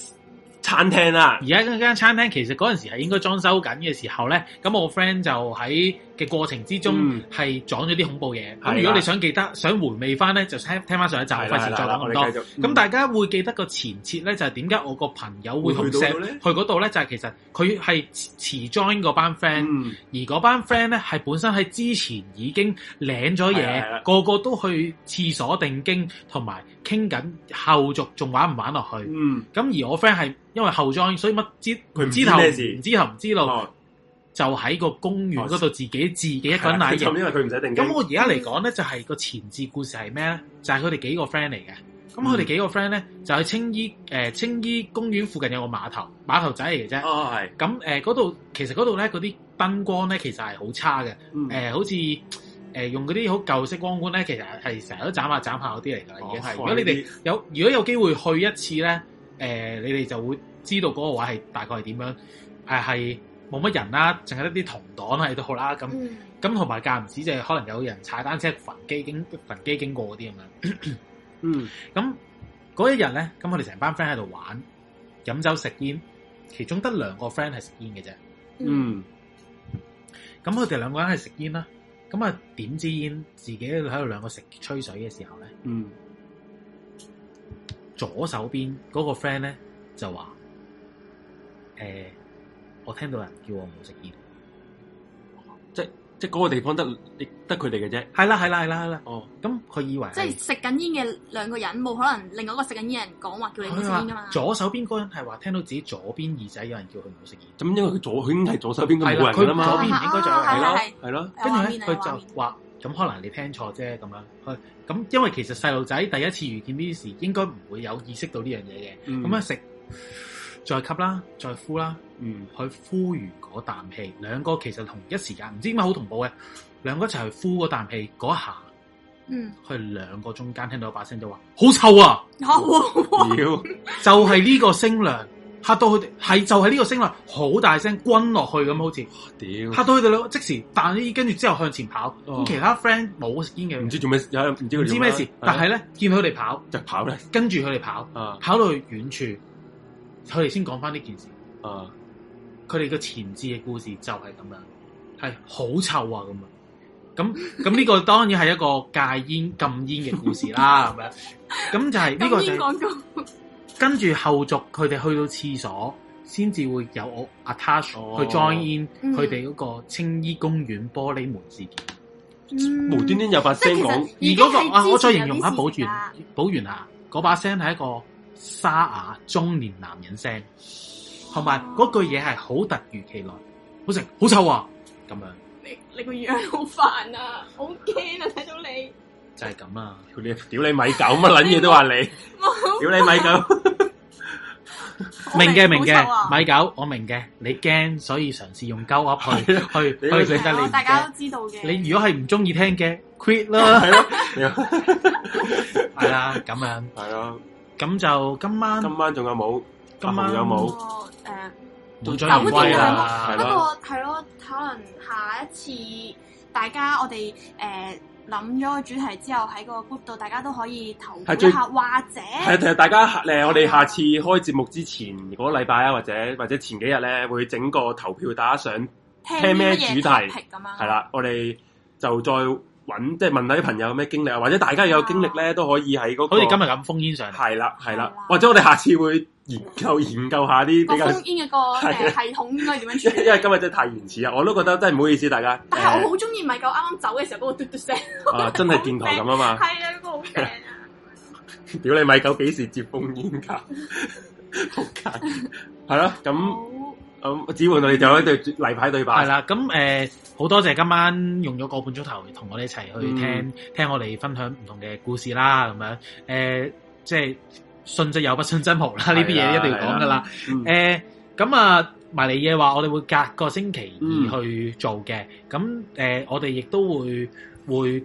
餐廳啦，啊。而家嗰間餐廳其實嗰陣時係應該裝修緊嘅時候咧，咁我 friend 就喺嘅過程之中係、嗯、撞咗啲恐怖嘢。咁、嗯、如果你想記得，想回味翻咧，就聽返翻上一集，費事再諗咁多。咁、嗯、大家會記得個前設咧，就係點解我個朋友會紅色？去嗰度咧，就係其實佢係遲 join 嗰班 friend，而嗰班 friend 咧係本身喺之前已經領咗嘢，個個都去廁所定經，同埋傾緊後續仲玩唔玩落去。咁、嗯、而我 friend 係因為後 join，所以乜知佢唔知頭，唔知頭，唔知路。就喺個公園嗰度，自己自己一滾奶油。咁我而家嚟講咧，就係、是、個前置故事係咩咧？就係佢哋幾個 friend 嚟嘅。咁佢哋幾個 friend 咧，就喺青衣誒，青、呃、衣公園附近有個碼頭，碼頭仔嚟嘅啫。哦，係。咁誒，嗰度其實嗰度咧，嗰啲燈光咧，其實係好差嘅。誒，好似誒，用嗰啲好舊式光管咧，其實係成日都斬下斬下嗰啲嚟噶係。如果你哋有，如果有機會去一次咧，誒、呃，你哋就會知道嗰個位係大概係點樣，誒、呃、係。冇乜人啦、啊，淨係一啲同黨喺度好啦，咁咁同埋間唔時，嗯、就係可能有人踩單車、焚機經、行機經過嗰啲咁樣。嗯，咁嗰一日咧，咁我哋成班 friend 喺度玩，飲酒食煙，其中得兩個 friend 係食煙嘅啫。嗯，咁我哋兩個人係食煙啦，咁啊點支煙，自己喺度兩個食吹水嘅時候咧，嗯，左手邊嗰個 friend 咧就話，誒、欸。我聽到有人叫我唔好食煙，哦、即即嗰個地方得，得佢哋嘅啫。係啦，係啦，係啦，係啦。哦，咁佢以為即係食緊煙嘅兩個人冇可能，另外一個食緊煙人講話叫你唔好食煙噶嘛？左手邊嗰人係話聽到自己左邊耳仔有人叫佢唔好食煙，咁因為佢左佢應該係左手邊嗰個人啦嘛。佢左邊應該有有有就係係咯，係咯。跟住咧，佢就話：咁可能你聽錯啫。咁樣咁，因為其實細路仔第一次遇見呢啲事，應該唔會有意識到呢樣嘢嘅。咁、嗯、啊，食再吸啦，再呼啦。去、嗯、呼完嗰啖氣，兩個其實同一時間，唔知點解好同步嘅，兩個一齊去呼嗰啖氣，嗰下，嗯，佢兩個中間聽到把聲就話好臭啊！屌，就係呢個聲量吓到佢哋，係就係呢個聲量，好、就是、大聲，轟落去咁，好似屌吓到佢哋咯，即時彈咗，跟住之後向前跑。咁、啊、其他 friend 冇嘅，唔知做咩，又唔知佢知咩事，但係咧、啊、見佢哋跑就跑咧，跟住佢哋跑、啊，跑到去遠處，佢哋先講翻呢件事啊。佢哋個前置嘅故事就係咁樣，係好臭啊咁啊！咁咁呢個當然係一個戒煙禁煙嘅故事啦咁樣。咁 就係呢個就係、江江跟住後續，佢哋去到廁所，先至會有我阿 Tasha 去 join in 佢哋嗰個青衣公園玻璃門事件。嗯、無端端有把聲講，而嗰個啊，我再形容一下，保住保完啊，嗰把聲係一個沙啞中年男人聲。同埋嗰句嘢係好突如其來，好食好臭啊！咁樣，你你個樣好煩啊，好驚啊！睇到你就係咁啊，屌你屌你米狗乜捻嘢都話你，屌你米狗，明嘅明嘅米狗，我明嘅。你驚，所以嘗試用鳩噏去去去，但係大家都知道嘅。你如果係唔中意聽嘅，quit 啦，係咯，係啦，咁樣係啦，咁就今晚今晚仲有冇？啊、有冇？誒、嗯呃啊，不過係咯，可能下一次大家我哋誒諗咗個主題之後，喺個 group 度大家都可以投下，或者係其實大家誒我哋下次開節目之前嗰個禮拜啊，或者或者前幾日咧會整個投票，大家想聽咩主題？咁啊，係啦，我哋就再。即係問下啲朋友有咩經歷，或者大家有經歷咧、啊、都可以喺嗰、嗰個。好似今日咁封煙上。係啦係啦，或者我哋下次會研究研究一下啲、嗰個、封煙嘅、嗰個系統應該點樣處理。因為今日真係太原始啊，我都覺得真係唔好意思大家。但係我好中意米狗啱啱、欸、走嘅時候嗰個嘟嘟聲。啊，真係電台咁啊嘛。係、嗯呢個、啊，嗰個好正！屌你米狗幾時接封煙㗎 很近？ 好假！係啦咁。咁，指換我哋就一對例牌對白。係啦，咁、呃、誒，好多謝今晚用咗個半鐘頭同我哋一齊去聽、嗯、聽我哋分享唔同嘅故事啦，咁樣誒、呃，即係信則有，不信則無啦，呢啲嘢一定要講噶啦。誒，咁、嗯呃、啊，埋嚟嘢話，我哋會隔個星期二去做嘅。咁、嗯、誒、呃，我哋亦都會會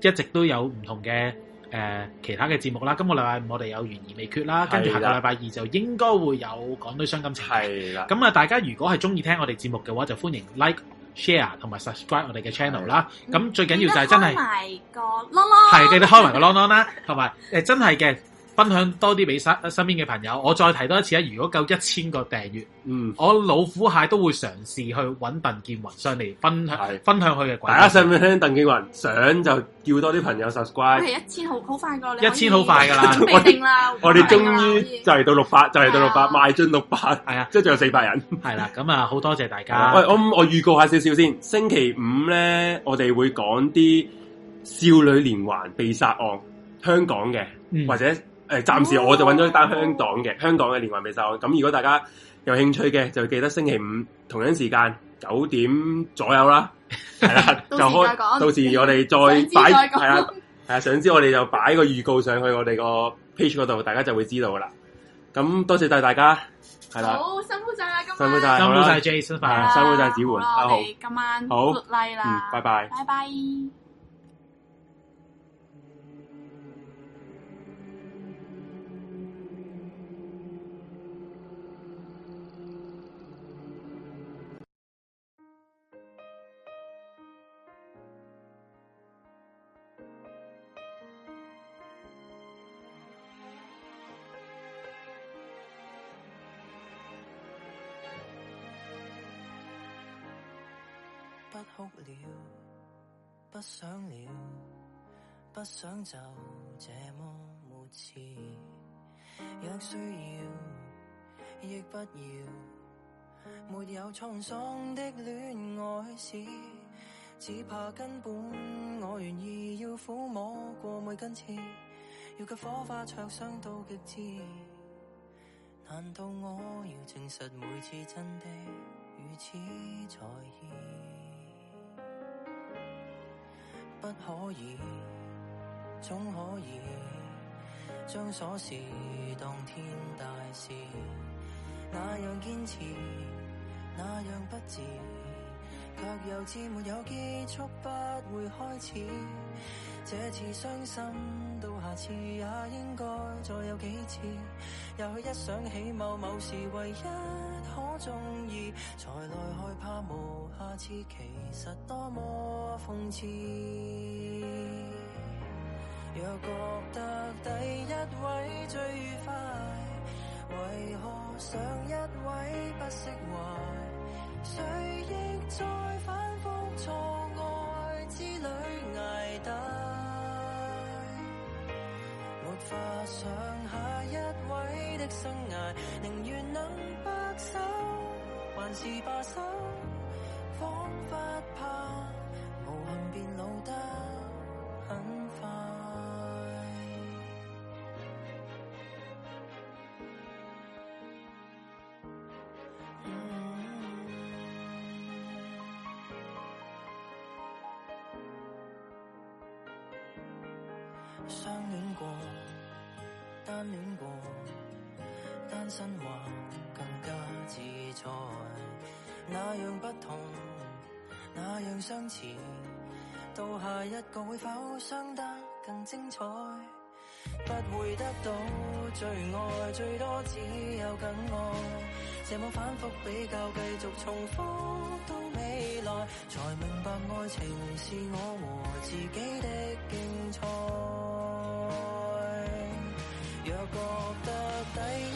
一直都有唔同嘅。誒，其他嘅節目啦，今個禮拜五我哋有懸疑未決啦，跟住下個禮拜二就應該會有港女傷感情。係啦，咁啊，大家如果係中意聽我哋節目嘅話，就歡迎 like、share 同埋 subscribe 我哋嘅 channel 啦。咁最緊要就係真係，開埋個鈴鈴係記得開埋鈴鈴啦，同埋誒真係嘅。分享多啲俾身邊邊嘅朋友，我再提多一次啊！如果夠一千個訂閱，嗯，我老虎蟹都會嘗試去揾鄧健云上嚟分享，分享佢嘅鬼。大家想唔想聽鄧健云？想就叫多啲朋友 subscribe。係一千好，好快噶，一千好快噶啦， 我哋終於就嚟到六百，就嚟到六百，邁進六百，係啊，即係仲有四百人。係 啦，咁啊，好多謝大家。喂， 我我預告一下少,少少先，星期五咧，我哋會講啲少女連環被殺案，香港嘅、嗯、或者。誒、哎，暫時我就揾咗一單香港嘅，oh, 香港嘅連環未受咁，如果大家有興趣嘅，就記得星期五同樣時間九點左右啦，係 啦，就開。到時我哋再擺係啊，係啊，想知，擺，想知我哋就擺個預告上去我哋個 page 嗰度，大家就會知道噶啦。咁多謝晒大家，係啦。好辛苦晒，今晚！辛苦晒，J，辛苦晒子桓。好今晚好，好啦，拜拜，拜拜。辛苦想了，不想就這麼沒趣。若需要，亦不要。沒有滄桑的戀愛史，只怕根本我願意要撫摸過每根刺，要給火花灼傷到極致。難道我要證實每次真的如此在意？不可以，總可以將瑣事當天大事，那樣堅持，那樣不智，卻又似沒有結束不會開始，這次傷心到下次也應該再有幾次，又許一想起某某事，唯一。中意才來害怕無下次，其實多麼諷刺。若覺得第一位最愉快，為何上一位不釋懷？誰亦在反覆錯愛之旅挨低，沒法想下一位的生涯，寧願能手還是把手，彷彿怕無限變老得很快。嗯，相戀過，單戀過，單身還更加。自在，那樣不同，那樣相似。到下一個會否傷得更精彩？不會得到最愛，最多只有更愛。這麼反復比較，繼續重複到未來，才明白愛情是我和自己的競賽。若覺得低。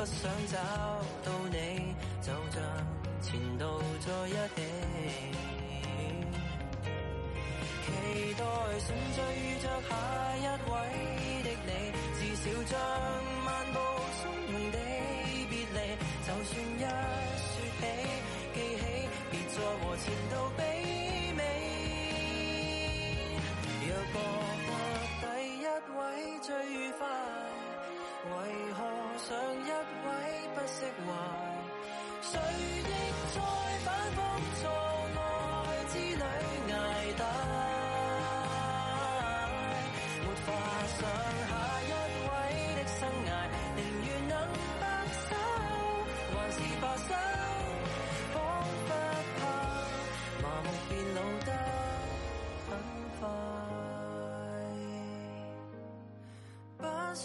不想找到你，就着前度在一起。期待順追着下一位的你，至少將漫步從容的別離。就算一說你記起，別再和前度比美。若覺得第一位最愉快，為何？上一位不釋懷，誰亦在反覆錯愛之旅捱戴，沒法想上下一位的生涯，寧願能白走，還是放手，彷彿不怕麻木變老得很快，不想